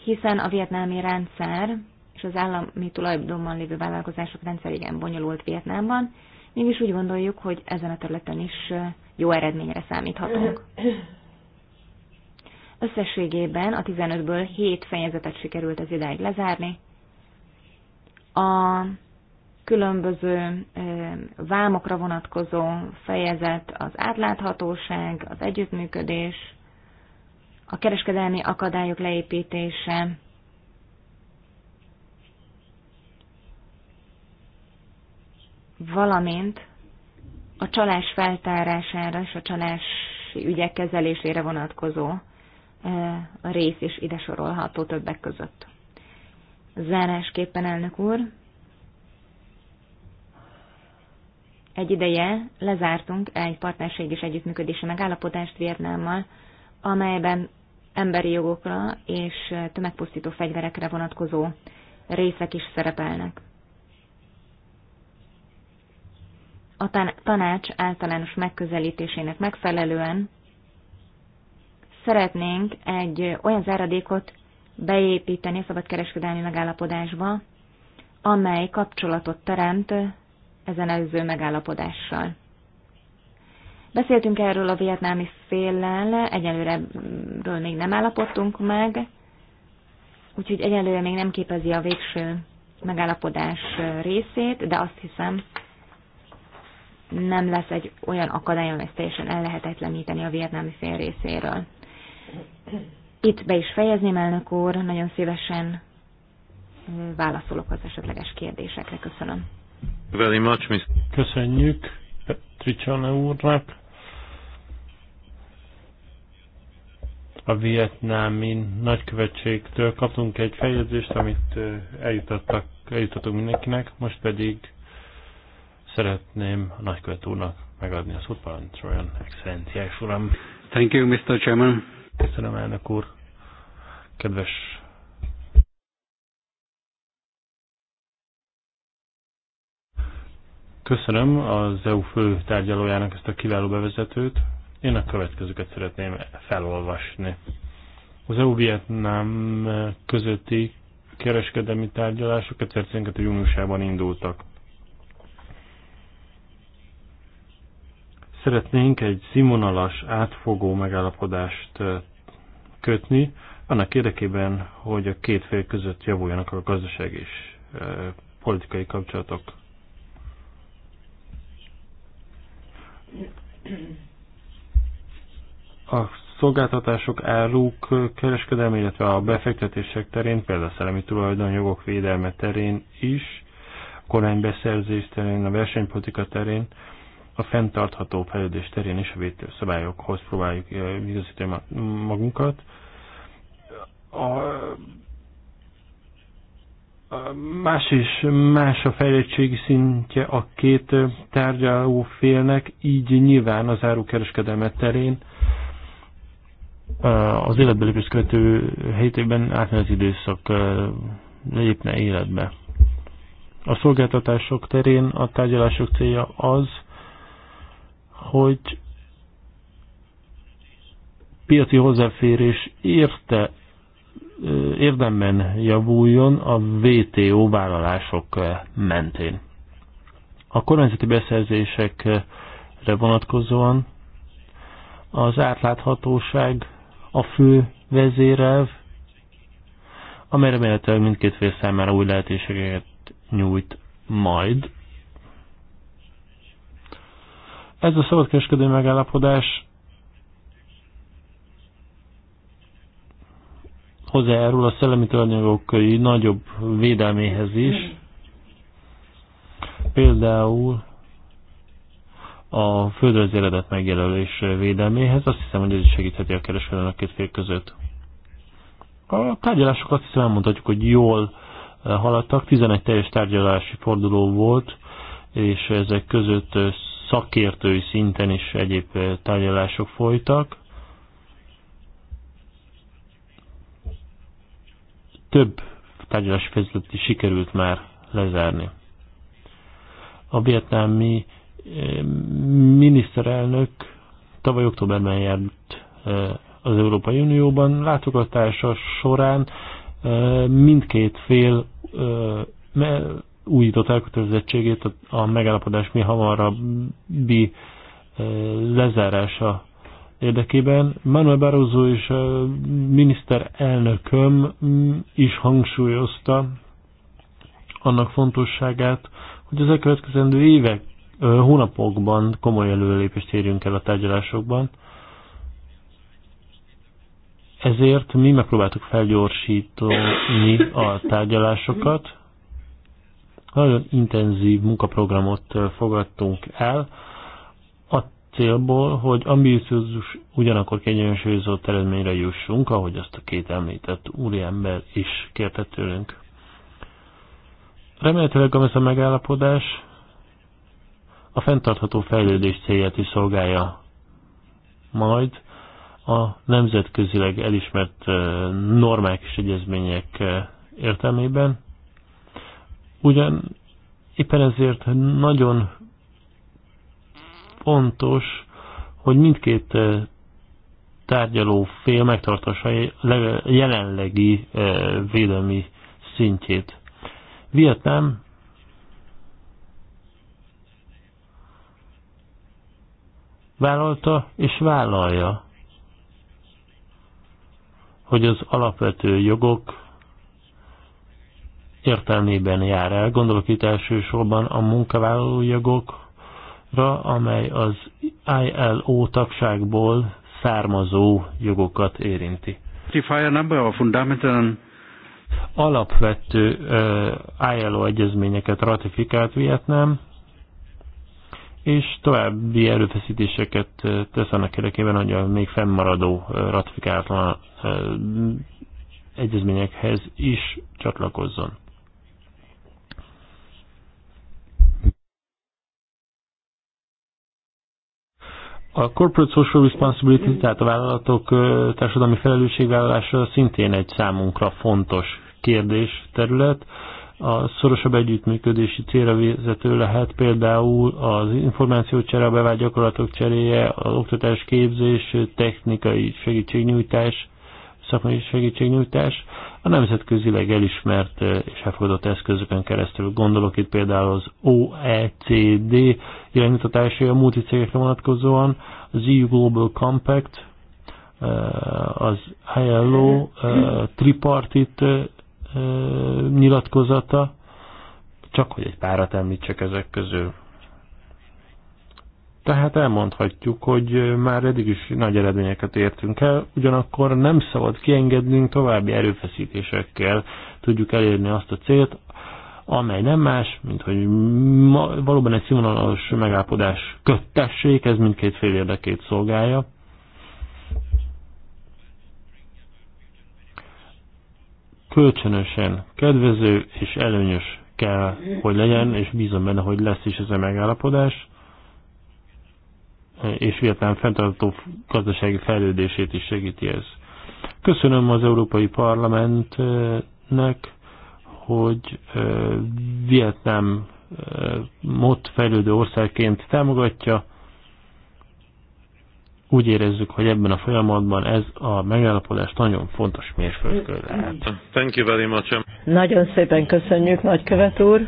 hiszen a vietnámi rendszer és az állami tulajdonban lévő vállalkozások rendszer igen bonyolult Vietnámban, mégis úgy gondoljuk, hogy ezen a területen is jó eredményre számíthatunk. Összességében a 15-ből 7 fejezetet sikerült az idáig lezárni. A különböző vámokra vonatkozó fejezet az átláthatóság, az együttműködés, a kereskedelmi akadályok leépítése, valamint a csalás feltárására és a csalási ügyek kezelésére vonatkozó rész is ide sorolható többek között. Zárásképpen, elnök úr, egy ideje lezártunk egy partnerség és együttműködési megállapodást Vietnámmal, amelyben emberi jogokra és tömegpusztító fegyverekre vonatkozó részek is szerepelnek. a tanács általános megközelítésének megfelelően szeretnénk egy olyan záradékot beépíteni a szabadkereskedelmi megállapodásba, amely kapcsolatot teremt ezen előző megállapodással. Beszéltünk erről a vietnámi féllel, egyelőre ről még nem állapodtunk meg, úgyhogy egyelőre még nem képezi a végső megállapodás részét, de azt hiszem, nem lesz egy olyan akadály, amely teljesen ellehetetleníteni a vietnámi fél részéről. Itt be is fejezném, elnök úr, nagyon szívesen mm, válaszolok az esetleges kérdésekre. Köszönöm. Very much, Mr. Köszönjük Tricsane úrnak. A vietnámi nagykövetségtől kaptunk egy fejezést, amit eh, eljutottak, eljutottunk mindenkinek, most pedig Szeretném a nagykövet úrnak megadni a szót, parancsoljon, excellenciás uram. Thank you, Mr. Chairman. Köszönöm, elnök úr. Kedves Köszönöm az EU fő tárgyalójának ezt a kiváló bevezetőt. Én a következőket szeretném felolvasni. Az EU-Vietnám közötti kereskedelmi tárgyalások 2012. júniusában indultak. Szeretnénk egy színvonalas, átfogó megállapodást kötni, annak érdekében, hogy a két fél között javuljanak a gazdaság és politikai kapcsolatok. A szolgáltatások, áruk kereskedelme, illetve a befektetések terén, például a szellemi tulajdonjogok védelme terén is, a kormánybeszerzés terén, a versenypolitika terén a fenntartható fejlődés terén is a szabályokhoz próbáljuk eh, igazítani magunkat. A, más és más a fejlettségi szintje a két eh, tárgyaló félnek, így nyilván az árukereskedelmet terén eh, az életbelépés követő hétében évben átmeneti időszak lépne életbe. A szolgáltatások terén a tárgyalások célja az, hogy piaci hozzáférés érte érdemben javuljon a VTO vállalások mentén. A kormányzati beszerzésekre vonatkozóan az átláthatóság a fő vezérelv, amely remélhetőleg mindkét fél számára új lehetőségeket nyújt majd ez a szabadkereskedelmi megállapodás hozzájárul a szellemi tulajdonjogokai nagyobb védelméhez is. Például a földrajzi eredet megjelölés védelméhez. Azt hiszem, hogy ez is segítheti a kereskedelmet két fél között. A tárgyalások azt hiszem elmondhatjuk, hogy jól haladtak. 11 teljes tárgyalási forduló volt, és ezek között szakértői szinten is egyéb eh, tárgyalások folytak. Több tárgyalási fejezetet is sikerült már lezárni. A vietnámi eh, miniszterelnök tavaly októberben járt eh, az Európai Unióban. Látogatása során mindkét fél újított elkötelezettségét a megállapodás mi hamarabbi lezárása érdekében. Manuel Barroso és a miniszterelnököm mm, is hangsúlyozta annak fontosságát, hogy az elkövetkezendő évek, hónapokban komoly előlépést érjünk el a tárgyalásokban. Ezért mi megpróbáltuk felgyorsítani a tárgyalásokat, nagyon intenzív munkaprogramot fogadtunk el, a célból, hogy ambiciózus, ugyanakkor kiegyensúlyozott eredményre jussunk, ahogy azt a két említett úriember is kérte tőlünk. Remélhetőleg ez a megállapodás a fenntartható fejlődés célját is szolgálja majd a nemzetközileg elismert normák és egyezmények értelmében, Ugyan éppen ezért nagyon fontos, hogy mindkét eh, tárgyaló fél megtartassa jelenlegi eh, védelmi szintjét. Vietnám vállalta és vállalja, hogy az alapvető jogok értelmében jár el. Gondolok itt elsősorban a munkavállalói jogokra, amely az ILO tagságból származó jogokat érinti. Alapvető uh, ILO egyezményeket ratifikált Vietnám, és további erőfeszítéseket tesz annak érdekében, hogy a még fennmaradó ratifikálatlan egyezményekhez is csatlakozzon. A corporate social responsibility, mm. tehát a vállalatok társadalmi felelősségvállalása szintén egy számunkra fontos kérdés, terület. A szorosabb együttműködési célra vezető lehet például az információcsere, a bevált gyakorlatok cseréje, az oktatás képzés, technikai segítségnyújtás, szakmai segítségnyújtás, a nemzetközileg elismert és elfogadott eszközökön keresztül. Gondolok itt például az OECD iránymutatásai a multicégekre vonatkozóan, az EU Global Compact, eh, az ILO eh, tripartit eh, nyilatkozata, csak hogy egy párat említsek ezek közül. Tehát elmondhatjuk, hogy már eddig is nagy eredményeket értünk el, ugyanakkor nem szabad kiengednünk további erőfeszítésekkel tudjuk elérni azt a célt, amely nem más, mint hogy ma, valóban egy színvonalas megállapodás köttessék, ez mindkét fél érdekét szolgálja. Kölcsönösen kedvező és előnyös kell, hogy legyen, és bízom benne, hogy lesz is ez a megállapodás, és Vietnám fenntartó gazdasági fejlődését is segíti ez. Köszönöm az Európai Parlamentnek, hogy Vietnám mot fejlődő országként támogatja. Úgy érezzük, hogy ebben a folyamatban ez a megállapodás nagyon fontos mérföldkő lehet. Thank you very much. Nagyon szépen köszönjük, nagykövet úr.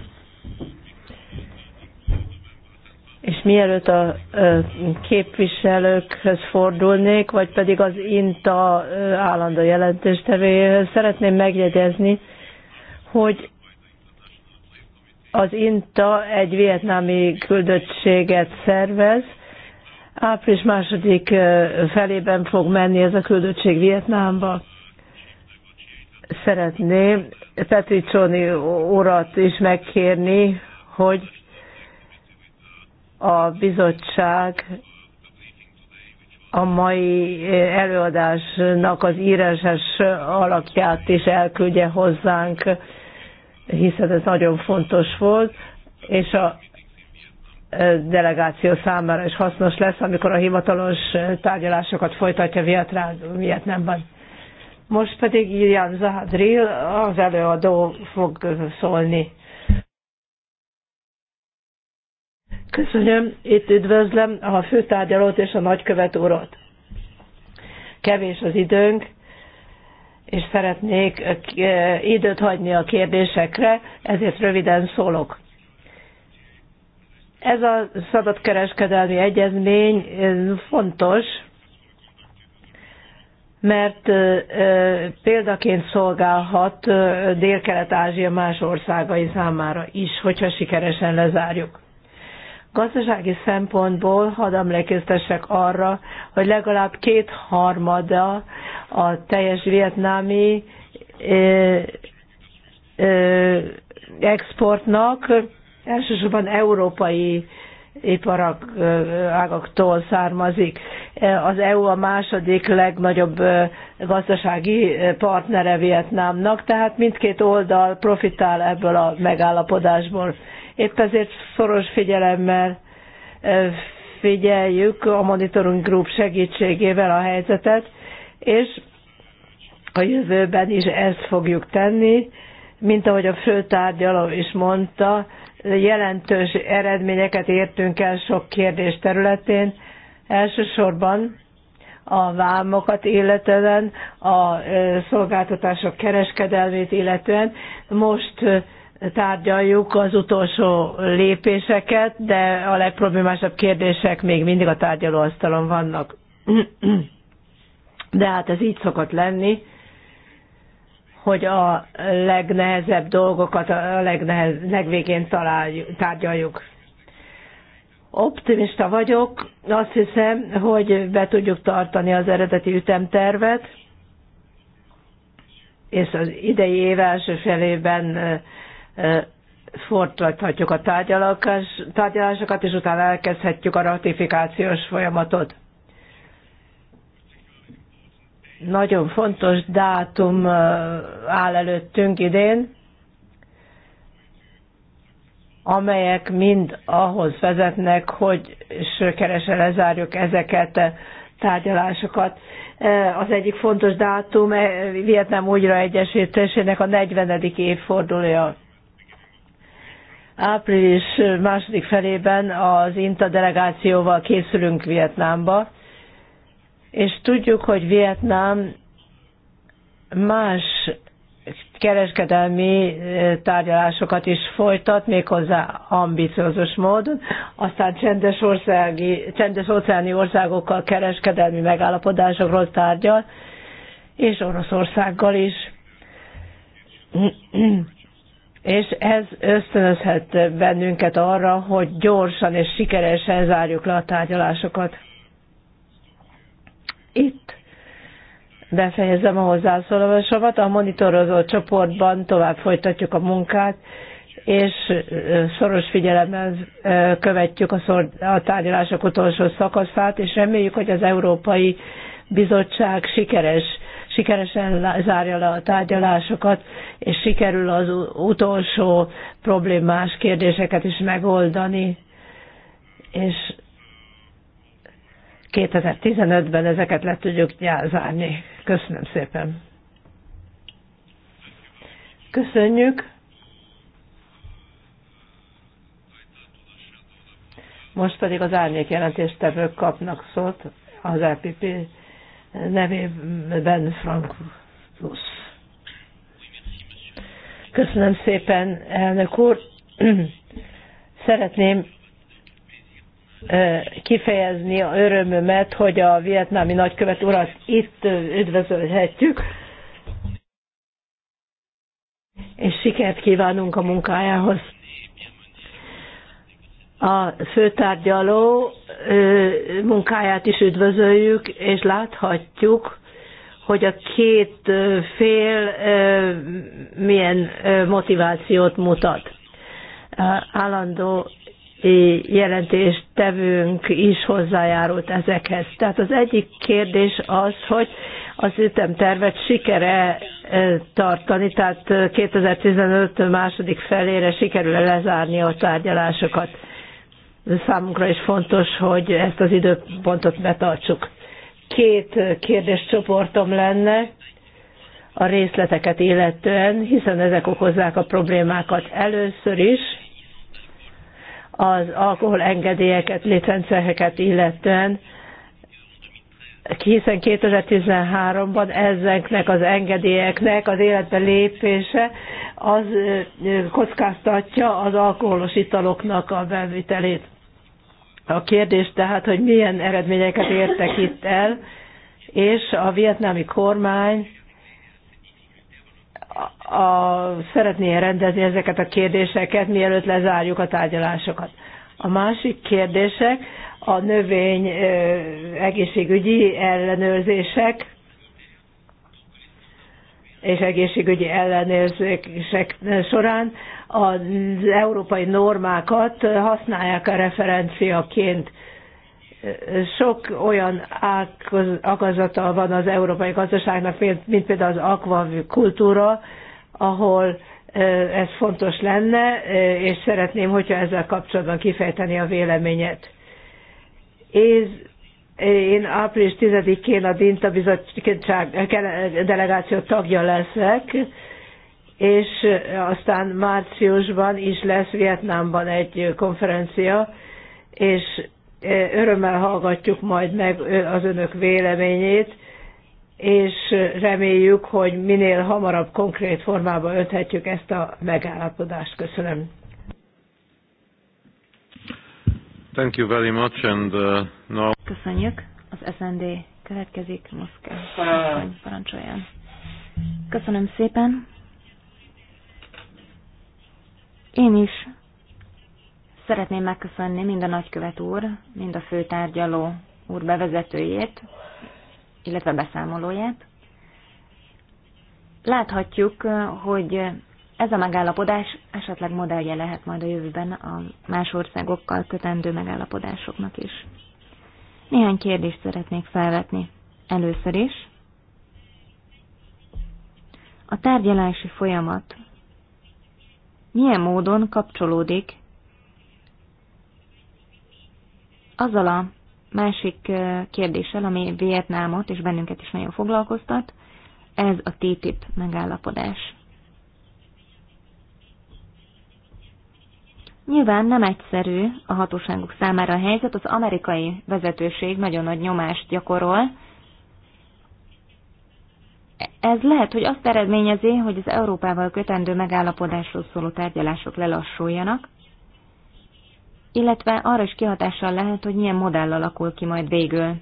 És mielőtt a képviselőkhöz fordulnék, vagy pedig az INTA állandó jelentéstevéhez, szeretném megjegyezni, hogy az INTA egy vietnámi küldöttséget szervez. Április második felében fog menni ez a küldöttség Vietnámba. Szeretném Petricsoni urat is megkérni, hogy a bizottság a mai előadásnak az írásos alakját is elküldje hozzánk hiszen ez nagyon fontos volt, és a e, delegáció számára is hasznos lesz, amikor a hivatalos e, tárgyalásokat folytatja Vietnámban. Most pedig Ilian Zahadril, az előadó fog szólni. Köszönöm, itt üdvözlöm a főtárgyalót és a nagykövet urat. Kevés az időnk, és szeretnék eh, eh, időt hagyni a kérdésekre, ezért röviden szólok. Ez a szabadkereskedelmi egyezmény eh, fontos, mert példaként szolgálhat Dél-Kelet-Ázsia más országai számára is, hogyha sikeresen lezárjuk. Gazdasági szempontból hadd emlékeztessek arra, hogy legalább kétharmada a teljes vietnámi exportnak elsősorban európai iparak ágaktól származik. Az EU a második legnagyobb gazdasági partnere Vietnámnak, tehát mindkét oldal profitál ebből a megállapodásból. Épp ezért szoros figyelemmel figyeljük a Monitoring Group segítségével a helyzetet, és a jövőben is ezt fogjuk tenni, mint ahogy a főtárgyaló is mondta, jelentős eredményeket értünk el sok kérdés területén, elsősorban a vámokat illetően, a szolgáltatások kereskedelmét illetően. Most tárgyaljuk az utolsó lépéseket, de a legproblémásabb kérdések még mindig a tárgyalóasztalon vannak. De hát ez így szokott lenni, hogy a legnehezebb dolgokat a legnehez, legvégén találjuk, tárgyaljuk. Optimista vagyok, azt hiszem, hogy be tudjuk tartani az eredeti ütemtervet, és az idei év első felében fordíthatjuk a tárgyalásokat, és utána elkezdhetjük a ratifikációs folyamatot. Nagyon fontos dátum áll előttünk idén, amelyek mind ahhoz vezetnek, hogy sökeresen lezárjuk ezeket a tárgyalásokat. Az egyik fontos dátum e, Vietnám újraegyesítésének a 40. évfordulója április második felében az INTA delegációval készülünk Vietnámba, és tudjuk, hogy Vietnám más kereskedelmi eh, tárgyalásokat is folytat, méghozzá ambiciózus módon. Aztán csendes, országi, csendes óceáni országokkal kereskedelmi megállapodásokról tárgyal, és Oroszországgal is és ez ösztönözhet bennünket arra, hogy gyorsan és sikeresen zárjuk le a tárgyalásokat. Itt befejezem a hozzászólásomat. A monitorozó csoportban tovább folytatjuk a munkát, és szoros figyelemmel követjük a, tárgyalások utolsó szakaszát, és reméljük, hogy az Európai Bizottság sikeres sikeresen zárja le a tárgyalásokat, és sikerül az utolsó problémás kérdéseket is megoldani, és 2015-ben ezeket le tudjuk zárni. Köszönöm szépen. Köszönjük. Most pedig az árnyék jelentéstevők kapnak szót az RPP. E nevében Frank Köszönöm szépen, elnök úr. Szeretném kifejezni a örömömet, hogy a vietnámi nagykövet urat itt üdvözölhetjük, és sikert kívánunk a munkájához. A főtárgyaló munkáját is üdvözöljük, és láthatjuk, hogy a két fél milyen motivációt mutat. Állandó jelentést tevünk is hozzájárult ezekhez. Tehát az egyik kérdés az, hogy az ütemtervet sikere tartani, tehát 2015 második felére sikerül lezárni a tárgyalásokat számunkra is fontos, hogy ezt az időpontot betartsuk. Két kérdéscsoportom lenne a részleteket illetően, hiszen ezek okozzák a problémákat először is, az alkoholengedélyeket, licenceheket illetően hiszen 2013-ban ezeknek az engedélyeknek az életbe lépése az kockáztatja az alkoholos italoknak a bevitelét. A kérdés tehát, hogy milyen eredményeket értek itt el, és a vietnámi kormány a, a, szeretné rendezni ezeket a kérdéseket, mielőtt lezárjuk a tárgyalásokat. A másik kérdések a növény egészségügyi ellenőrzések és egészségügyi ellenőrzések során az európai normákat használják a referenciaként. Sok olyan ágazata van az európai gazdaságnak, mint például az akvakultúra, ahol ez fontos lenne, és szeretném, hogyha ezzel kapcsolatban kifejteni a véleményet és én április 10-én a DINTA bizottság delegáció tagja leszek, és aztán márciusban is lesz Vietnámban egy konferencia, és e, örömmel hallgatjuk majd meg az önök véleményét, és reméljük, hogy minél hamarabb konkrét formába öthetjük ezt a megállapodást. Köszönöm. Thank you very much, and uh, now... Köszönjük. Az SND következik. Moszkva. Parancsoljon. Köszönöm szépen. Én is szeretném megköszönni mind a nagykövet úr, mind a főtárgyaló úr bevezetőjét, illetve beszámolóját. Láthatjuk, hogy ez a megállapodás esetleg modellje lehet majd a jövőben a más országokkal kötendő megállapodásoknak is. Néhány kérdést szeretnék felvetni. Először is. A tárgyalási folyamat milyen módon kapcsolódik azzal a másik kérdéssel, ami Vietnámot és bennünket is nagyon foglalkoztat, ez a TTIP megállapodás. Nyilván nem egyszerű a hatóságok számára a helyzet, az amerikai vezetőség nagyon nagy nyomást gyakorol. Ez lehet, hogy azt eredményezi, hogy az Európával kötendő megállapodásról szóló tárgyalások lelassuljanak, illetve arra is kihatással lehet, hogy milyen modell alakul ki majd végül.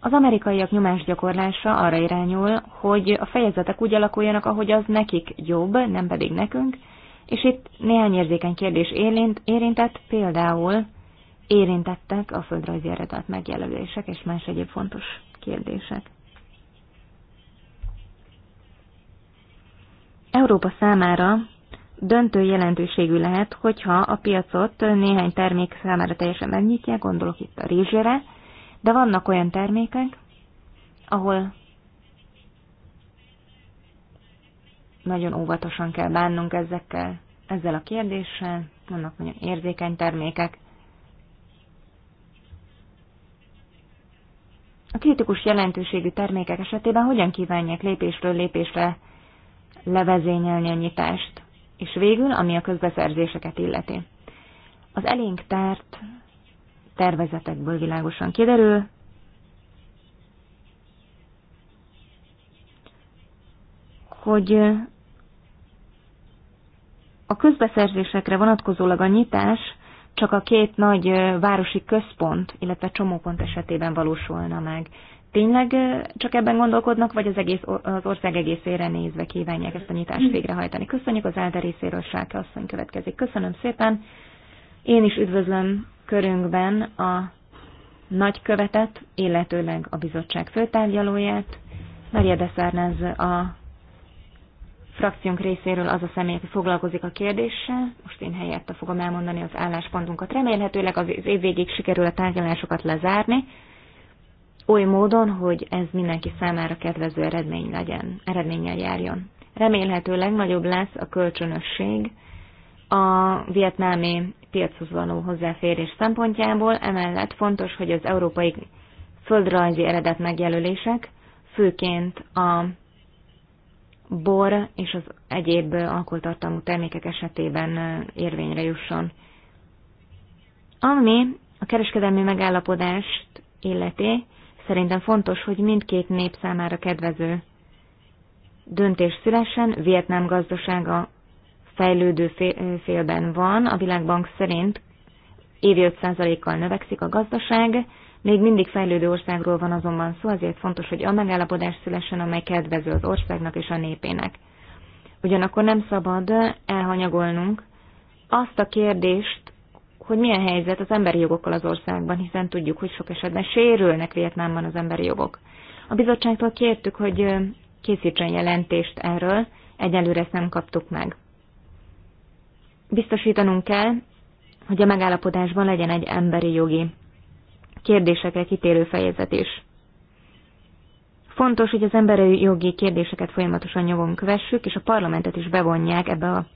Az amerikaiak gyakorlása arra irányul, hogy a fejezetek úgy alakuljanak, ahogy az nekik jobb, nem pedig nekünk, és itt néhány érzékeny kérdés érint, érintett, például érintettek a földrajzi eredet megjelölések és más egyéb fontos kérdések. Európa számára döntő jelentőségű lehet, hogyha a piacot néhány termék számára teljesen megnyitják, gondolok itt a rizsére, de vannak olyan termékek, ahol nagyon óvatosan kell bánnunk ezekkel, ezzel a kérdéssel, vannak nagyon érzékeny termékek. A kritikus jelentőségű termékek esetében hogyan kívánják lépésről lépésre levezényelni a nyitást, és végül, ami a közbeszerzéseket illeti. Az elénk tárt tervezetekből világosan kiderül, hogy a közbeszerzésekre vonatkozólag a nyitás csak a két nagy városi központ, illetve csomópont esetében valósulna meg. Tényleg csak ebben gondolkodnak, vagy az, egész, az ország egészére nézve kívánják ezt a nyitást végrehajtani? Köszönjük az Elde részéről, Sáke asszony következik. Köszönöm szépen. Én is üdvözlöm körünkben a nagykövetet, illetőleg a bizottság főtárgyalóját, Maria de a frakciónk részéről az a személy, aki foglalkozik a kérdéssel. Most én helyette fogom elmondani az álláspontunkat. Remélhetőleg az év végig sikerül a tárgyalásokat lezárni, oly módon, hogy ez mindenki számára kedvező eredmény legyen, eredménnyel járjon. Remélhetőleg nagyobb lesz a kölcsönösség a vietnámi piachoz való hozzáférés szempontjából, emellett fontos, hogy az európai földrajzi eredet megjelölések, főként a bor és az egyéb alkoholtartalmú termékek esetében érvényre jusson. Ami a kereskedelmi megállapodást illeti, szerintem fontos, hogy mindkét nép számára kedvező döntés szülessen, Vietnám gazdasága fejlődő félben van, a Világbank szerint évi 5%-kal növekszik a gazdaság, még mindig fejlődő országról van azonban szó, azért fontos, hogy a megállapodás szülessen, amely kedvező az országnak és a népének. Ugyanakkor nem szabad elhanyagolnunk azt a kérdést, hogy milyen helyzet az emberi jogokkal az országban, hiszen tudjuk, hogy sok esetben sérülnek Vietnámban az emberi jogok. A bizottságtól kértük, hogy készítsen jelentést erről, egyelőre ezt nem kaptuk meg. Biztosítanunk kell, hogy a megállapodásban legyen egy emberi jogi kérdésekre kitérő fejezet is. Fontos, hogy az emberi jogi kérdéseket folyamatosan nyomon kövessük, és a parlamentet is bevonják ebbe a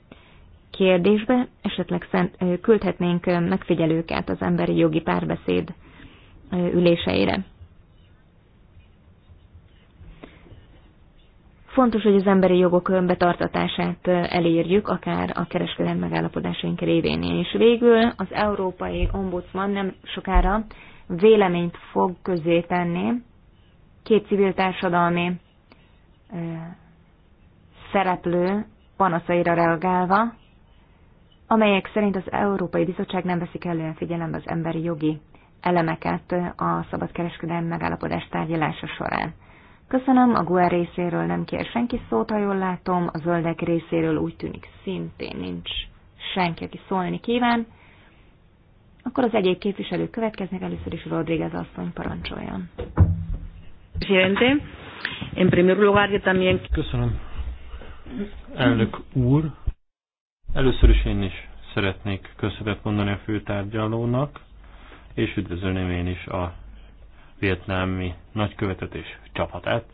kérdésbe, esetleg szent, küldhetnénk megfigyelőket az emberi jogi párbeszéd üléseire. Fontos, hogy az emberi jogok betartatását elérjük, akár a kereskedelmi megállapodásaink révén is. Végül az Európai Ombudsman nem sokára véleményt fog közé tenni két civil társadalmi szereplő panaszaira reagálva, amelyek szerint az Európai Bizottság nem veszik elően figyelembe az emberi jogi elemeket a szabadkereskedelmi megállapodás tárgyalása során. Köszönöm, a GUER részéről nem kér senki szót, ha jól látom, a zöldek részéről úgy tűnik szintén nincs senki, aki szólni kíván. Akkor az egyéb képviselők következnek, először is Rodríguez asszony parancsoljon. Köszönöm. Elnök úr, először is én is szeretnék köszönet mondani a főtárgyalónak, és üdvözölném én is a vietnámi nagykövetet és csapatát.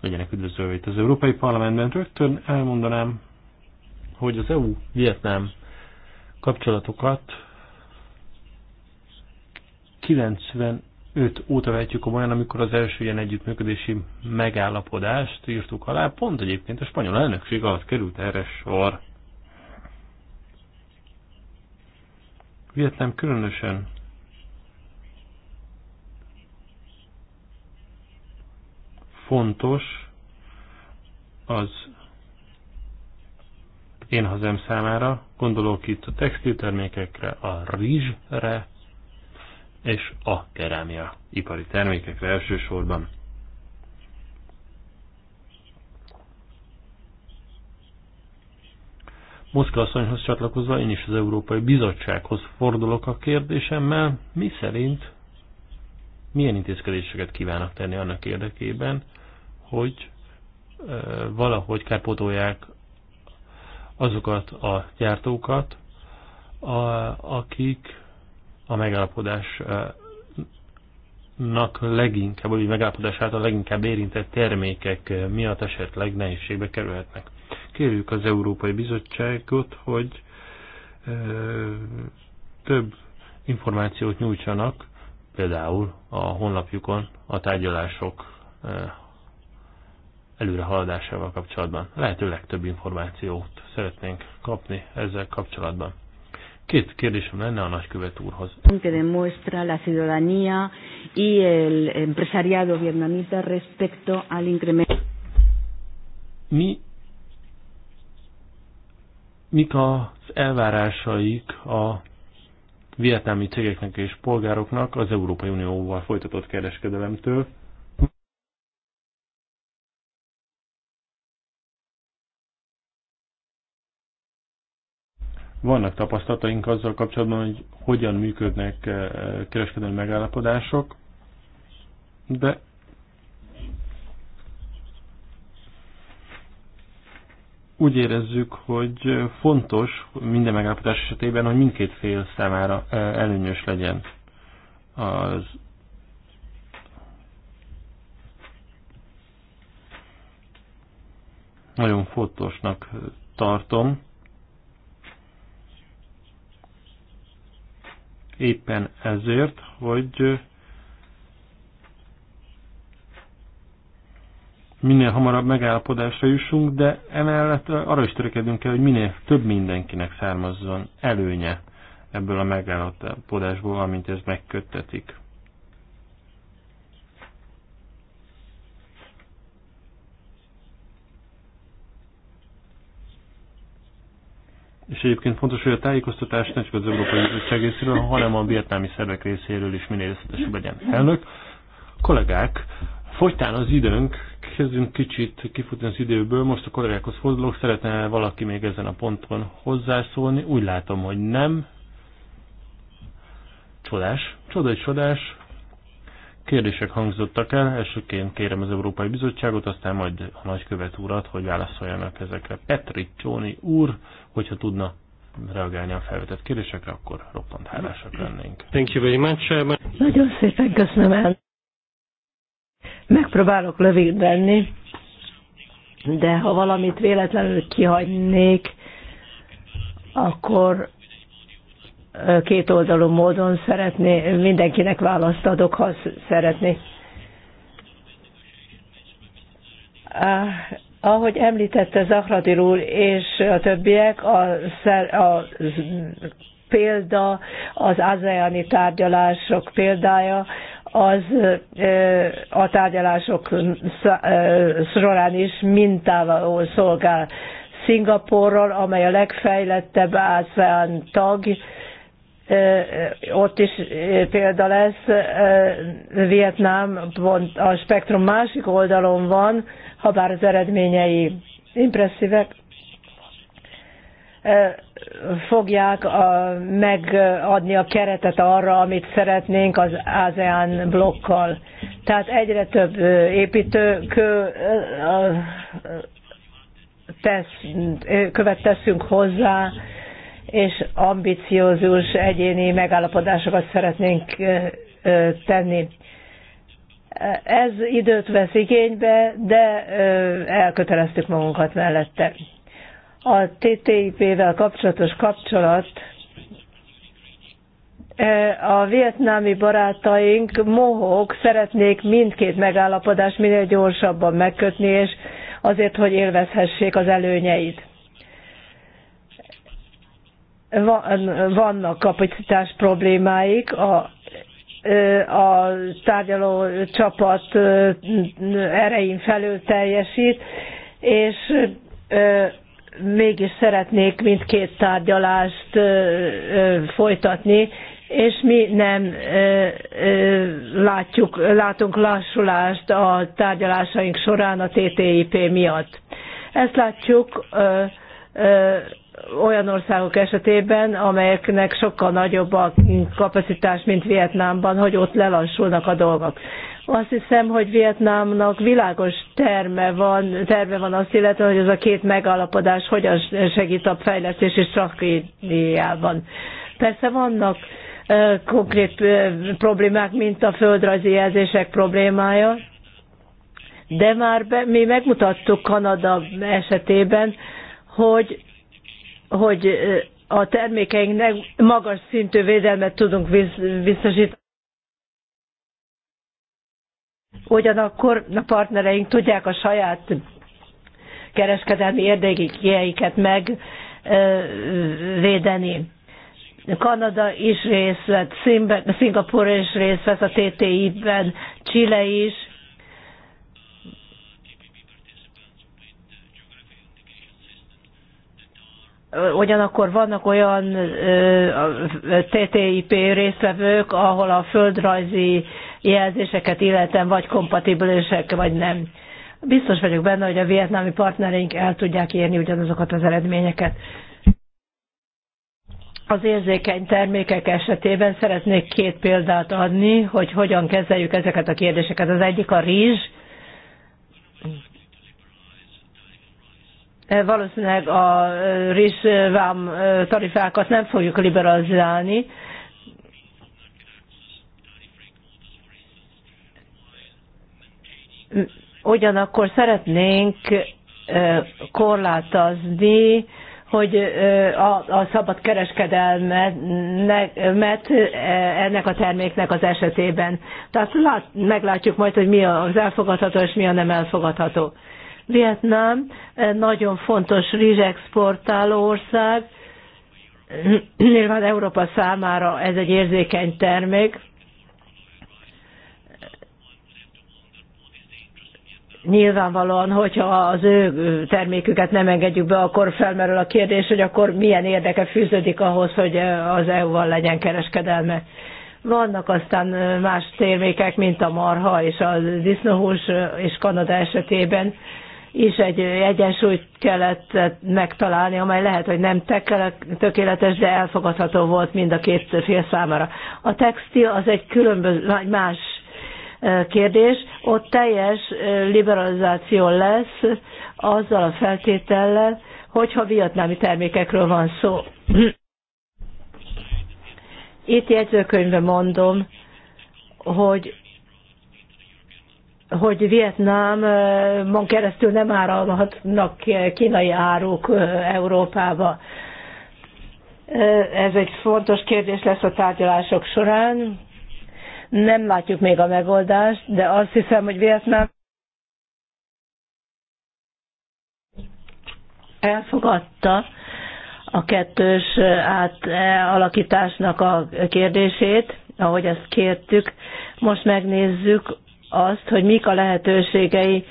Legyenek üdvözölve itt az Európai Parlamentben. Rögtön elmondanám, hogy az EU-Vietnám kapcsolatokat 95 óta a olyan, amikor az első ilyen együttműködési megállapodást írtuk alá, pont egyébként a spanyol elnökség alatt került erre sor. Vietnám különösen fontos az én hazám számára, gondolok itt a textiltermékekre, a rizsre, és a kerámia ipari termékekre elsősorban. Moszkva asszonyhoz csatlakozva én is az Európai Bizottsághoz fordulok a kérdésemmel, mi szerint milyen intézkedéseket kívánnak tenni annak érdekében, hogy valahogy kárpótolják azokat a gyártókat, a, akik a megállapodásnak leginkább, vagy megállapodás által leginkább érintett termékek miatt esetleg nehézségbe kerülhetnek. Kérjük az Európai Bizottságot, hogy több információt nyújtsanak, például a honlapjukon a tárgyalások előrehaladásával kapcsolatban. Lehetőleg több információt szeretnénk kapni ezzel kapcsolatban. Két kérdésem lenne a nagykövet úrhoz. Que demuestra la ciudadanía y el empresariado vietnamita respecto al incremento. Mi mik az elvárásaik a vietnámi cégeknek és polgároknak az Európai Unióval folytatott kereskedelemtől, Vannak tapasztalataink azzal kapcsolatban, hogy hogyan működnek eh, kereskedelmi megállapodások, de úgy érezzük, hogy fontos minden megállapodás esetében, hogy mindkét fél számára eh, előnyös legyen az nagyon fontosnak tartom. Éppen ezért, hogy minél hamarabb megállapodásra jussunk, de emellett arra is törekedünk kell, hogy minél több mindenkinek származzon előnye ebből a megállapodásból, amint ez megköttetik. És egyébként fontos, hogy a tájékoztatás nem csak az Európai Bizottság részéről, hanem a vietnámi szervek részéről is minél részletesebb legyen. Elnök, kollégák, fogytán az időnk, kezdünk kicsit kifutni az időből, most a kollégákhoz fordulok, szeretne valaki még ezen a ponton hozzászólni, úgy látom, hogy nem. Csodás, csoda csodás, Kérdések hangzottak el, elsőként kérem az Európai Bizottságot, aztán majd a nagykövet urat, hogy válaszoljanak ezekre. Petri Csóni úr, hogyha tudna reagálni a felvetett kérdésekre, akkor roppant hálásak lennénk. Thank you very much. Uh, Nagyon szépen köszönöm el. Megpróbálok lövéd lenni, de ha valamit véletlenül kihagynék, akkor kétoldalú módon szeretné, mindenkinek választ adok, ha szeretné. Ahogy említette Zahradil úr és a többiek, a, szer, a példa, az azeani tárgyalások példája, az a tárgyalások során is mintával szolgál. Szingapurral, amely a legfejlettebb ASEAN tag, ott is példa lesz, Vietnám pont a spektrum másik oldalon van, ha bár az eredményei impresszívek, fogják a, megadni a keretet arra, amit szeretnénk az ASEAN blokkal. Tehát egyre több építőkő tesz, követ teszünk hozzá, és ambiciózus egyéni megállapodásokat szeretnénk tenni. Ez időt vesz igénybe, de elköteleztük magunkat mellette. A TTIP-vel kapcsolatos kapcsolat a vietnámi barátaink mohók szeretnék mindkét megállapodást minél gyorsabban megkötni, és azért, hogy élvezhessék az előnyeit vannak kapacitás problémáik, a, a tárgyaló csapat erején felül teljesít, és mégis szeretnék mindkét tárgyalást folytatni, és mi nem látjuk, látunk lassulást a tárgyalásaink során a TTIP miatt. Ezt látjuk olyan országok esetében, amelyeknek sokkal nagyobb a kapacitás, mint Vietnámban, hogy ott lelassulnak a dolgok. Azt hiszem, hogy Vietnámnak világos terme van, terve van azt illetve, hogy ez a két megállapodás hogyan segít a fejlesztési stratégiában. Persze vannak konkrét problémák, mint a földrajzi jelzések problémája, de már be, mi megmutattuk Kanada esetében, hogy hogy a termékeinknek magas szintű védelmet tudunk biztosítani. Ugyanakkor a partnereink tudják a saját kereskedelmi érdekéjeiket megvédeni. Kanada is részt vett, Szingapur is részt vett a TTI-ben, Chile is, ugyanakkor vannak olyan TTIP résztvevők, ahol a földrajzi jelzéseket illetem, vagy kompatibilisek, vagy nem. Biztos vagyok benne, hogy a vietnámi partnereink el tudják érni ugyanazokat az eredményeket. Az érzékeny termékek esetében szeretnék két példát adni, hogy hogyan kezeljük ezeket a kérdéseket. Az egyik a rizs, Eh, valószínűleg a eh, rizsvám eh, tarifákat nem fogjuk liberalizálni, ugyanakkor szeretnénk korlátozni, hogy a, a szabad kereskedelmet ennek a terméknek az esetében. Tehát lát, meglátjuk majd, hogy mi az elfogadható és mi a nem elfogadható. Vietnám eh, nagyon fontos rizsexportáló ország, nyilván Európa számára ez egy érzékeny termék. Nyilvánvalóan, hogyha az ő terméküket nem engedjük be, akkor felmerül a kérdés, hogy akkor milyen érdeke fűződik ahhoz, hogy eh, az EU-val legyen kereskedelme. Vannak aztán eh, más termékek, mint a marha és a disznóhús és Kanada esetében, is egy egyensúlyt kellett megtalálni, amely lehet, hogy nem tökéletes, de elfogadható volt mind a két fél számára. A textil az egy különböző, más e, kérdés, ott teljes e, liberalizáció lesz azzal a feltétellel, hogyha vietnámi termékekről van szó. Itt jegyzőkönyvben mondom, hogy hogy Vietnámon keresztül nem áramlhatnak kínai áruk Európába. Ez egy fontos kérdés lesz a tárgyalások során. Nem látjuk még a megoldást, de azt hiszem, hogy Vietnám elfogadta a kettős átalakításnak a kérdését, ahogy ezt kértük. Most megnézzük azt, hogy mik a lehetőségei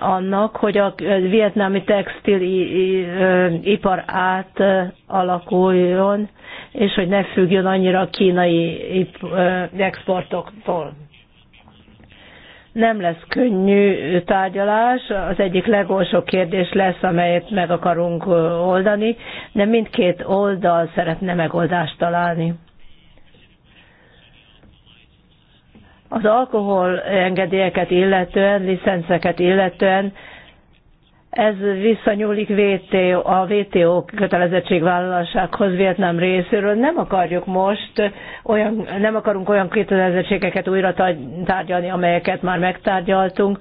annak, hogy a vietnámi textilipar át alakuljon, és hogy ne függjön annyira a kínai exportoktól. Nem lesz könnyű tárgyalás, az egyik legolsó kérdés lesz, amelyet meg akarunk oldani, de mindkét oldal szeretne megoldást találni. Az alkohol engedélyeket illetően, licenceket illetően ez visszanyúlik VTO, a WTO kötelezettségvállalásákhoz Vietnám részéről. Nem akarjuk most, olyan, nem akarunk olyan kötelezettségeket újra tárgyalni, amelyeket már megtárgyaltunk.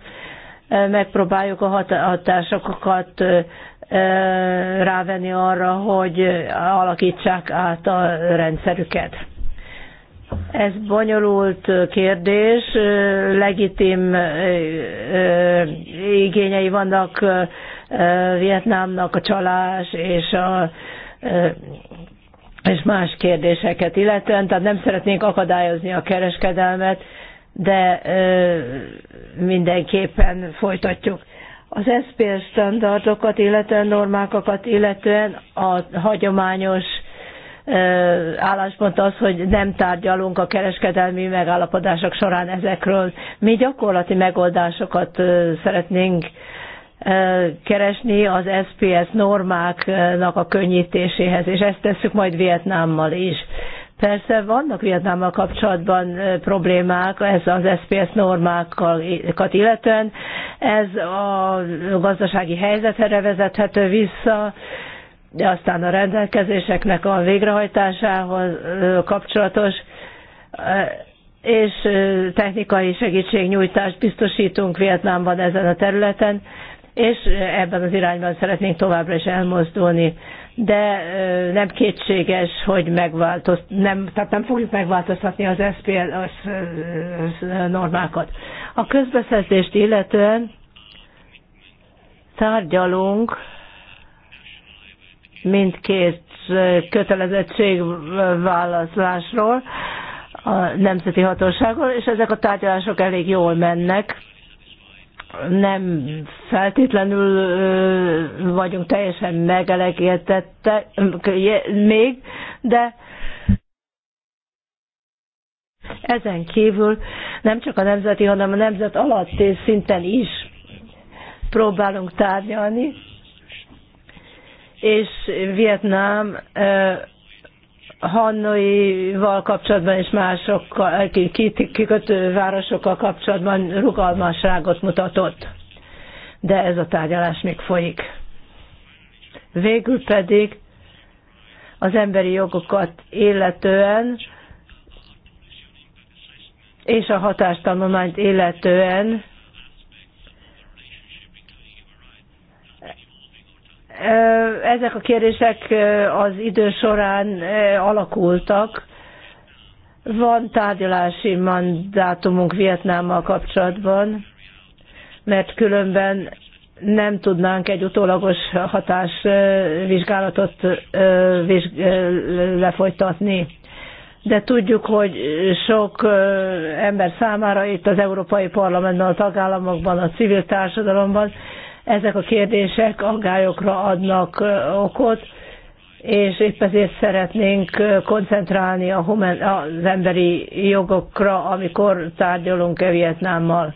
Megpróbáljuk a hatásokat rávenni arra, hogy alakítsák át a rendszerüket. Ez bonyolult kérdés, legitim igényei vannak Vietnámnak a csalás és a és más kérdéseket illetően, tehát nem szeretnénk akadályozni a kereskedelmet, de mindenképpen folytatjuk. Az SPS standardokat, illetően normákat, illetően a hagyományos álláspont az, hogy nem tárgyalunk a kereskedelmi megállapodások során ezekről. Mi gyakorlati megoldásokat szeretnénk keresni az SPS normáknak a könnyítéséhez, és ezt tesszük majd Vietnámmal is. Persze vannak Vietnámmal kapcsolatban problémák, ez az SPS normákat illetően, ez a gazdasági helyzetre vezethető vissza, de aztán a rendelkezéseknek a végrehajtásához kapcsolatos és technikai segítségnyújtást biztosítunk Vietnámban ezen a területen, és ebben az irányban szeretnénk továbbra is elmozdulni. De nem kétséges, hogy megváltoz, nem, tehát nem fogjuk megváltoztatni az SPL normákat. A közbeszerzést illetően tárgyalunk mindkét kötelezettségválaszlásról a nemzeti hatóságról, és ezek a tárgyalások elég jól mennek. Nem feltétlenül vagyunk teljesen megelegedettek még, de ezen kívül nem csak a nemzeti, hanem a nemzet alatti szinten is próbálunk tárgyalni, és Vietnám Hanoival kapcsolatban és másokkal, kikötő városokkal kapcsolatban rugalmasságot mutatott. De ez a tárgyalás még folyik. Végül pedig az emberi jogokat illetően és a hatástanulmányt illetően Ezek a kérdések az idő során alakultak. Van tárgyalási mandátumunk Vietnámmal kapcsolatban, mert különben nem tudnánk egy utólagos hatásvizsgálatot lefolytatni. De tudjuk, hogy sok ember számára itt az Európai Parlamentben, a tagállamokban, a civil társadalomban ezek a kérdések aggályokra adnak okot, és épp ezért szeretnénk koncentrálni a human, az emberi jogokra, amikor tárgyalunk -e Vietnámmal.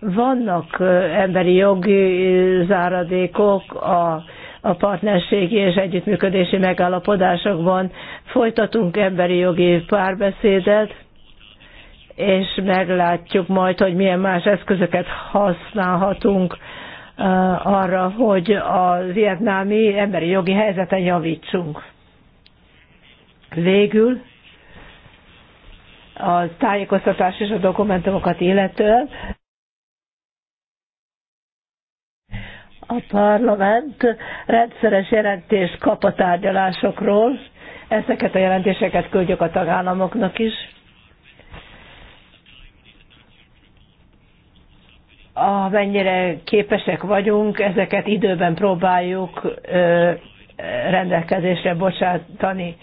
Vannak emberi jogi záradékok a, a partnerségi és együttműködési megállapodásokban. Folytatunk emberi jogi párbeszédet, és meglátjuk majd, hogy milyen más eszközöket használhatunk Eh, arra, hogy a vietnámi emberi jogi helyzeten javítsunk. Végül a tájékoztatás és a dokumentumokat illetően a parlament rendszeres jelentést kap a tárgyalásokról, ezeket a jelentéseket küldjük a tagállamoknak is amennyire képesek vagyunk, ezeket időben próbáljuk rendelkezésre bocsátani.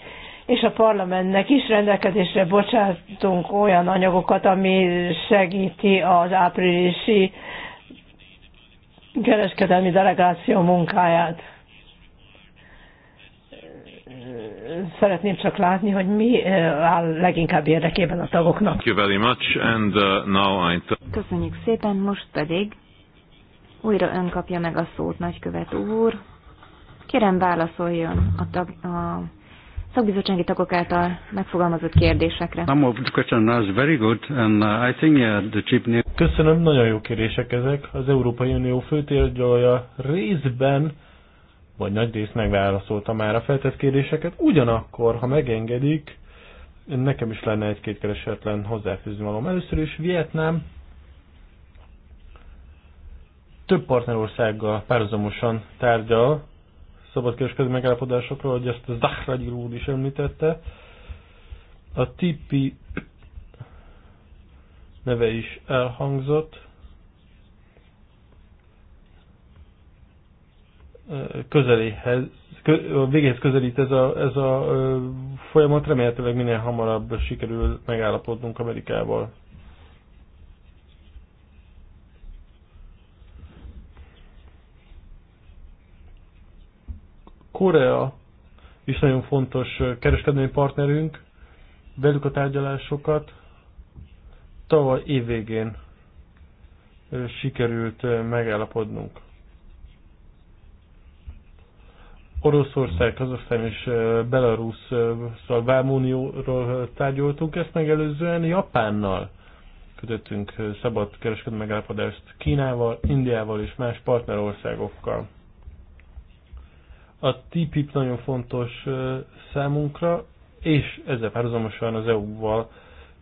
És a parlamentnek is rendelkezésre bocsátunk olyan anyagokat, ami segíti az áprilisi kereskedelmi delegáció munkáját szeretném csak látni, hogy mi eh, áll leginkább érdekében a tagoknak. Thank you very much, and, uh, now I Köszönjük szépen, most pedig újra ön kapja meg a szót, nagykövet úr. Kérem válaszoljon a, tag, a szakbizottsági tagok által megfogalmazott kérdésekre. Köszönöm, nagyon jó kérdések ezek. Az Európai Unió főtérgyalja részben vagy nagy részt megválaszolta már a feltett kérdéseket. Ugyanakkor, ha megengedik, nekem is lenne egy-két keresetlen hozzáfűzni valam. Először is Vietnám több partnerországgal párhuzamosan tárgyal szabadkereskedelmi megállapodásokról, hogy ezt a Zahragyi úr is említette. A TP neve is elhangzott. közeléhez, kö, végéhez közelít ez a, ez a folyamat, remélhetőleg minél hamarabb sikerül megállapodnunk Amerikával. Korea is nagyon fontos kereskedelmi partnerünk, velük a tárgyalásokat tavaly évvégén sikerült megállapodnunk. Oroszország, Kazasztán és Belarus szóval vámunióról tárgyaltunk, ezt megelőzően Japánnal kötöttünk szabad kereskedő megállapodást Kínával, Indiával és más partnerországokkal. A TPIP nagyon fontos számunkra, és ezzel párhuzamosan az EU-val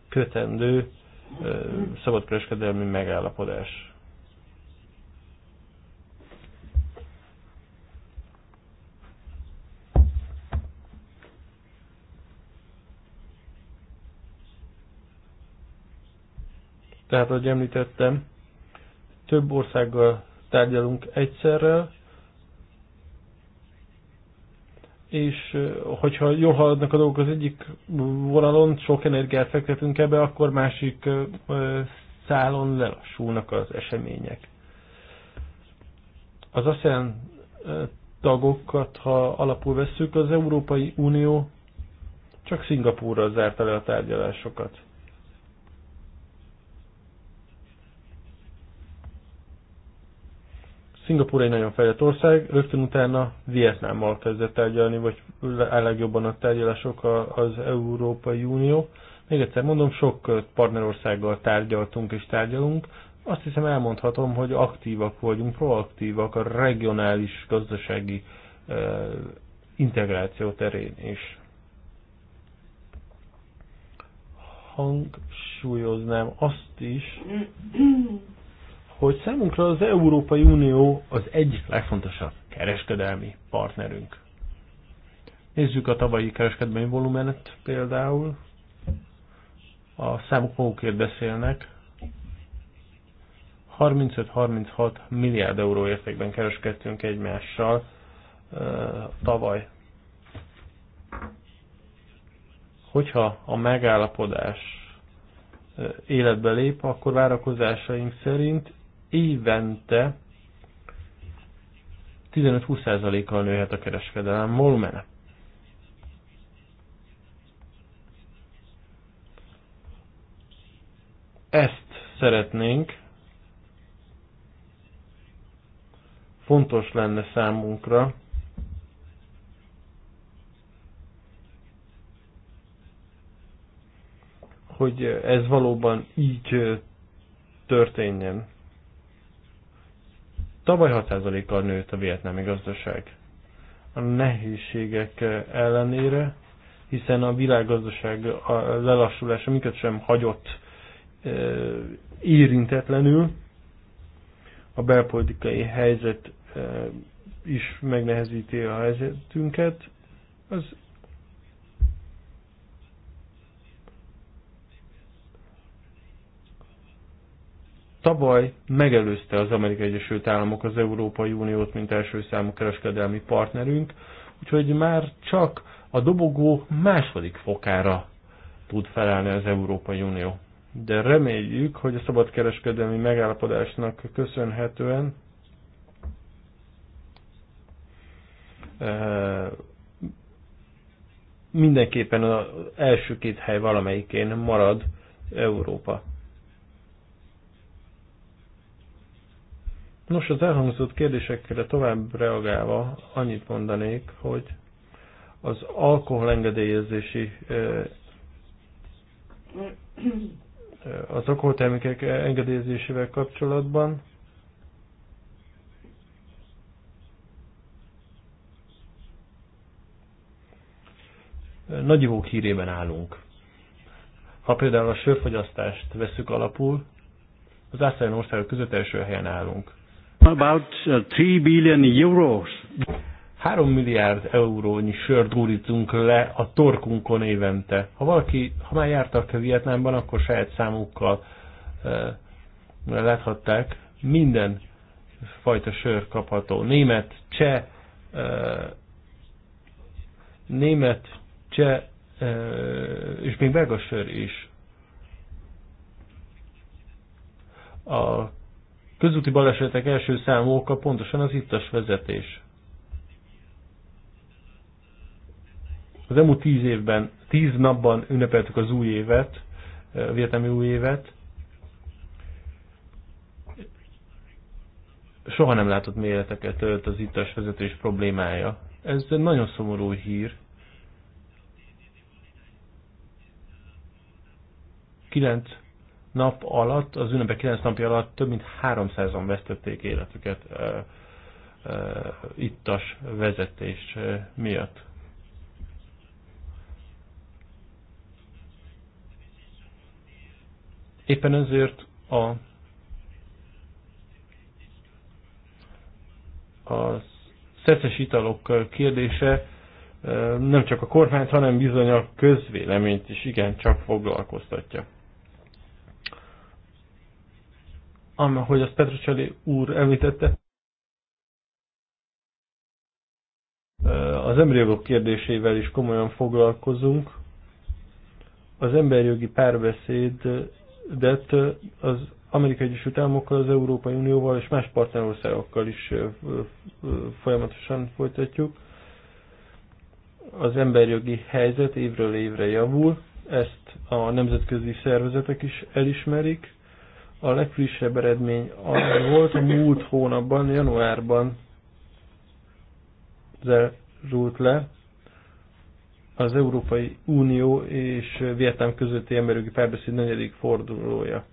kötendő szabadkereskedelmi megállapodás. Tehát, ahogy említettem, több országgal tárgyalunk egyszerre, és hogyha jól haladnak a dolgok az egyik vonalon, sok energiát fektetünk ebbe, akkor másik szálon lelassulnak az események. Az ASEAN tagokat, ha alapul vesszük, az Európai Unió csak Szingapúrral zárta le a tárgyalásokat. Szingapúr egy nagyon fejlett ország, rögtön utána Vietnámmal kezdett tárgyalni, vagy áll legjobban a tárgyalások az Európai Unió. Még egyszer mondom, sok partnerországgal tárgyaltunk és tárgyalunk. Azt hiszem elmondhatom, hogy aktívak vagyunk, proaktívak a regionális gazdasági integráció terén is. Hangsúlyoznám azt is, hogy számunkra az Európai Unió az egyik legfontosabb kereskedelmi partnerünk. Nézzük a tavalyi kereskedelmi volumenet például. A számok magukért beszélnek. 35-36 milliárd euró értékben kereskedtünk egymással tavaly. Hogyha a megállapodás életbe lép, akkor várakozásaink szerint évente 15-20%-kal nőhet a kereskedelem volumene. Ezt szeretnénk, fontos lenne számunkra, hogy ez valóban így történjen. Tavaly 6%-kal nőtt a vietnámi gazdaság. A nehézségek ellenére, hiszen a világgazdaság lelassulása minket sem hagyott érintetlenül, a belpolitikai helyzet is megnehezíti a helyzetünket, az Tavaly megelőzte az Amerikai Egyesült Államok az Európai Uniót, mint első számú kereskedelmi partnerünk, úgyhogy már csak a dobogó második fokára tud felelni az Európai Unió. De reméljük, hogy a szabadkereskedelmi megállapodásnak köszönhetően e, mindenképpen az első két hely valamelyikén marad Európa. Nos, az elhangzott kérdésekre tovább reagálva annyit mondanék, hogy az alkoholengedélyezési az alkoholtermékek engedélyezésével kapcsolatban nagyivók hírében állunk. Ha például a sörfogyasztást veszük alapul, az ASEAN országok között első helyen állunk. About uh, three billion euros. 3 milliárd eurónyi sört gurítunk le a torkunkon évente. Ha valaki, ha már jártak a Vietnámban, akkor saját számukkal e, láthatták, minden fajta sör kapható. Német, cseh, e, német, cseh, e, és még belga sör is. A közúti balesetek első számú oka pontosan az ittas vezetés. Az elmúlt tíz évben, tíz napban ünnepeltük az új évet, eh, a vietnami új évet. Soha nem látott méreteket tölt az ittas vezetés problémája. Ez nagyon szomorú hír. 9 nap alatt, az ünnepek 9 napja alatt több mint 300-an vesztették életüket e, e, ittas vezetés miatt. Éppen ezért a a szeszes italok kérdése nem csak a kormányt, hanem bizony a közvéleményt is igencsak foglalkoztatja. hogy azt Petrocseli úr említette. Az emberjogok kérdésével is komolyan foglalkozunk. Az emberjogi párbeszédet az Amerikai Egyesült Államokkal, az Európai Unióval és más partnerországokkal is folyamatosan folytatjuk. Az emberjogi helyzet évről évre javul, ezt a nemzetközi szervezetek is elismerik a legfrissebb eredmény az volt a múlt hónapban, januárban zárult le az Európai Unió és Vietnám közötti emberügyi párbeszéd negyedik fordulója.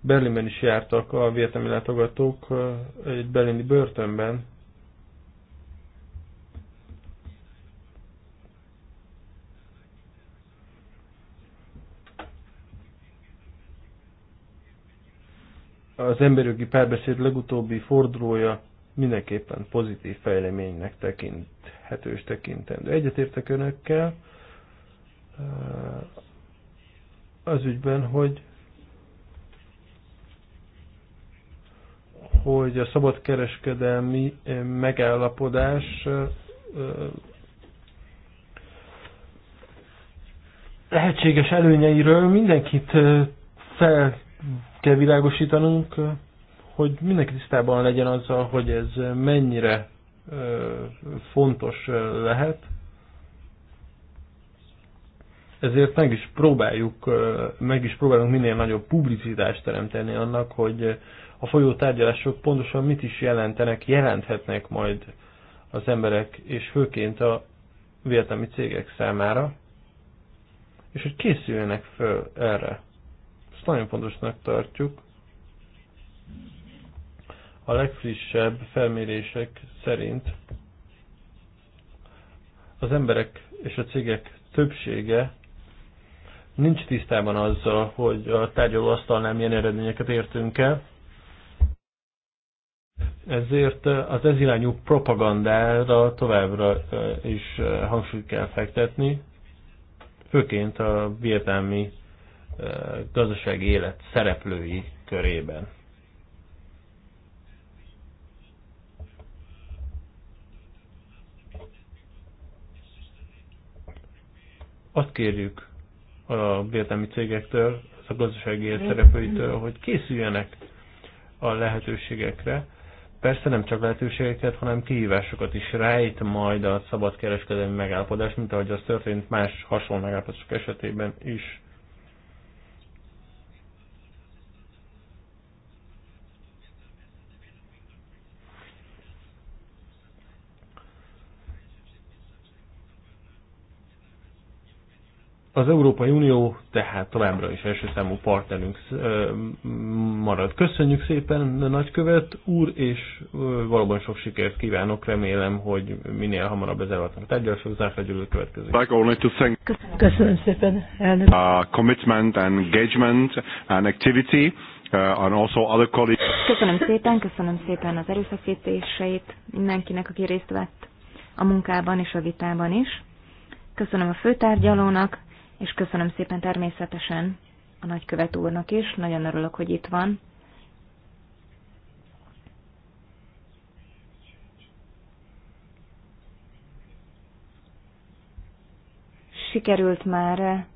Berlinben is jártak a vietnami látogatók eh, egy berlini börtönben, az emberjogi párbeszéd legutóbbi fordulója mindenképpen pozitív fejleménynek és tekintendő. Egyetértek önökkel eh, az ügyben, hogy hogy a szabadkereskedelmi eh, megállapodás eh, lehetséges előnyeiről mindenkit fel kell világosítanunk, hogy mindenki tisztában legyen azzal, hogy ez mennyire fontos lehet. Ezért meg is próbáljuk, meg is próbálunk minél nagyobb publicitást teremteni annak, hogy a folyó tárgyalások pontosan mit is jelentenek, jelenthetnek majd az emberek, és főként a vietnami cégek számára, és hogy készüljenek föl erre nagyon fontosnak tartjuk. A legfrissebb felmérések szerint az emberek és a cégek többsége nincs tisztában azzal, hogy a tárgyalóasztalnál milyen eredményeket értünk el. Ezért az ez irányú propagandára továbbra eh, is eh, hangsúlyt kell fektetni, főként a vietnámi gazdasági élet szereplői körében. Azt kérjük a vietnámi cégektől, a gazdasági élet szereplőitől, hogy készüljenek a lehetőségekre, persze nem csak lehetőségeket, hanem kihívásokat is rejt majd a szabadkereskedelmi megállapodás, mint ahogy az történt más hasonló megállapodások esetében is. Az Európai Unió tehát továbbra is első számú partnerünk marad. Köszönjük szépen, nagykövet úr, és valóban sok sikert kívánok. Remélem, hogy minél hamarabb ez elvatnak a tárgyalások, zárta következik. Köszönöm szépen, elnök. A uh, commitment and engagement and activity. Uh, and also other colleagues. Köszönöm szépen, köszönöm szépen az erőfeszítéseit mindenkinek, aki részt vett a munkában és a vitában is. Köszönöm a főtárgyalónak, és köszönöm szépen természetesen a nagykövet úrnak is, nagyon örülök, hogy itt van. Sikerült már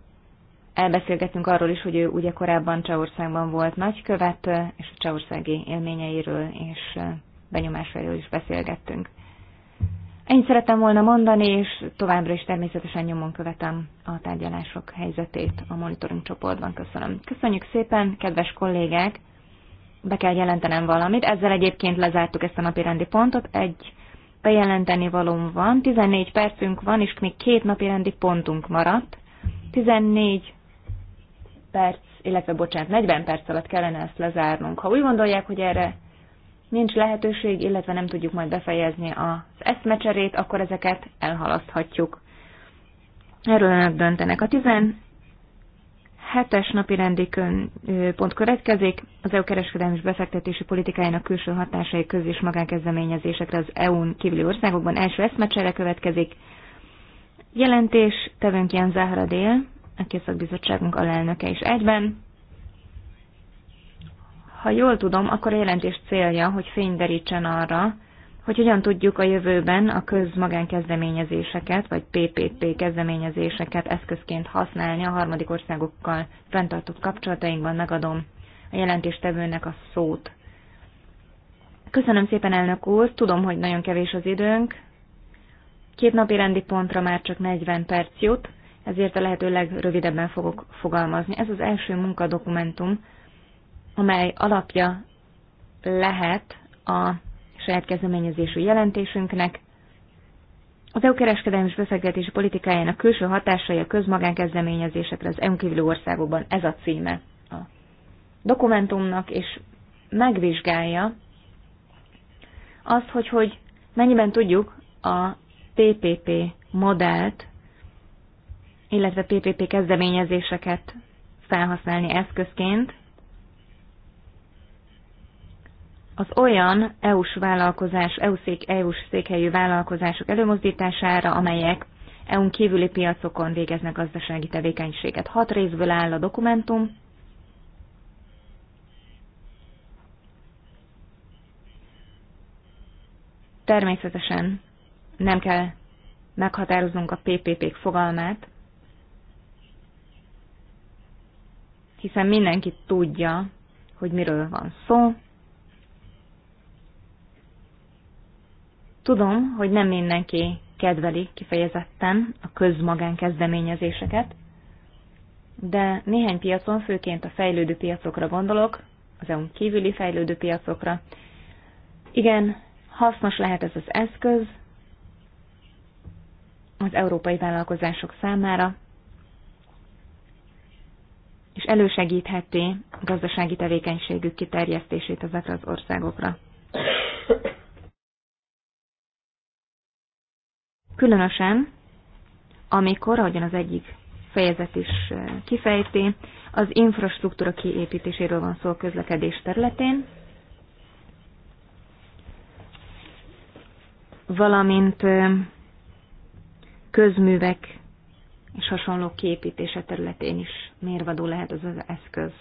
elbeszélgetnünk arról is, hogy ő ugye korábban Csehországban volt nagykövet, és a csehországi élményeiről és benyomásairól is beszélgettünk. Ennyit szerettem volna mondani, és továbbra is természetesen nyomon követem a tárgyalások helyzetét a monitoring csoportban. Köszönöm. Köszönjük szépen, kedves kollégák! Be kell jelentenem valamit. Ezzel egyébként lezártuk ezt a napi rendi pontot. Egy bejelenteni valóm van. 14 percünk van, és még két napi rendi pontunk maradt. 14 perc, illetve bocsánat, 40 perc alatt kellene ezt lezárnunk. Ha úgy gondolják, hogy erre nincs lehetőség, illetve nem tudjuk majd befejezni az eszmecserét, akkor ezeket elhalaszthatjuk. Erről önök döntenek. A 17-es napi rendi pont következik. Az EU kereskedelmi és befektetési politikájának külső hatásai köz és magánkezdeményezésekre az EU-n kívüli országokban első eszmecsere következik. Jelentés tevőnk Ján Záhra Dél, a Készakbizottságunk alelnöke is egyben. Ha jól tudom, akkor a jelentés célja, hogy fényderítsen arra, hogy hogyan tudjuk a jövőben a közmagánkezdeményezéseket, vagy PPP kezdeményezéseket eszközként használni a harmadik országokkal fenntartott kapcsolatainkban. Megadom a jelentéstevőnek a szót. Köszönöm szépen, elnök úr, tudom, hogy nagyon kevés az időnk. Két napi rendi pontra már csak 40 perc jut, ezért a lehető legrövidebben fogok fogalmazni. Ez az első munkadokumentum, amely alapja lehet a saját kezdeményezésű jelentésünknek. Az EU kereskedelmi és befektetési politikájának külső hatásai a közmagánkezdeményezésekre az EU kívüli országokban ez a címe a dokumentumnak, és megvizsgálja azt, hogy, hogy mennyiben tudjuk a PPP modellt, illetve PPP kezdeményezéseket felhasználni eszközként az olyan EU-s vállalkozás, EU-szék, EU-s székhelyű vállalkozások előmozdítására, amelyek EU-n kívüli piacokon végeznek gazdasági tevékenységet. Hat részből áll a dokumentum. Természetesen nem kell meghatároznunk a PPP-k fogalmát, hiszen mindenki tudja, hogy miről van szó, Tudom, hogy nem mindenki kedveli kifejezetten a közmagán kezdeményezéseket, de néhány piacon, főként a fejlődő piacokra gondolok, az eu kívüli fejlődő piacokra. Igen, hasznos lehet ez az eszköz az európai vállalkozások számára, és elősegítheti gazdasági tevékenységük kiterjesztését ezekre az országokra. Különösen, amikor, ahogyan az egyik fejezet is kifejti, az infrastruktúra kiépítéséről van szó a közlekedés területén, valamint közművek és hasonló kiépítése területén is mérvadó lehet az az eszköz.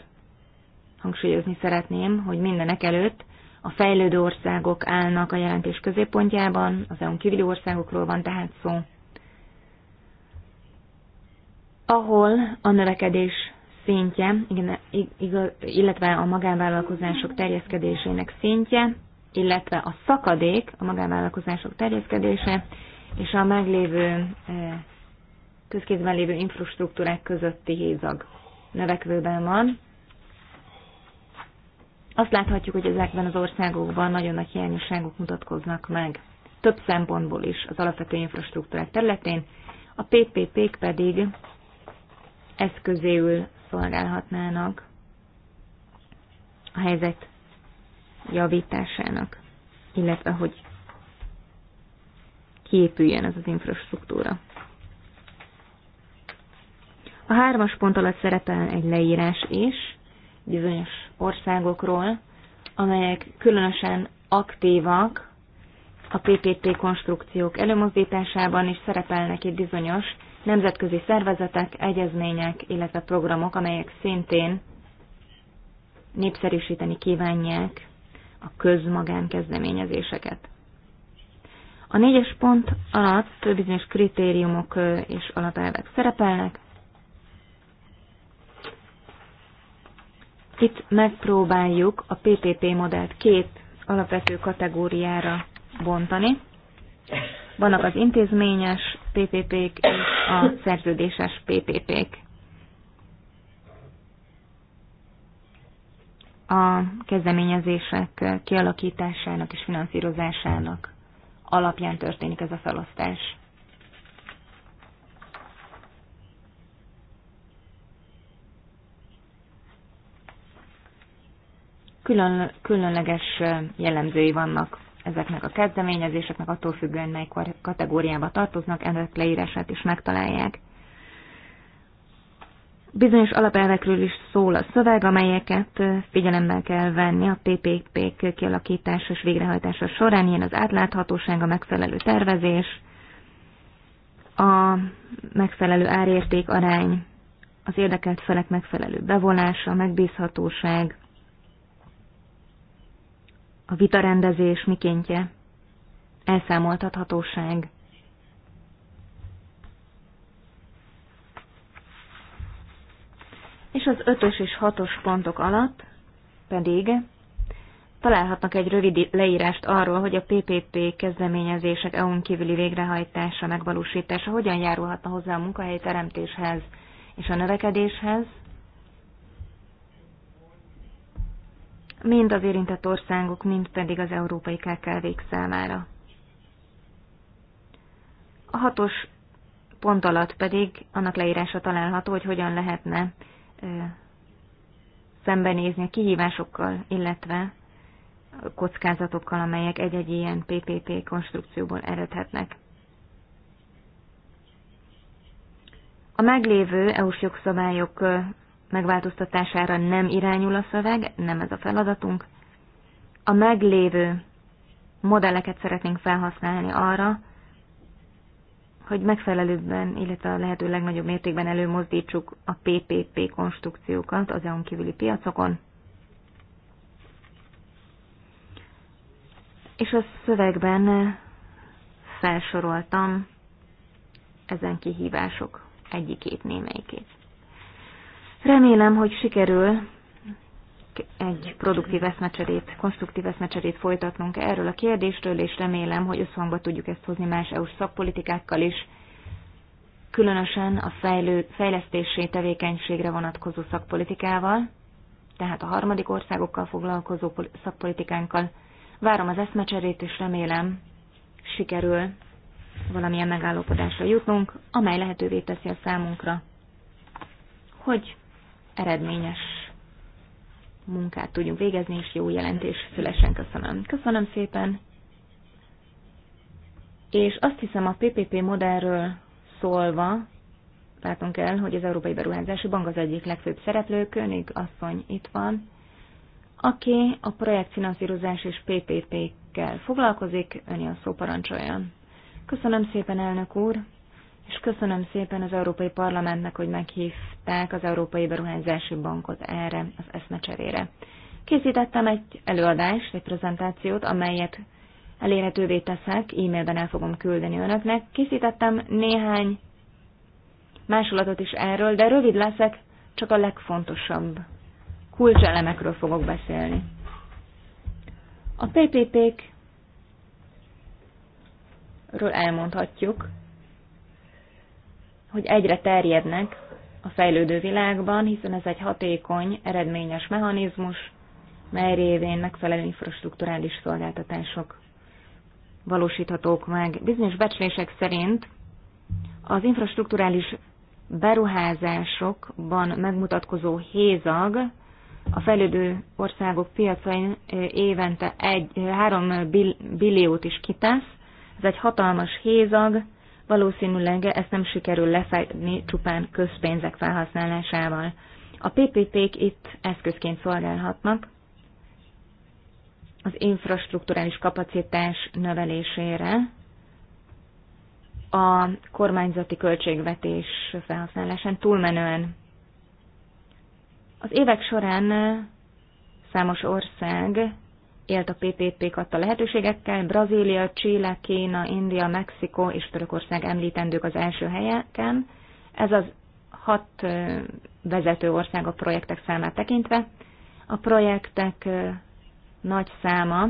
Hangsúlyozni szeretném, hogy mindenek előtt a fejlődő országok állnak a jelentés középpontjában, az EU-n kívüli országokról van tehát szó, ahol a növekedés szintje, igen, igaz, illetve a magánvállalkozások terjeszkedésének szintje, illetve a szakadék, a magánvállalkozások terjeszkedése és a meglévő e, közkézben lévő infrastruktúrák közötti hézag növekvőben van azt láthatjuk, hogy ezekben az országokban nagyon nagy hiányosságok mutatkoznak meg. Több szempontból is az alapvető infrastruktúrák területén, a PPP-k pedig eszközéül szolgálhatnának a helyzet javításának, illetve hogy kiépüljen ez az infrastruktúra. A hármas pont alatt szerepel egy leírás is, bizonyos országokról, amelyek különösen aktívak a PPP konstrukciók előmozdításában, és szerepelnek itt bizonyos nemzetközi szervezetek, egyezmények, illetve programok, amelyek szintén népszerűsíteni kívánják a közmagán kezdeményezéseket. A négyes pont alatt bizonyos kritériumok és alapelvek szerepelnek, Itt megpróbáljuk a PPP modellt két alapvető kategóriára bontani. Vannak az intézményes PPP-k és a szerződéses PPP-k. A kezdeményezések kialakításának és finanszírozásának alapján történik ez a felosztás. külön, különleges jellemzői vannak ezeknek a kezdeményezéseknek, attól függően, mely kategóriába tartoznak, ennek leírását is megtalálják. Bizonyos alapelvekről is szól a szöveg, amelyeket figyelemmel kell venni a PPP-k és végrehajtása során, ilyen az átláthatóság, a megfelelő tervezés, a megfelelő árérték arány, az érdekelt felek megfelelő bevonása, megbízhatóság, a vitarendezés mikéntje, elszámoltathatóság. És az ötös és hatos pontok alatt pedig találhatnak egy rövid leírást arról, hogy a PPP kezdeményezések EU-n kívüli végrehajtása, megvalósítása hogyan járulhatna hozzá a munkahelyteremtéshez és a növekedéshez, mind az érintett országok, mind pedig az európai kkv számára. A hatos pont alatt pedig annak leírása található, hogy hogyan lehetne szembenézni a kihívásokkal, illetve a kockázatokkal, amelyek egy-egy ilyen PPP konstrukcióból eredhetnek. A meglévő EU-s jogszabályok megváltoztatására nem irányul a szöveg, nem ez a feladatunk. A meglévő modelleket szeretnénk felhasználni arra, hogy megfelelőbben, illetve a lehető legnagyobb mértékben előmozdítsuk a PPP konstrukciókat az EU-n kívüli piacokon. És a szövegben felsoroltam ezen kihívások egyikét, némelyikét. Remélem, hogy sikerül egy produktív eszmecserét, konstruktív eszmecserét folytatnunk erről a kérdésről, és remélem, hogy összhangba tudjuk ezt hozni más EU-s szakpolitikákkal is, különösen a fejlő, fejlesztési tevékenységre vonatkozó szakpolitikával, tehát a harmadik országokkal foglalkozó szakpolitikánkkal. Várom az eszmecserét, és remélem, sikerül valamilyen megállapodásra jutnunk, amely lehetővé teszi a számunkra, hogy eredményes munkát tudjunk végezni, és jó jelentés szülessen. Köszönöm. Köszönöm szépen. És azt hiszem a PPP modellről szólva, látunk el, hogy az Európai Beruházási Bank az egyik legfőbb szereplő, König asszony itt van, aki a projektfinanszírozás és PPP-kkel foglalkozik, öni a szó parancsoljon. Köszönöm szépen, elnök úr! és köszönöm szépen az Európai Parlamentnek, hogy meghívták az Európai Beruházási Bankot erre az eszmecserére. Készítettem egy előadást, egy prezentációt, amelyet elérhetővé teszek, e-mailben el fogom küldeni önöknek. Készítettem néhány másolatot is erről, de rövid leszek, csak a legfontosabb kulcselemekről fogok beszélni. A PPP-kről elmondhatjuk, hogy egyre terjednek a fejlődő világban, hiszen ez egy hatékony, eredményes mechanizmus, mely révén megfelelő infrastruktúrális szolgáltatások valósíthatók meg. Bizonyos becslések szerint az infrastruktúrális beruházásokban megmutatkozó hézag a fejlődő országok piacain eh, évente egy, eh, három billiót is kitesz. Ez egy hatalmas hézag, valószínűleg ezt nem sikerül lefedni csupán közpénzek felhasználásával. A PPP-k itt eszközként szolgálhatnak az infrastruktúrális kapacitás növelésére, a kormányzati költségvetés felhasználásán túlmenően. Az évek során számos ország élt a PPP adta lehetőségekkel, Brazília, Chile, Kína, India, Mexikó és Törökország említendők az első helyeken. Ez az hat vezető ország a projektek számát tekintve. A projektek nagy száma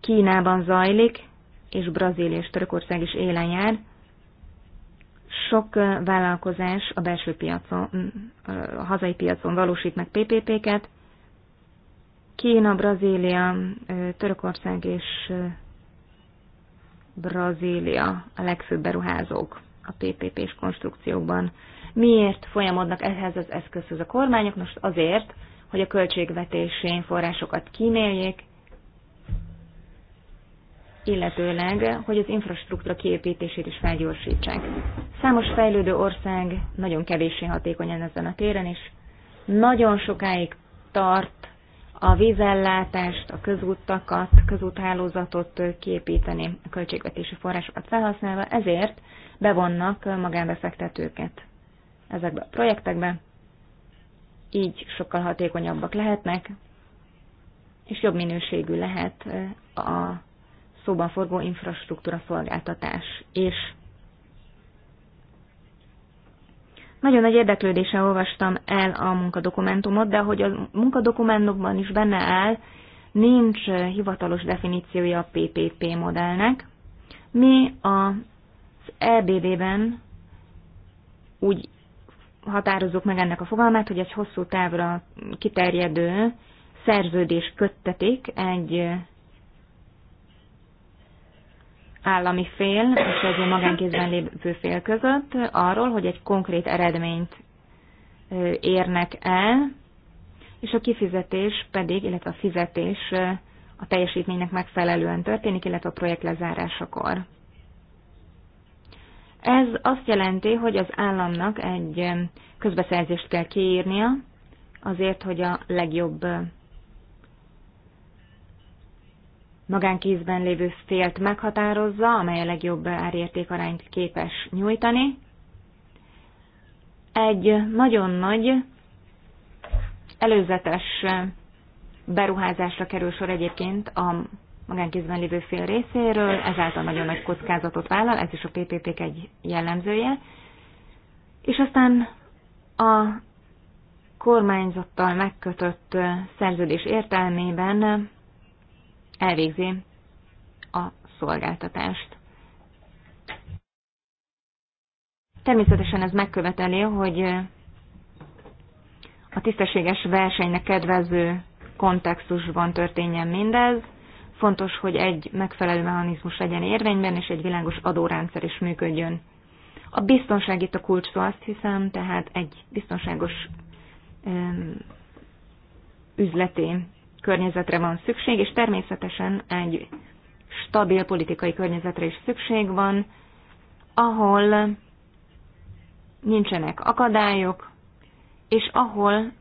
Kínában zajlik, és Brazília és Törökország is élen jár. Sok vállalkozás a belső piacon, a hazai piacon valósít meg PPP-ket, Kína, Brazília, Törökország és Brazília a legfőbb beruházók a PPP-s konstrukciókban. Miért folyamodnak ehhez az eszközhöz a kormányok? Most azért, hogy a költségvetési forrásokat kíméljék, illetőleg, hogy az infrastruktúra kiépítését is felgyorsítsák. Számos fejlődő ország nagyon kevéssé hatékonyan ezen a téren, és nagyon sokáig tart a vízellátást, a közúttakat, közúthálózatot képíteni a költségvetési forrásokat felhasználva, ezért bevonnak magánbefektetőket ezekbe a projektekbe, így sokkal hatékonyabbak lehetnek, és jobb minőségű lehet a szóban forgó infrastruktúra szolgáltatás, és Nagyon nagy érdeklődéssel olvastam el a munkadokumentumot, de hogy a munkadokumentumban is benne áll, nincs eh, hivatalos definíciója a PPP modellnek. Mi az ebd ben úgy határozzuk meg ennek a fogalmát, hogy egy hosszú távra kiterjedő szerződés köttetik egy eh, állami fél és egy magánkézben lévő fél között arról, hogy egy konkrét eredményt érnek el, és a kifizetés pedig, illetve a fizetés a teljesítménynek megfelelően történik, illetve a projekt lezárásakor. Ez azt jelenti, hogy az államnak egy közbeszerzést kell kiírnia, azért, hogy a legjobb magánkézben lévő szélt meghatározza, amely a legjobb árértékarányt képes nyújtani. Egy nagyon nagy előzetes beruházásra kerül sor egyébként a magánkézben lévő fél részéről, ezáltal nagyon nagy kockázatot vállal, ez is a ppp egy jellemzője. És aztán a kormányzattal megkötött szerződés értelmében elvégzi a szolgáltatást. Természetesen ez megköveteli, hogy a tisztességes versenynek kedvező kontextusban történjen mindez. Fontos, hogy egy megfelelő mechanizmus legyen érvényben, és egy világos adórendszer is működjön. A biztonság itt a kulcs szó, azt hiszem, tehát egy biztonságos üzleti környezetre van szükség, és természetesen egy stabil politikai környezetre is szükség van, ahol nincsenek akadályok, és ahol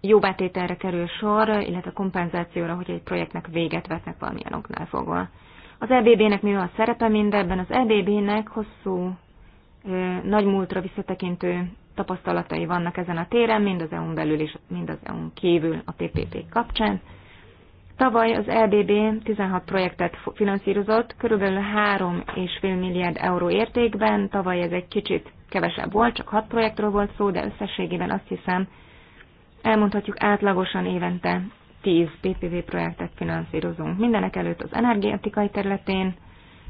jóvátételre kerül sor, illetve kompenzációra, hogy egy projektnek véget vetnek valamilyen oknál fogva. Az EBB-nek mi a szerepe mindebben? Az EBB-nek hosszú, nagy múltra visszatekintő tapasztalatai vannak ezen a téren, mind az EU-n belül és mind az EU-n kívül a PPP kapcsán. Tavaly az EBB 16 projektet finanszírozott, körülbelül 3,5 milliárd euró értékben, tavaly ez egy kicsit kevesebb volt, csak 6 projektről volt szó, de összességében azt hiszem, elmondhatjuk átlagosan évente 10 PPV projektet finanszírozunk. Mindenek előtt az energetikai területén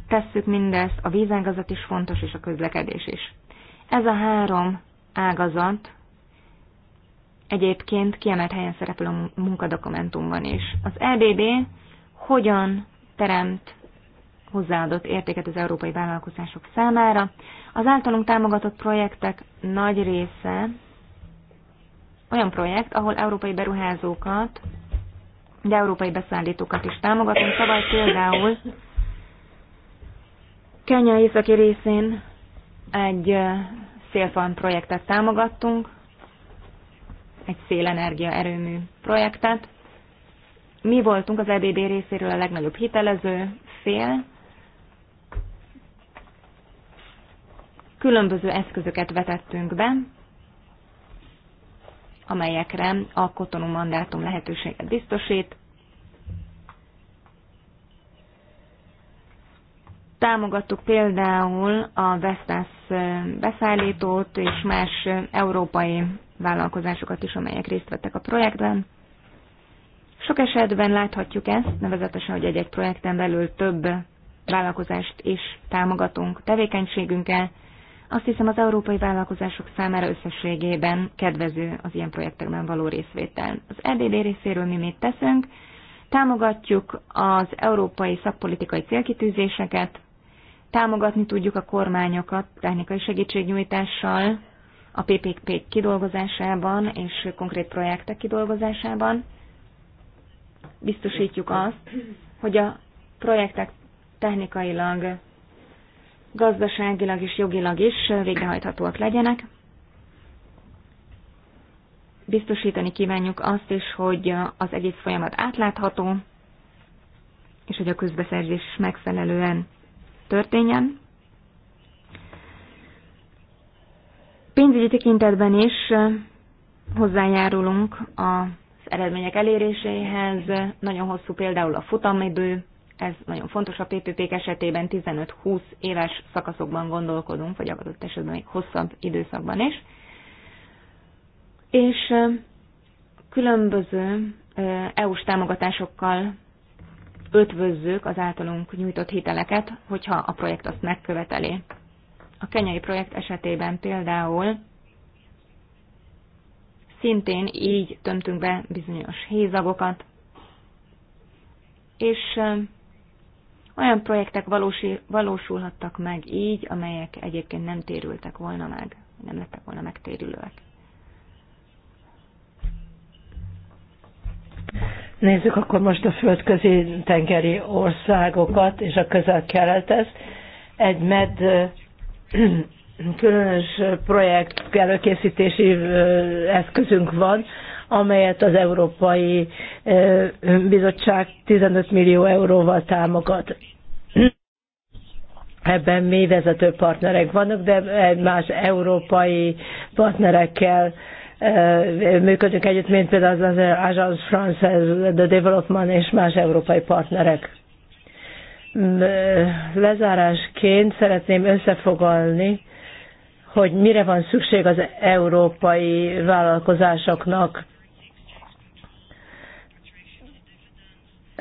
tesszük mindezt, a vízengazat is fontos, és a közlekedés is. Ez a három ágazat egyébként kiemelt helyen szerepel a munkadokumentumban is. Az EBB hogyan teremt hozzáadott értéket az európai vállalkozások számára. Az általunk támogatott projektek nagy része olyan projekt, ahol európai beruházókat, de európai beszállítókat is támogatunk. Tavaly például Kenya északi részén egy szélfan projektet támogattunk, egy szélenergia erőmű projektet. Mi voltunk az EBB részéről a legnagyobb hitelező fél. Különböző eszközöket vetettünk be, amelyekre a kotonú mandátum lehetőséget biztosít. Támogattuk például a Vestas beszállítót és más európai vállalkozásokat is, amelyek részt vettek a projektben. Sok esetben láthatjuk ezt, nevezetesen, hogy egy-egy projekten belül több vállalkozást is támogatunk tevékenységünkkel. Azt hiszem az európai vállalkozások számára összességében kedvező az ilyen projektekben való részvétel. Az EBB részéről mi mit teszünk? Támogatjuk az európai szakpolitikai célkitűzéseket, Támogatni tudjuk a kormányokat technikai segítségnyújtással, a PPP kidolgozásában és konkrét projektek kidolgozásában. Biztosítjuk azt, hogy a projektek technikailag, gazdaságilag és jogilag is végrehajthatóak legyenek. Biztosítani kívánjuk azt is, hogy az egész folyamat átlátható, és hogy a közbeszerzés megfelelően történjen. Pénzügyi tekintetben is hozzájárulunk az eredmények eléréséhez. Nagyon hosszú például a futamidő, ez nagyon fontos a PPP-k esetében 15-20 éves szakaszokban gondolkodunk, vagy adott esetben még hosszabb időszakban is. És különböző EU-s támogatásokkal ötvözzük az általunk nyújtott hiteleket, hogyha a projekt azt megköveteli. A kenyai projekt esetében például szintén így tömtünk be bizonyos hézagokat, és um, olyan projektek valósi, valósulhattak meg így, amelyek egyébként nem térültek volna meg, nem lettek volna megtérülőek. nézzük akkor most a földközi tengeri országokat és a közel-keletet, egy med különös projekt előkészítési eszközünk van, amelyet az Európai Bizottság 15 millió euróval támogat. Ebben mi vezető partnerek vannak, de más európai partnerekkel működünk együtt, mint például az Agence France, de Development és más európai partnerek. Lezárásként szeretném összefogalni, hogy mire van szükség az európai vállalkozásoknak,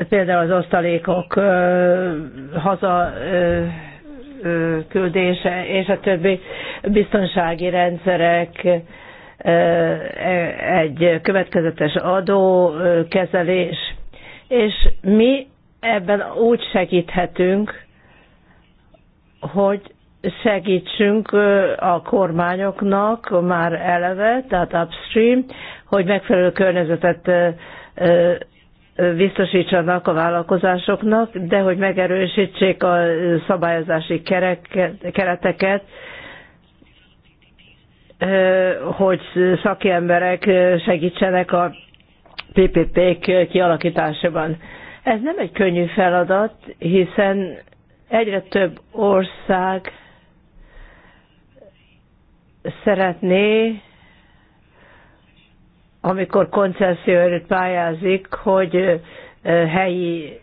például az osztalékok haza küldése és a többi biztonsági rendszerek, E, egy következetes adókezelés, és mi ebben úgy segíthetünk, hogy segítsünk a kormányoknak már eleve, tehát upstream, hogy megfelelő környezetet biztosítsanak a vállalkozásoknak, de hogy megerősítsék a szabályozási kereteket, hogy szakemberek segítsenek a PPP-k kialakításában. Ez nem egy könnyű feladat, hiszen egyre több ország szeretné, amikor konceszióért pályázik, hogy helyi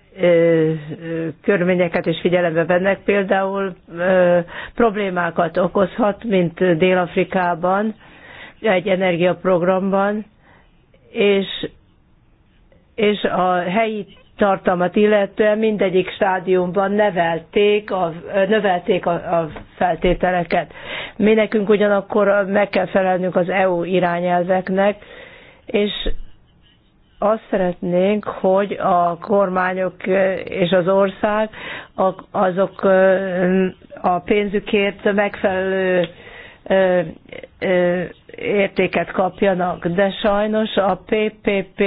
körményeket is figyelembe vennek, például problémákat okozhat, mint Dél-Afrikában, egy energiaprogramban, és, és a helyi tartalmat illetően mindegyik stádiumban nevelték a, növelték a, a feltételeket. Mi nekünk ugyanakkor meg kell felelnünk az EU irányelveknek, és azt szeretnénk, hogy a kormányok és az ország azok a pénzükért megfelelő értéket kapjanak. De sajnos a PPP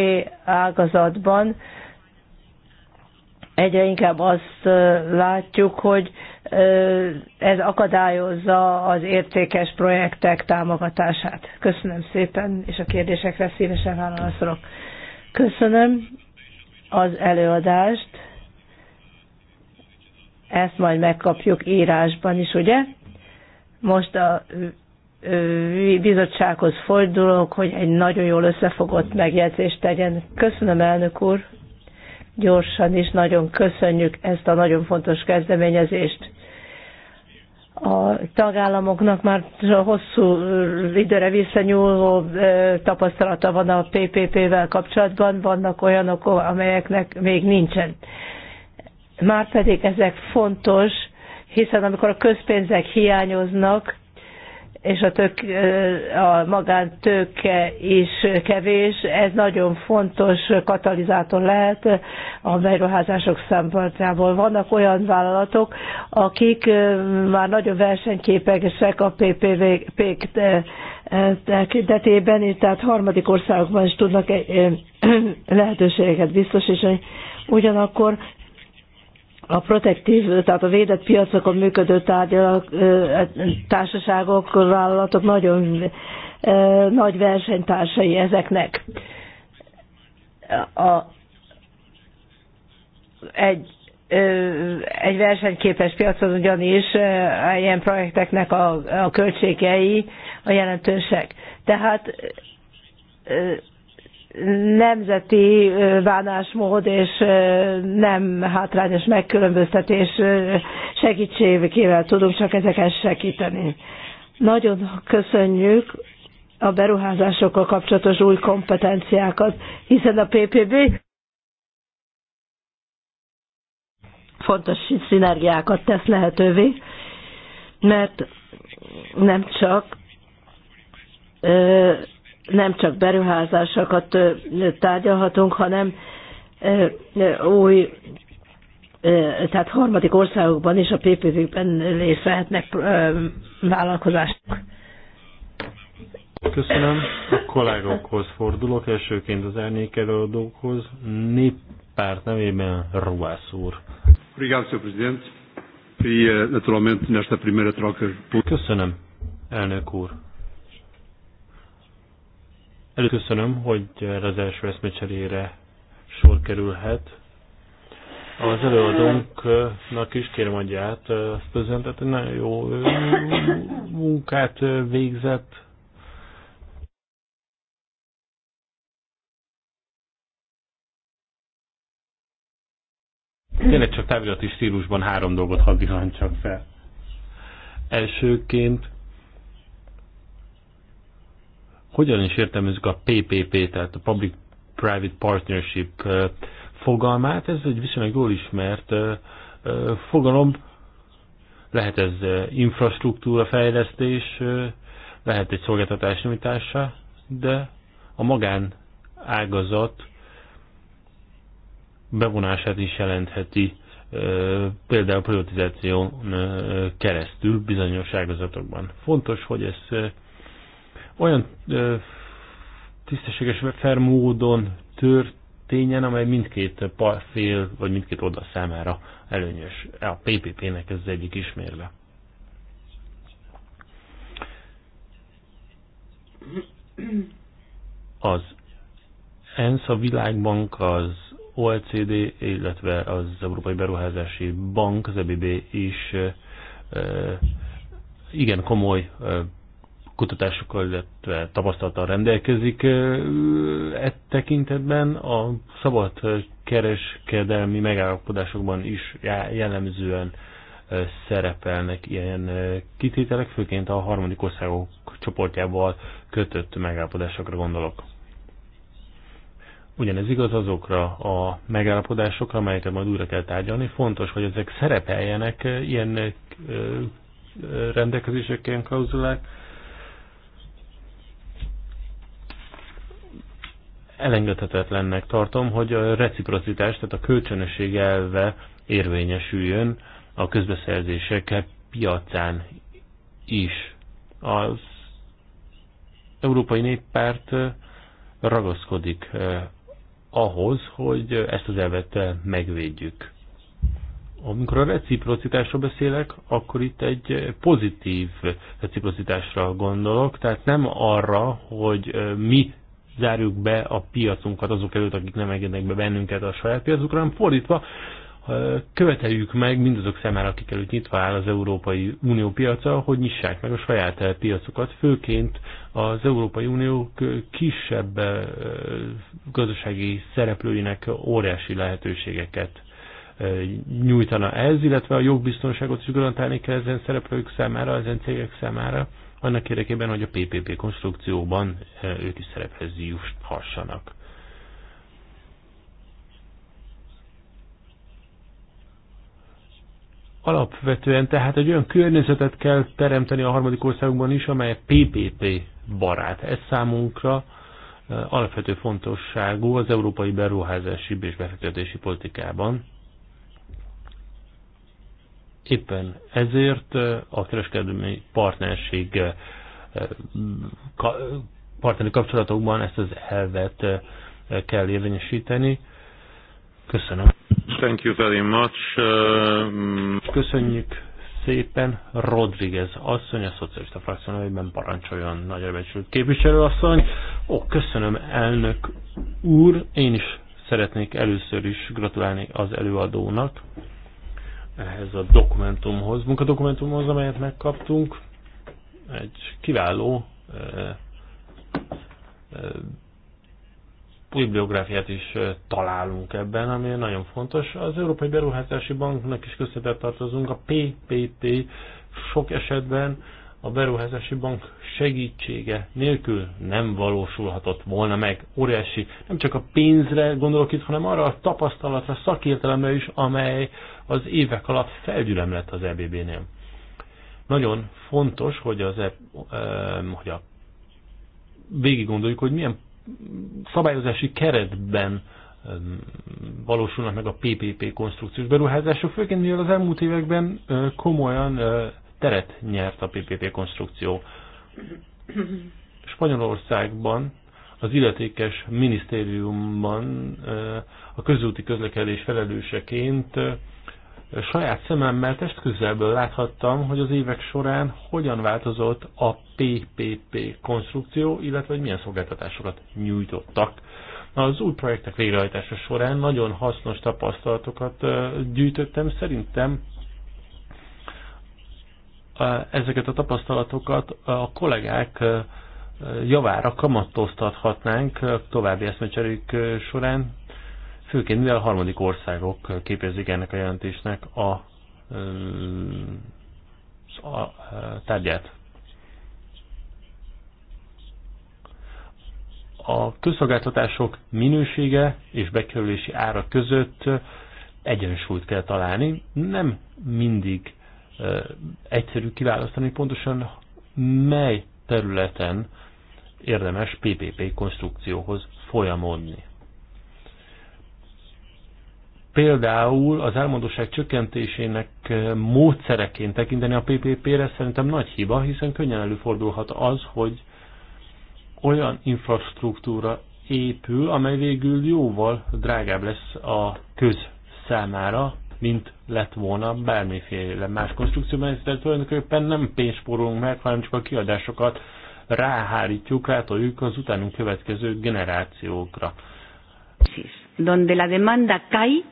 ágazatban egyre inkább azt látjuk, hogy ez akadályozza az értékes projektek támogatását. Köszönöm szépen, és a kérdésekre szívesen válaszolok. Köszönöm az előadást. Ezt majd megkapjuk írásban is, ugye? Most a bizottsághoz fordulok, hogy egy nagyon jól összefogott megjegyzést tegyen. Köszönöm, elnök úr! Gyorsan is nagyon köszönjük ezt a nagyon fontos kezdeményezést a tagállamoknak már hosszú időre visszanyúló tapasztalata van a PPP-vel kapcsolatban, vannak olyanok, amelyeknek még nincsen. Márpedig ezek fontos, hiszen amikor a közpénzek hiányoznak, és a, tök, a magántőke is kevés. Ez nagyon fontos katalizátor lehet a beruházások szempontjából. Vannak olyan vállalatok, akik már nagyon versenyképesek a ppp tekintetében, tehát harmadik országokban is tudnak lehetőségeket biztosítani. Ugyanakkor a protektív, tehát a védett piacokon működő tárgyalak, társaságok, vállalatok nagyon nagy versenytársai ezeknek. A, egy, egy versenyképes piacon ugyanis ilyen projekteknek a, a költségei a jelentősek. Tehát nemzeti bánásmód és nem hátrányos megkülönböztetés segítségével tudunk csak ezeken segíteni. Nagyon köszönjük a beruházásokkal kapcsolatos új kompetenciákat, hiszen a PPB fontos szinergiákat tesz lehetővé, mert nem csak nem csak beruházásokat tárgyalhatunk, hanem új, tehát harmadik országokban is a PPP-ben részt vállalkozások. Köszönöm. A kollégákhoz fordulok, elsőként az árnyék előadókhoz. Néppárt nevében Ruász úr. Köszönöm, elnök úr. Előköszönöm, hogy az első eszmecserére sor kerülhet. Az előadónknak is kérem adját, azt az tehát nagyon jó munkát végzett. Tényleg csak távirati stílusban három dolgot hadd csak fel. Elsőként hogyan is értelmezzük a PPP, tehát a Public Private Partnership fogalmát? Ez egy viszonylag jól ismert fogalom. Lehet ez infrastruktúra fejlesztés, lehet egy szolgáltatás nyújtása, de a magán ágazat bevonását is jelentheti például privatizáción keresztül bizonyos ágazatokban. Fontos, hogy ez olyan ö, tisztességes, fair módon történjen, amely mindkét fél, vagy mindkét oldal számára előnyös. A PPP-nek ez az egyik ismérve. Az ENSZ, a Világbank, az OECD, illetve az Európai Beruházási Bank, az EBB is igen komoly kutatásokkal, illetve tapasztalattal rendelkezik e tekintetben. A szabad kereskedelmi megállapodásokban is jellemzően szerepelnek ilyen kitételek, főként a harmadik országok csoportjával kötött megállapodásokra gondolok. Ugyanez igaz azokra a megállapodásokra, amelyeket majd újra kell tárgyalni. Fontos, hogy ezek szerepeljenek ilyen rendelkezéseken, klauzulák, elengedhetetlennek tartom, hogy a reciprocitás, tehát a kölcsönösség elve érvényesüljön a közbeszerzések piacán is. Az Európai Néppárt eh, ragaszkodik eh, ahhoz, hogy ezt az elvet eh, megvédjük. Amikor a reciprocitásról beszélek, akkor itt egy pozitív reciprocitásra gondolok, tehát nem arra, hogy mi zárjuk be a piacunkat azok előtt, akik nem engednek be bennünket a saját piacukra, hanem fordítva követeljük meg mindazok szemára, akik előtt nyitva áll az Európai Unió piaca, hogy nyissák meg a saját eh, piacokat, főként az Európai Unió kisebb eh, gazdasági szereplőinek óriási lehetőségeket eh, nyújtana ez, illetve a jogbiztonságot is garantálni kell ezen szereplők számára, ezen cégek számára annak érdekében, hogy a PPP konstrukcióban eh, ők is szerephez juthassanak. Alapvetően tehát egy olyan környezetet kell teremteni a harmadik országokban is, amely PPP barát. Ez számunkra eh, alapvető fontosságú az európai beruházási és befektetési politikában. Éppen ezért a kereskedelmi partnerség partneri kapcsolatokban ezt az elvet kell érvényesíteni. Köszönöm. Thank you very much. Uh, Köszönjük szépen. Rodriguez asszony, a szocialista frakció nevében parancsoljon nagy becsült képviselő asszony. Ó, köszönöm elnök úr. Én is szeretnék először is gratulálni az előadónak ehhez a dokumentumhoz, munkadokumentumhoz, amelyet megkaptunk. Egy kiváló eh, eh bibliográfiát is eh, találunk ebben, ami nagyon fontos. Az Európai Beruházási Banknak is köszönetet tartozunk, a PPP sok esetben a beruházási bank segítsége nélkül nem valósulhatott volna meg. Óriási, nem csak a pénzre gondolok itt, hanem arra a tapasztalatra, szakértelemre is, amely az évek alatt felgyülem lett az EBB-nél. Nagyon fontos, hogy, az e, e, hogy a végig gondoljuk, hogy milyen szabályozási keretben valósulnak meg a PPP konstrukciós beruházások, főként mivel az elmúlt években komolyan teret nyert a PPP konstrukció. Spanyolországban az illetékes minisztériumban a közúti közlekedés felelőseként saját szememmel testközzelből láthattam, hogy az évek során hogyan változott a PPP konstrukció, illetve hogy milyen szolgáltatásokat nyújtottak. Az új projektek végrehajtása során nagyon hasznos tapasztalatokat gyűjtöttem, szerintem ezeket a tapasztalatokat a kollégák javára kamatoztathatnánk további eszmecserék során, főként mivel a harmadik országok képezik ennek a jelentésnek a, a tárgyát. A közszolgáltatások minősége és bekerülési ára között egyensúlyt kell találni. Nem mindig egyszerű kiválasztani pontosan mely területen érdemes PPP konstrukcióhoz folyamodni. Például az elmondóság csökkentésének módszereként tekinteni a PPP-re szerintem nagy hiba, hiszen könnyen előfordulhat az, hogy olyan infrastruktúra épül, amely végül jóval drágább lesz a köz számára, mint lett volna bármiféle más konstrukcióban, ez tulajdonképpen nem pénzt meg, hanem csak a kiadásokat ráhárítjuk, rátoljuk az utánunk következő generációkra. Donde la demanda cai,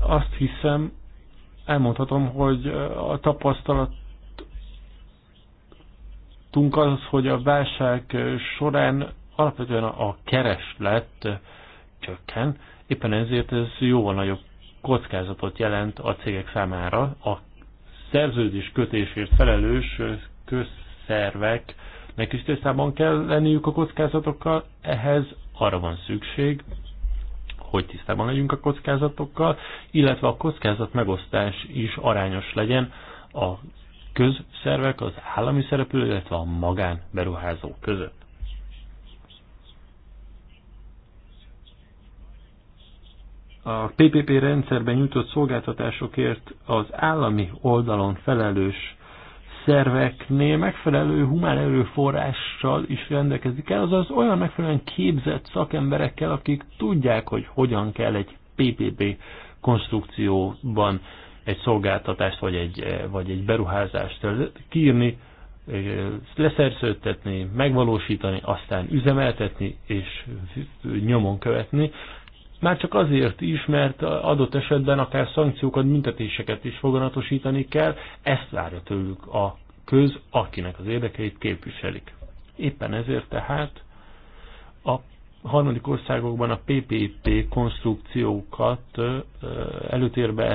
azt hiszem, elmondhatom, hogy a tapasztalat az, hogy a válság során alapvetően a kereslet csökken, éppen ezért ez jóval nagyobb kockázatot jelent a cégek számára. A szerződés kötésért felelős közszervek is tisztában kell lenniük a kockázatokkal, ehhez arra van szükség, hogy tisztában legyünk a kockázatokkal, illetve a kockázat megosztás is arányos legyen a közszervek, az állami szereplő, illetve a magánberuházó között. a PPP rendszerben nyújtott szolgáltatásokért az állami oldalon felelős szerveknél megfelelő humán erőforrással is rendelkezik el, azaz olyan megfelelően képzett szakemberekkel, akik tudják, hogy hogyan kell egy PPP konstrukcióban egy szolgáltatást vagy egy, eh, vagy egy beruházást kírni, eh, leszerződtetni, megvalósítani, aztán üzemeltetni és nyomon követni. Már csak azért is, mert adott esetben akár szankciókat, büntetéseket is foganatosítani kell, ezt várja tőlük a köz, akinek az érdekeit képviselik. Éppen ezért tehát a harmadik országokban a PPP konstrukciókat előtérbe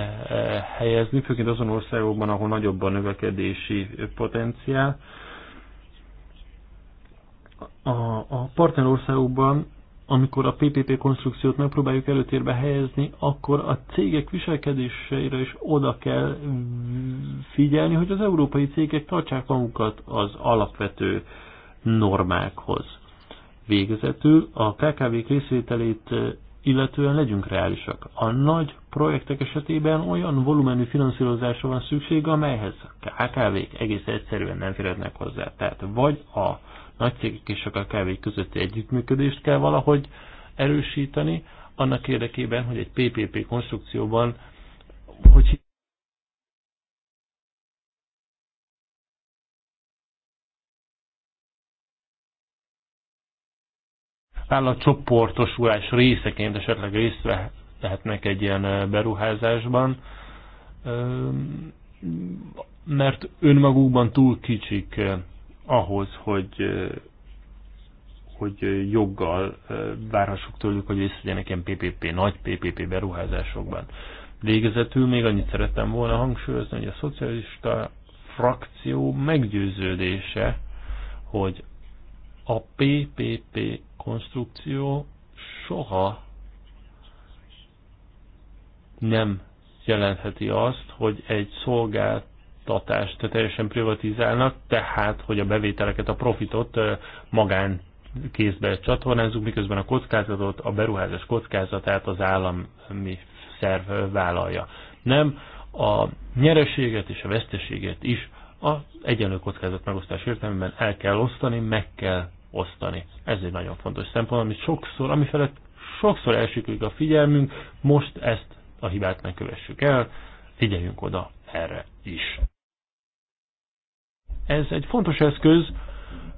helyezni, főként azon országokban, ahol nagyobb a növekedési potenciál. A, a partnerországokban amikor a PPP konstrukciót megpróbáljuk előtérbe helyezni, akkor a cégek viselkedéseire is oda kell figyelni, hogy az európai cégek tartsák magukat az alapvető normákhoz. Végezetül a KKV-k részvételét eh, illetően legyünk reálisak. A nagy projektek esetében olyan volumenű finanszírozásra van szükség, amelyhez a KKV-k egész egyszerűen nem férhetnek hozzá. Tehát vagy a nagy cégek és a kkv közötti együttműködést kell valahogy erősíteni, annak érdekében, hogy egy PPP konstrukcióban, hogy csoportosulás részeként esetleg részt vehetnek egy ilyen beruházásban, mert önmagukban túl kicsik ahhoz, hogy hogy joggal várhassuk tőlük, hogy részt vegyenek ilyen PPP, nagy PPP beruházásokban. Végezetül még annyit szerettem volna hangsúlyozni, hogy a szocialista frakció meggyőződése, hogy a PPP konstrukció soha nem jelentheti azt, hogy egy szolgált szolgáltatást teljesen privatizálnak, tehát hogy a bevételeket, a profitot magán kézbe csatornázunk, miközben a kockázatot, a beruházás kockázatát az állami szerv vállalja. Nem a nyereséget és a veszteséget is az egyenlő kockázat megosztás értelmében el kell osztani, meg kell osztani. Ez egy nagyon fontos szempont, ami sokszor, ami felett sokszor elsiklik a figyelmünk, most ezt a hibát ne kövessük el, figyeljünk oda erre is. Ez egy fontos eszköz,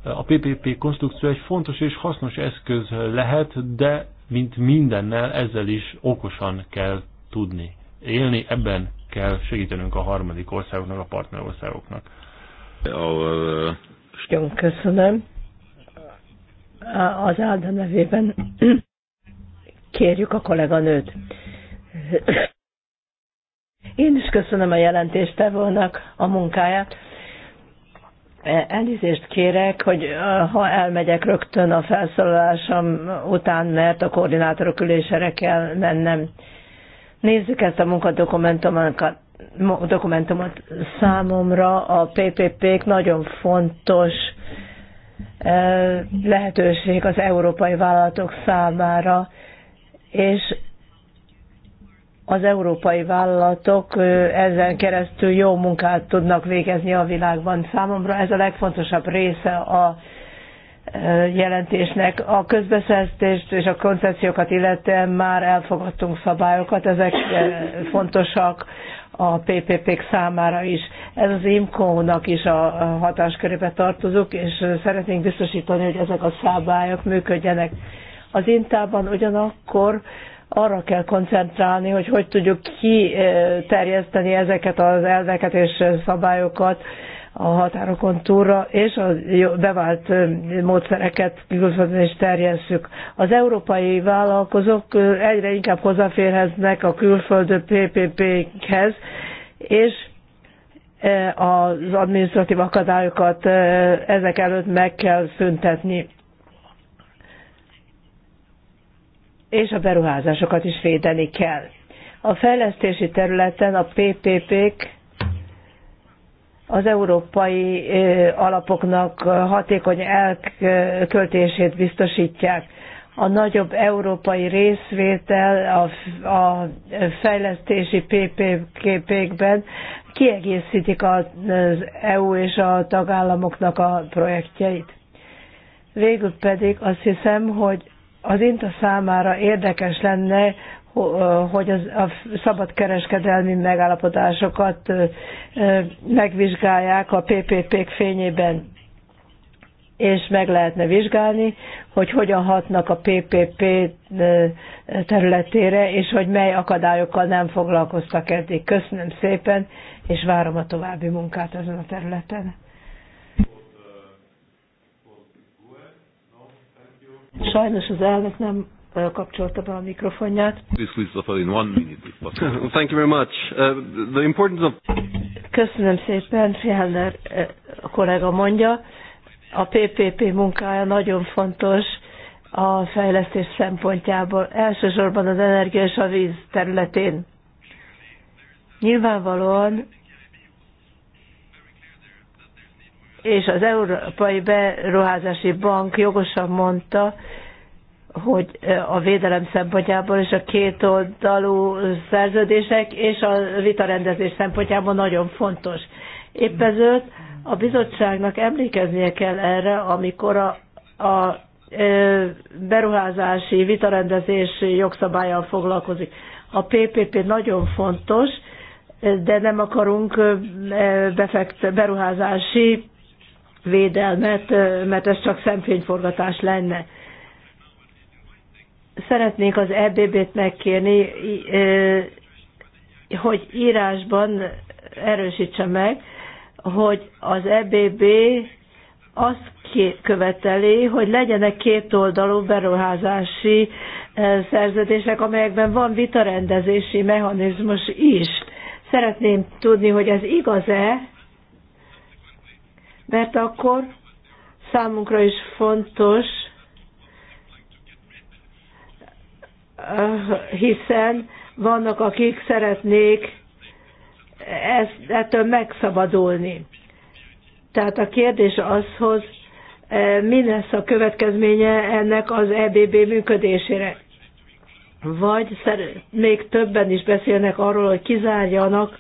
a PPP konstrukció egy fontos és hasznos eszköz lehet, de mint mindennel ezzel is okosan kell tudni élni, ebben kell segítenünk a harmadik országoknak, a partnerországoknak. Nagyon köszönöm. Az Álda nevében kérjük a kolléganőt. Én is köszönöm a jelentéstevőnek a munkáját. Elnézést kérek, hogy ha elmegyek rögtön a felszólalásom után, mert a koordinátorok ülésére kell mennem. Nézzük ezt a munkadokumentumot. számomra a PPP-k nagyon fontos lehetőség az európai vállalatok számára, és az európai vállalatok ezen keresztül jó munkát tudnak végezni a világban. Számomra ez a legfontosabb része a jelentésnek. A közbeszerzést és a koncepciókat illetően már elfogadtunk szabályokat, ezek fontosak a PPP-k számára is. Ez az IMCO-nak is a hatáskörébe tartozunk, és szeretnénk biztosítani, hogy ezek a szabályok működjenek. Az Intában ugyanakkor uh, arra kell koncentrálni, hogy hogy tudjuk kiterjeszteni ezeket az elveket és szabályokat a határokon túlra, és a bevált módszereket külföldön is terjesszük. Az európai vállalkozók egyre inkább hozzáférheznek a külföldi PPP-khez, és az administratív akadályokat ezek előtt meg kell szüntetni. és a beruházásokat is védeni kell. A fejlesztési területen a PPP-k az európai alapoknak hatékony elköltését biztosítják. A nagyobb európai részvétel a, fejlesztési PPP-kben kiegészítik az EU és a tagállamoknak a projektjeit. Végül pedig azt hiszem, hogy az INTA számára érdekes lenne, hogy az, a szabadkereskedelmi megállapodásokat megvizsgálják a PPP-k fényében és meg lehetne vizsgálni, hogy hogyan hatnak a PPP területére, és hogy mely akadályokkal nem foglalkoztak eddig. Köszönöm szépen, és várom a további munkát ezen a területen. Sajnos az elnök nem kapcsolta be a mikrofonját. Thank you very much. Uh, the importance of... Köszönöm szépen, Fjellner a kollega mondja. A PPP munkája nagyon fontos a fejlesztés szempontjából, elsősorban az energia és a víz területén. Nyilvánvalóan és az Európai Beruházási Bank jogosan mondta, hogy a védelem szempontjából és a két oldalú szerződések és a vitarendezés szempontjából nagyon fontos. Épp ezért a bizottságnak emlékeznie kell erre, amikor a, a beruházási vitarendezés jogszabályal foglalkozik. A PPP nagyon fontos, de nem akarunk befekt, beruházási védelmet, mert ez csak szemfényforgatás lenne. Szeretnék az EBB-t megkérni, hogy írásban erősítse meg, hogy az EBB azt követeli, hogy legyenek kétoldalú beruházási szerződések, amelyekben van vitarendezési mechanizmus is. Szeretném tudni, hogy ez igaz-e, mert hát akkor számunkra is fontos, eh, hiszen vannak, akik szeretnék ezt, ettől megszabadulni. Tehát a kérdés hogy eh, mi lesz a következménye ennek az EBB működésére. Vagy még többen is beszélnek arról, hogy kizárjanak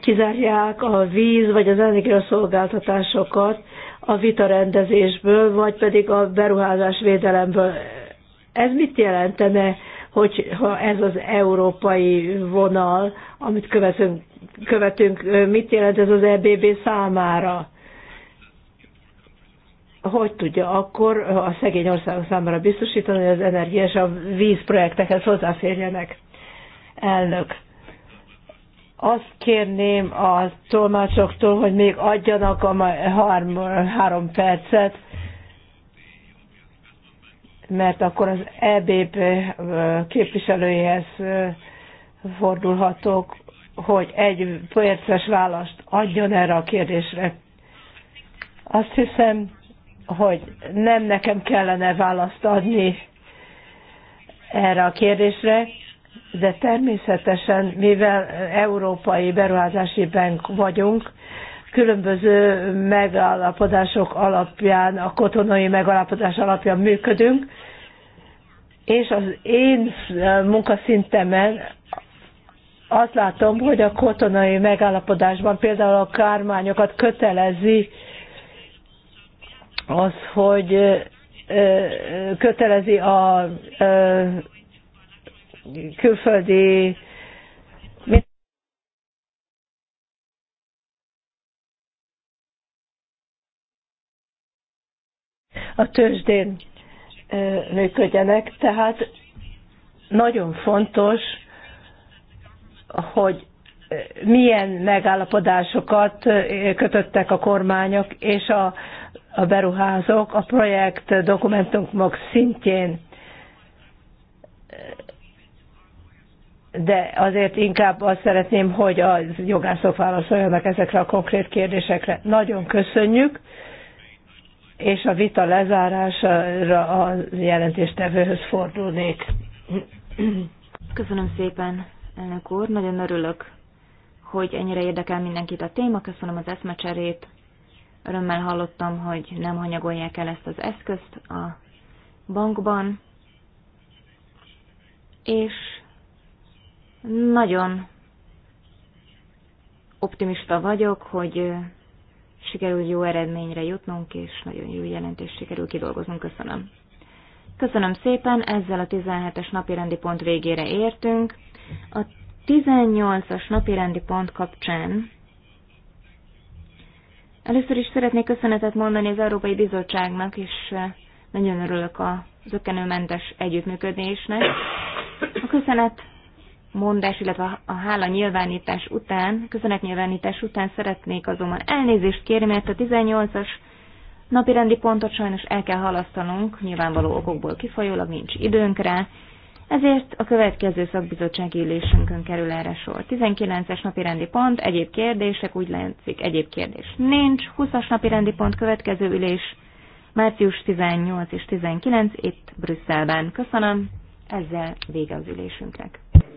kizárják a víz vagy az energiaszolgáltatásokat a vitarendezésből, vagy pedig a beruházás védelemből. Ez mit jelentene, hogy ha ez az európai vonal, amit követünk, követünk mit jelent ez az EBB számára? Hogy tudja akkor a szegény országok számára biztosítani, hogy az energia és a vízprojektekhez hozzáférjenek? Elnök. Azt kérném a tolmácsoktól, hogy még adjanak a három, három percet, mert akkor az EBP képviselőjéhez fordulhatok, hogy egy perces választ adjon erre a kérdésre. Azt hiszem, hogy nem nekem kellene választ adni erre a kérdésre, de természetesen, mivel Európai Beruházási Bank vagyunk, különböző megállapodások alapján, a kotonai megállapodás alapján működünk, és az én munkaszintemen azt látom, hogy a kotonai megállapodásban például a kármányokat kötelezi az, hogy kötelezi a külföldi a tőzsdén működjenek. Tehát nagyon fontos, hogy milyen megállapodásokat kötöttek a kormányok és a, a beruházók a projekt dokumentumok szintjén. de azért inkább azt szeretném, hogy a jogászok válaszoljanak ezekre a konkrét kérdésekre. Nagyon köszönjük, és a vita lezárására a jelentéstevőhöz fordulnék. Köszönöm szépen, elnök úr. Nagyon örülök, hogy ennyire érdekel mindenkit a téma. Köszönöm az eszmecserét. Örömmel hallottam, hogy nem hanyagolják el ezt az eszközt a bankban. És nagyon optimista vagyok, hogy sikerül jó eredményre jutnunk, és nagyon jó jelentést sikerül kidolgoznunk. Köszönöm. Köszönöm szépen, ezzel a 17-es rendi pont végére értünk. A 18-as rendi pont kapcsán először is szeretnék köszönetet mondani az Európai Bizottságnak, és nagyon örülök a zökkenőmentes együttműködésnek. A köszönet mondás, illetve a hála nyilvánítás után, nyilvánítás után szeretnék azonban elnézést kérni, mert a 18-as napirendi pontot sajnos el kell halasztanunk, nyilvánvaló okokból kifolyólag nincs időnk rá, ezért a következő szakbizottsági ülésünkön kerül erre sor. 19-es napirendi pont, egyéb kérdések, úgy látszik, egyéb kérdés nincs. 20-as napirendi pont, következő ülés, március 18 és 19, itt Brüsszelben. Köszönöm, ezzel vége az ülésünknek.